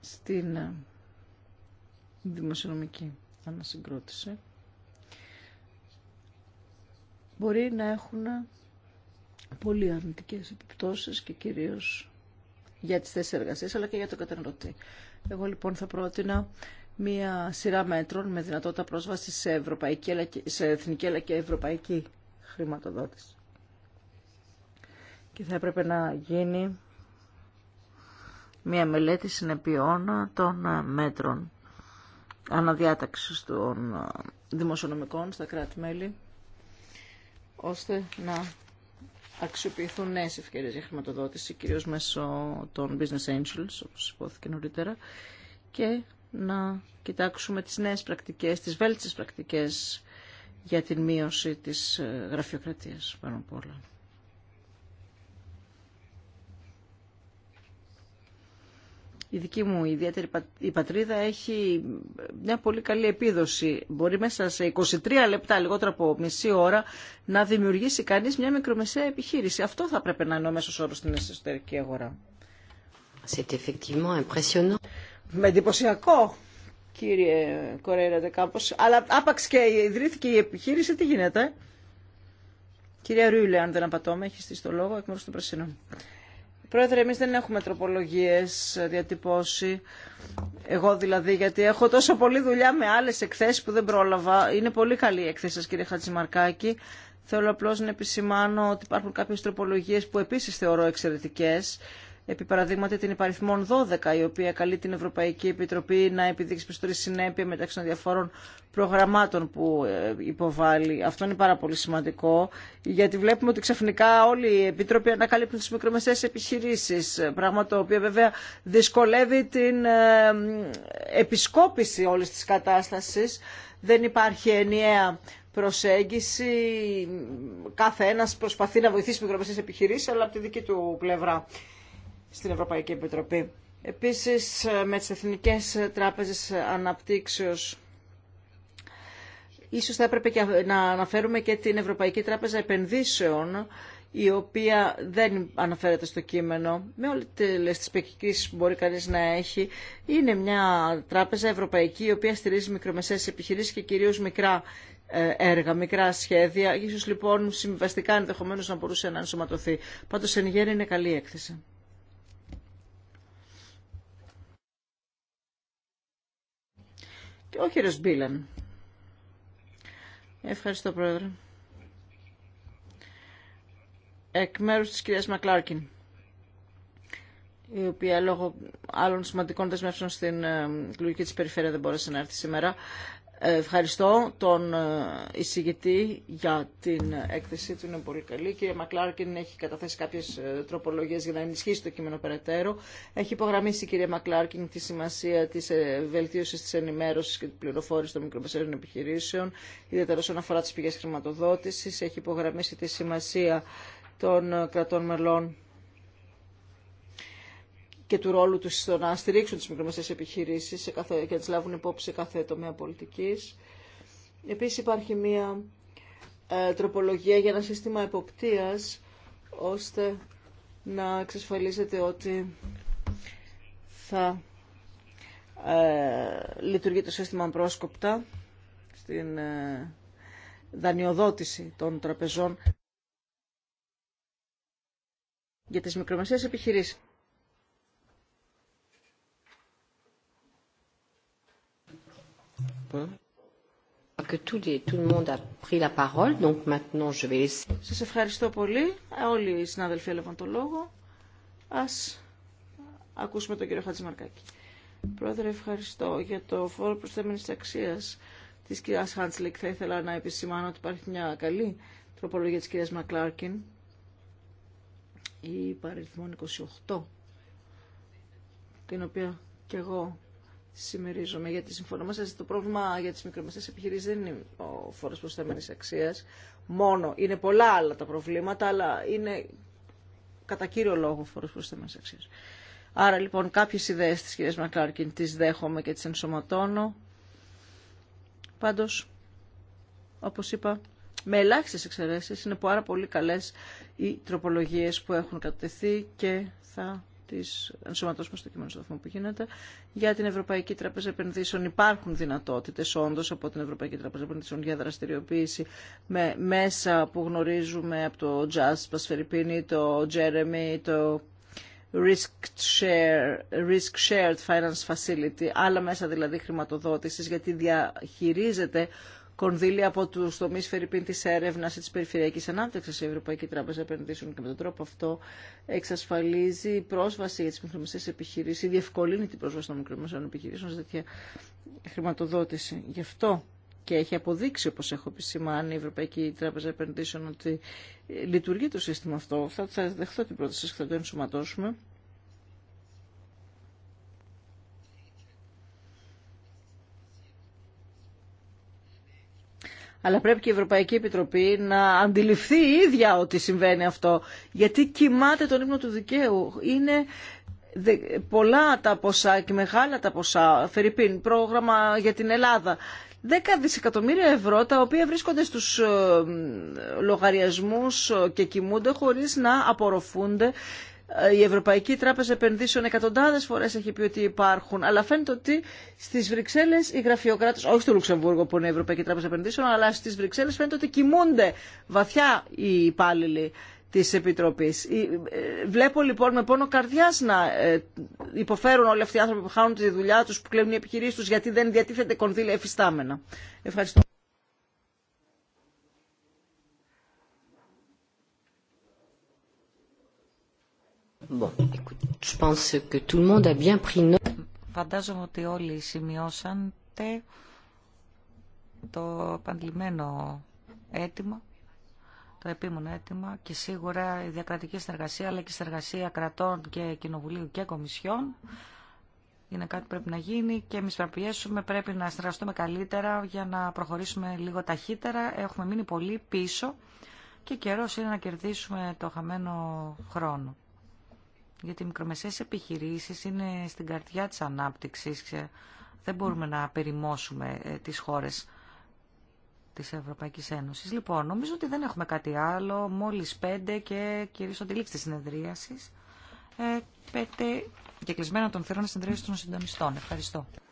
στην δημοσιονομική ανασυγκρότηση μπορεί να έχουν πολύ αρνητικές επιπτώσεις και κυρίως για τις θέσεις εργασία, αλλά και για τον καταναλωτή. Εγώ λοιπόν θα πρότεινα μία σειρά μέτρων με δυνατότητα πρόσβαση σε, ευρωπαϊκή, σε εθνική αλλά και ευρωπαϊκή χρηματοδότηση. Και θα έπρεπε να γίνει μία μελέτη συνεπειών των μέτρων αναδιάταξης των δημοσιονομικών στα κράτη-μέλη ώστε να αξιοποιηθούν νέε ευκαιρίε για χρηματοδότηση, κυρίω μέσω των business angels, όπω υπόθηκε νωρίτερα, και να κοιτάξουμε τι νέε πρακτικέ, τι βέλτιστε πρακτικέ για την μείωση της ε, γραφειοκρατίας πάνω απ' όλα. η δική μου ιδιαίτερη η πατρίδα έχει μια πολύ καλή επίδοση. Μπορεί μέσα σε 23 λεπτά, λιγότερο από μισή ώρα, να δημιουργήσει κανεί μια μικρομεσαία επιχείρηση. Αυτό θα πρέπει να είναι ο μέσο όρο στην εσωτερική αγορά. Με εντυπωσιακό, κύριε Κορέιρα κάπω, Αλλά άπαξ και ιδρύθηκε η επιχείρηση, τι γίνεται. Κυρία Ρούλε, αν δεν με, έχει στήσει το λόγο εκ μέρου του Πρασίνου. Πρόεδρε, εμείς δεν έχουμε τροπολογίες ε, διατυπώσει. Εγώ δηλαδή, γιατί έχω τόσο πολλή δουλειά με άλλες εκθέσεις που δεν πρόλαβα. Είναι πολύ καλή η εκθέση σας κύριε Χατζημαρκάκη. Θέλω απλώς να επισημάνω ότι υπάρχουν κάποιες τροπολογίες που επίσης θεωρώ εξαιρετικές επί παραδείγματι την υπαριθμών 12, η οποία καλεί την Ευρωπαϊκή Επιτροπή να επιδείξει περισσότερη συνέπεια μεταξύ των διαφόρων προγραμμάτων που ε, υποβάλλει. Αυτό είναι πάρα πολύ σημαντικό, γιατί βλέπουμε ότι ξαφνικά όλοι οι επίτροποι ανακαλύπτουν τι μικρομεσαίες επιχειρήσει, πράγμα το οποίο βέβαια δυσκολεύει την ε, επισκόπηση όλη τη κατάσταση. Δεν υπάρχει ενιαία προσέγγιση. Κάθε ένας προσπαθεί να βοηθήσει μικρομεσαίες επιχειρήσεις, αλλά από τη δική του πλευρά στην Ευρωπαϊκή Επιτροπή. Επίσης, με τις Εθνικές Τράπεζες Αναπτύξεως Ίσως θα έπρεπε και να αναφέρουμε και την Ευρωπαϊκή Τράπεζα Επενδύσεων, η οποία δεν αναφέρεται στο κείμενο. Με όλες τις πεκκίσεις που μπορεί κανείς να έχει, είναι μια τράπεζα ευρωπαϊκή, η οποία στηρίζει μικρομεσαίες επιχειρήσεις και κυρίως μικρά ε, έργα, μικρά σχέδια. Ίσως λοιπόν συμβαστικά ενδεχομένω να μπορούσε να ενσωματωθεί. Πάντως εν γέννη είναι καλή έκθεση. Και ο κύριος Μπίλαν. Ευχαριστώ, Πρόεδρε. Εκ μέρους της κυρίας Μακλάρκιν, η οποία λόγω άλλων σημαντικών δεσμεύσεων στην εκλογική της περιφέρεια δεν μπόρεσε να έρθει σήμερα, Ευχαριστώ τον ε, εισηγητή για την έκθεσή του, είναι πολύ καλή. Η κυρία Μακλάρκιν έχει καταθέσει κάποιε τροπολογίε για να ενισχύσει το κείμενο περαιτέρω. Έχει υπογραμμίσει η κυρία Μακλάρκιν τη σημασία τη ε, βελτίωση τη ενημέρωση και τη πληροφόρηση των μικρομεσαίων επιχειρήσεων, ιδιαίτερα όσον αφορά τι πηγέ χρηματοδότηση. Έχει υπογραμμίσει τη σημασία των ε, κρατών μελών και του ρόλου τους στο να στηρίξουν τις μικρομεσαίες επιχειρήσεις σε να και τις λάβουν υπόψη σε κάθε τομέα πολιτικής. Επίσης υπάρχει μία ε, τροπολογία για ένα σύστημα εποπτείας ώστε να εξασφαλίζεται ότι θα ε, λειτουργεί το σύστημα πρόσκοπτα στην ε, δανειοδότηση των τραπεζών για τις μικρομεσαίες επιχειρήσεις. Σας ευχαριστώ πολύ. Όλοι οι συνάδελφοι έλαβαν το λόγο. Ας ακούσουμε τον κύριο Χατζημαρκάκη. Πρόεδρε, ευχαριστώ για το φόρο προσθέμενης αξίας της κυρίας Χάντσλικ. Θα ήθελα να επισημάνω ότι υπάρχει μια καλή τροπολογία της κυρίας Μακλάρκιν ή παρελθμόν 28 την οποία και εγώ συμμερίζομαι, γιατί συμφωνώ μαζί το πρόβλημα για τις μικρομεσαίες επιχειρήσεις δεν είναι ο φόρος προσθέμενης αξίας μόνο. Είναι πολλά άλλα τα προβλήματα, αλλά είναι κατά κύριο λόγο φόρος προσθέμενης αξίας. Άρα λοιπόν κάποιες ιδέες της κυρίας Μακλάρκιν τις δέχομαι και τις ενσωματώνω. Πάντως, όπως είπα, με ελάχιστε εξαιρέσει, είναι πάρα πολύ καλές οι τροπολογίες που έχουν κατατεθεί και θα της ενσωματώσουμε στο κείμενο στο βαθμό που γίνεται. Για την Ευρωπαϊκή Τράπεζα Επενδύσεων υπάρχουν δυνατότητες όντως από την Ευρωπαϊκή Τράπεζα Επενδύσεων για δραστηριοποίηση με μέσα που γνωρίζουμε από το Just Πασφερρυπίνη, το Jeremy, το Risk, share, risk Shared Finance Facility, άλλα μέσα δηλαδή χρηματοδότησης, γιατί διαχειρίζεται κονδύλια από του τομεί Φερρυπίν τη έρευνα ή τη περιφερειακή ανάπτυξη η Ευρωπαϊκή Τράπεζα επενδύσεων και με τον τρόπο αυτό εξασφαλίζει πρόσβαση για τι μικρομεσαίε επιχειρήσει ή διευκολύνει την πρόσβαση των μικρομεσαίων επιχειρήσεων σε τέτοια χρηματοδότηση. Γι' αυτό και έχει αποδείξει, όπως έχω επισημάνει, η Ευρωπαϊκή Τράπεζα Επενδύσεων ότι λειτουργεί το σύστημα αυτό. Θα δεχθώ την προσβαση των μικρομεσαιων επιχειρησεων σε τετοια χρηματοδοτηση γι αυτο και εχει αποδειξει όπω εχω επισημανει η ευρωπαικη τραπεζα επενδυσεων οτι λειτουργει το συστημα αυτο θα δεχθω την προταση και θα το ενσωματώσουμε. αλλά πρέπει και η Ευρωπαϊκή Επιτροπή να αντιληφθεί η ίδια ότι συμβαίνει αυτό. Γιατί κοιμάται τον ύπνο του δικαίου. Είναι πολλά τα ποσά και μεγάλα τα ποσά. Φερρυπίν, πρόγραμμα για την Ελλάδα. 10 δισεκατομμύρια ευρώ τα οποία βρίσκονται στους ε, λογαριασμούς και κοιμούνται χωρίς να απορροφούνται η Ευρωπαϊκή Τράπεζα Επενδύσεων εκατοντάδε φορέ έχει πει ότι υπάρχουν, αλλά φαίνεται ότι στι Βρυξέλλε οι γραφειοκράτε, όχι στο Λουξεμβούργο που είναι η Ευρωπαϊκή Τράπεζα Επενδύσεων, αλλά στι Βρυξέλλε φαίνεται ότι κοιμούνται βαθιά οι υπάλληλοι τη Επιτροπή. Ε, βλέπω λοιπόν με πόνο καρδιά να ε, υποφέρουν όλοι αυτοί οι άνθρωποι που χάνουν τη δουλειά του, που κλέβουν οι επιχειρήσει του, γιατί δεν διατίθεται κονδύλια εφιστάμενα. Ευχαριστώ. Φαντάζομαι ότι όλοι σημειώσατε το επαντλημένο αίτημα, το επίμονο αίτημα και σίγουρα η διακρατική συνεργασία αλλά και η συνεργασία κρατών και κοινοβουλίου και κομισιών είναι κάτι που πρέπει να γίνει και εμεί πρέπει να πιέσουμε, πρέπει να συνεργαστούμε καλύτερα για να προχωρήσουμε λίγο ταχύτερα. Έχουμε μείνει πολύ πίσω και καιρό είναι να κερδίσουμε το χαμένο χρόνο γιατί οι μικρομεσαίες επιχειρήσεις είναι στην καρδιά της ανάπτυξης. Δεν μπορούμε να περιμώσουμε ε, τις χώρες της Ευρωπαϊκής Ένωσης. Λοιπόν, νομίζω ότι δεν έχουμε κάτι άλλο. Μόλις πέντε και κυρίως ο τη συνεδρίασης. Ε, πέντε και κλεισμένα των θερών συνεδρίαση των συντονιστών. Ευχαριστώ.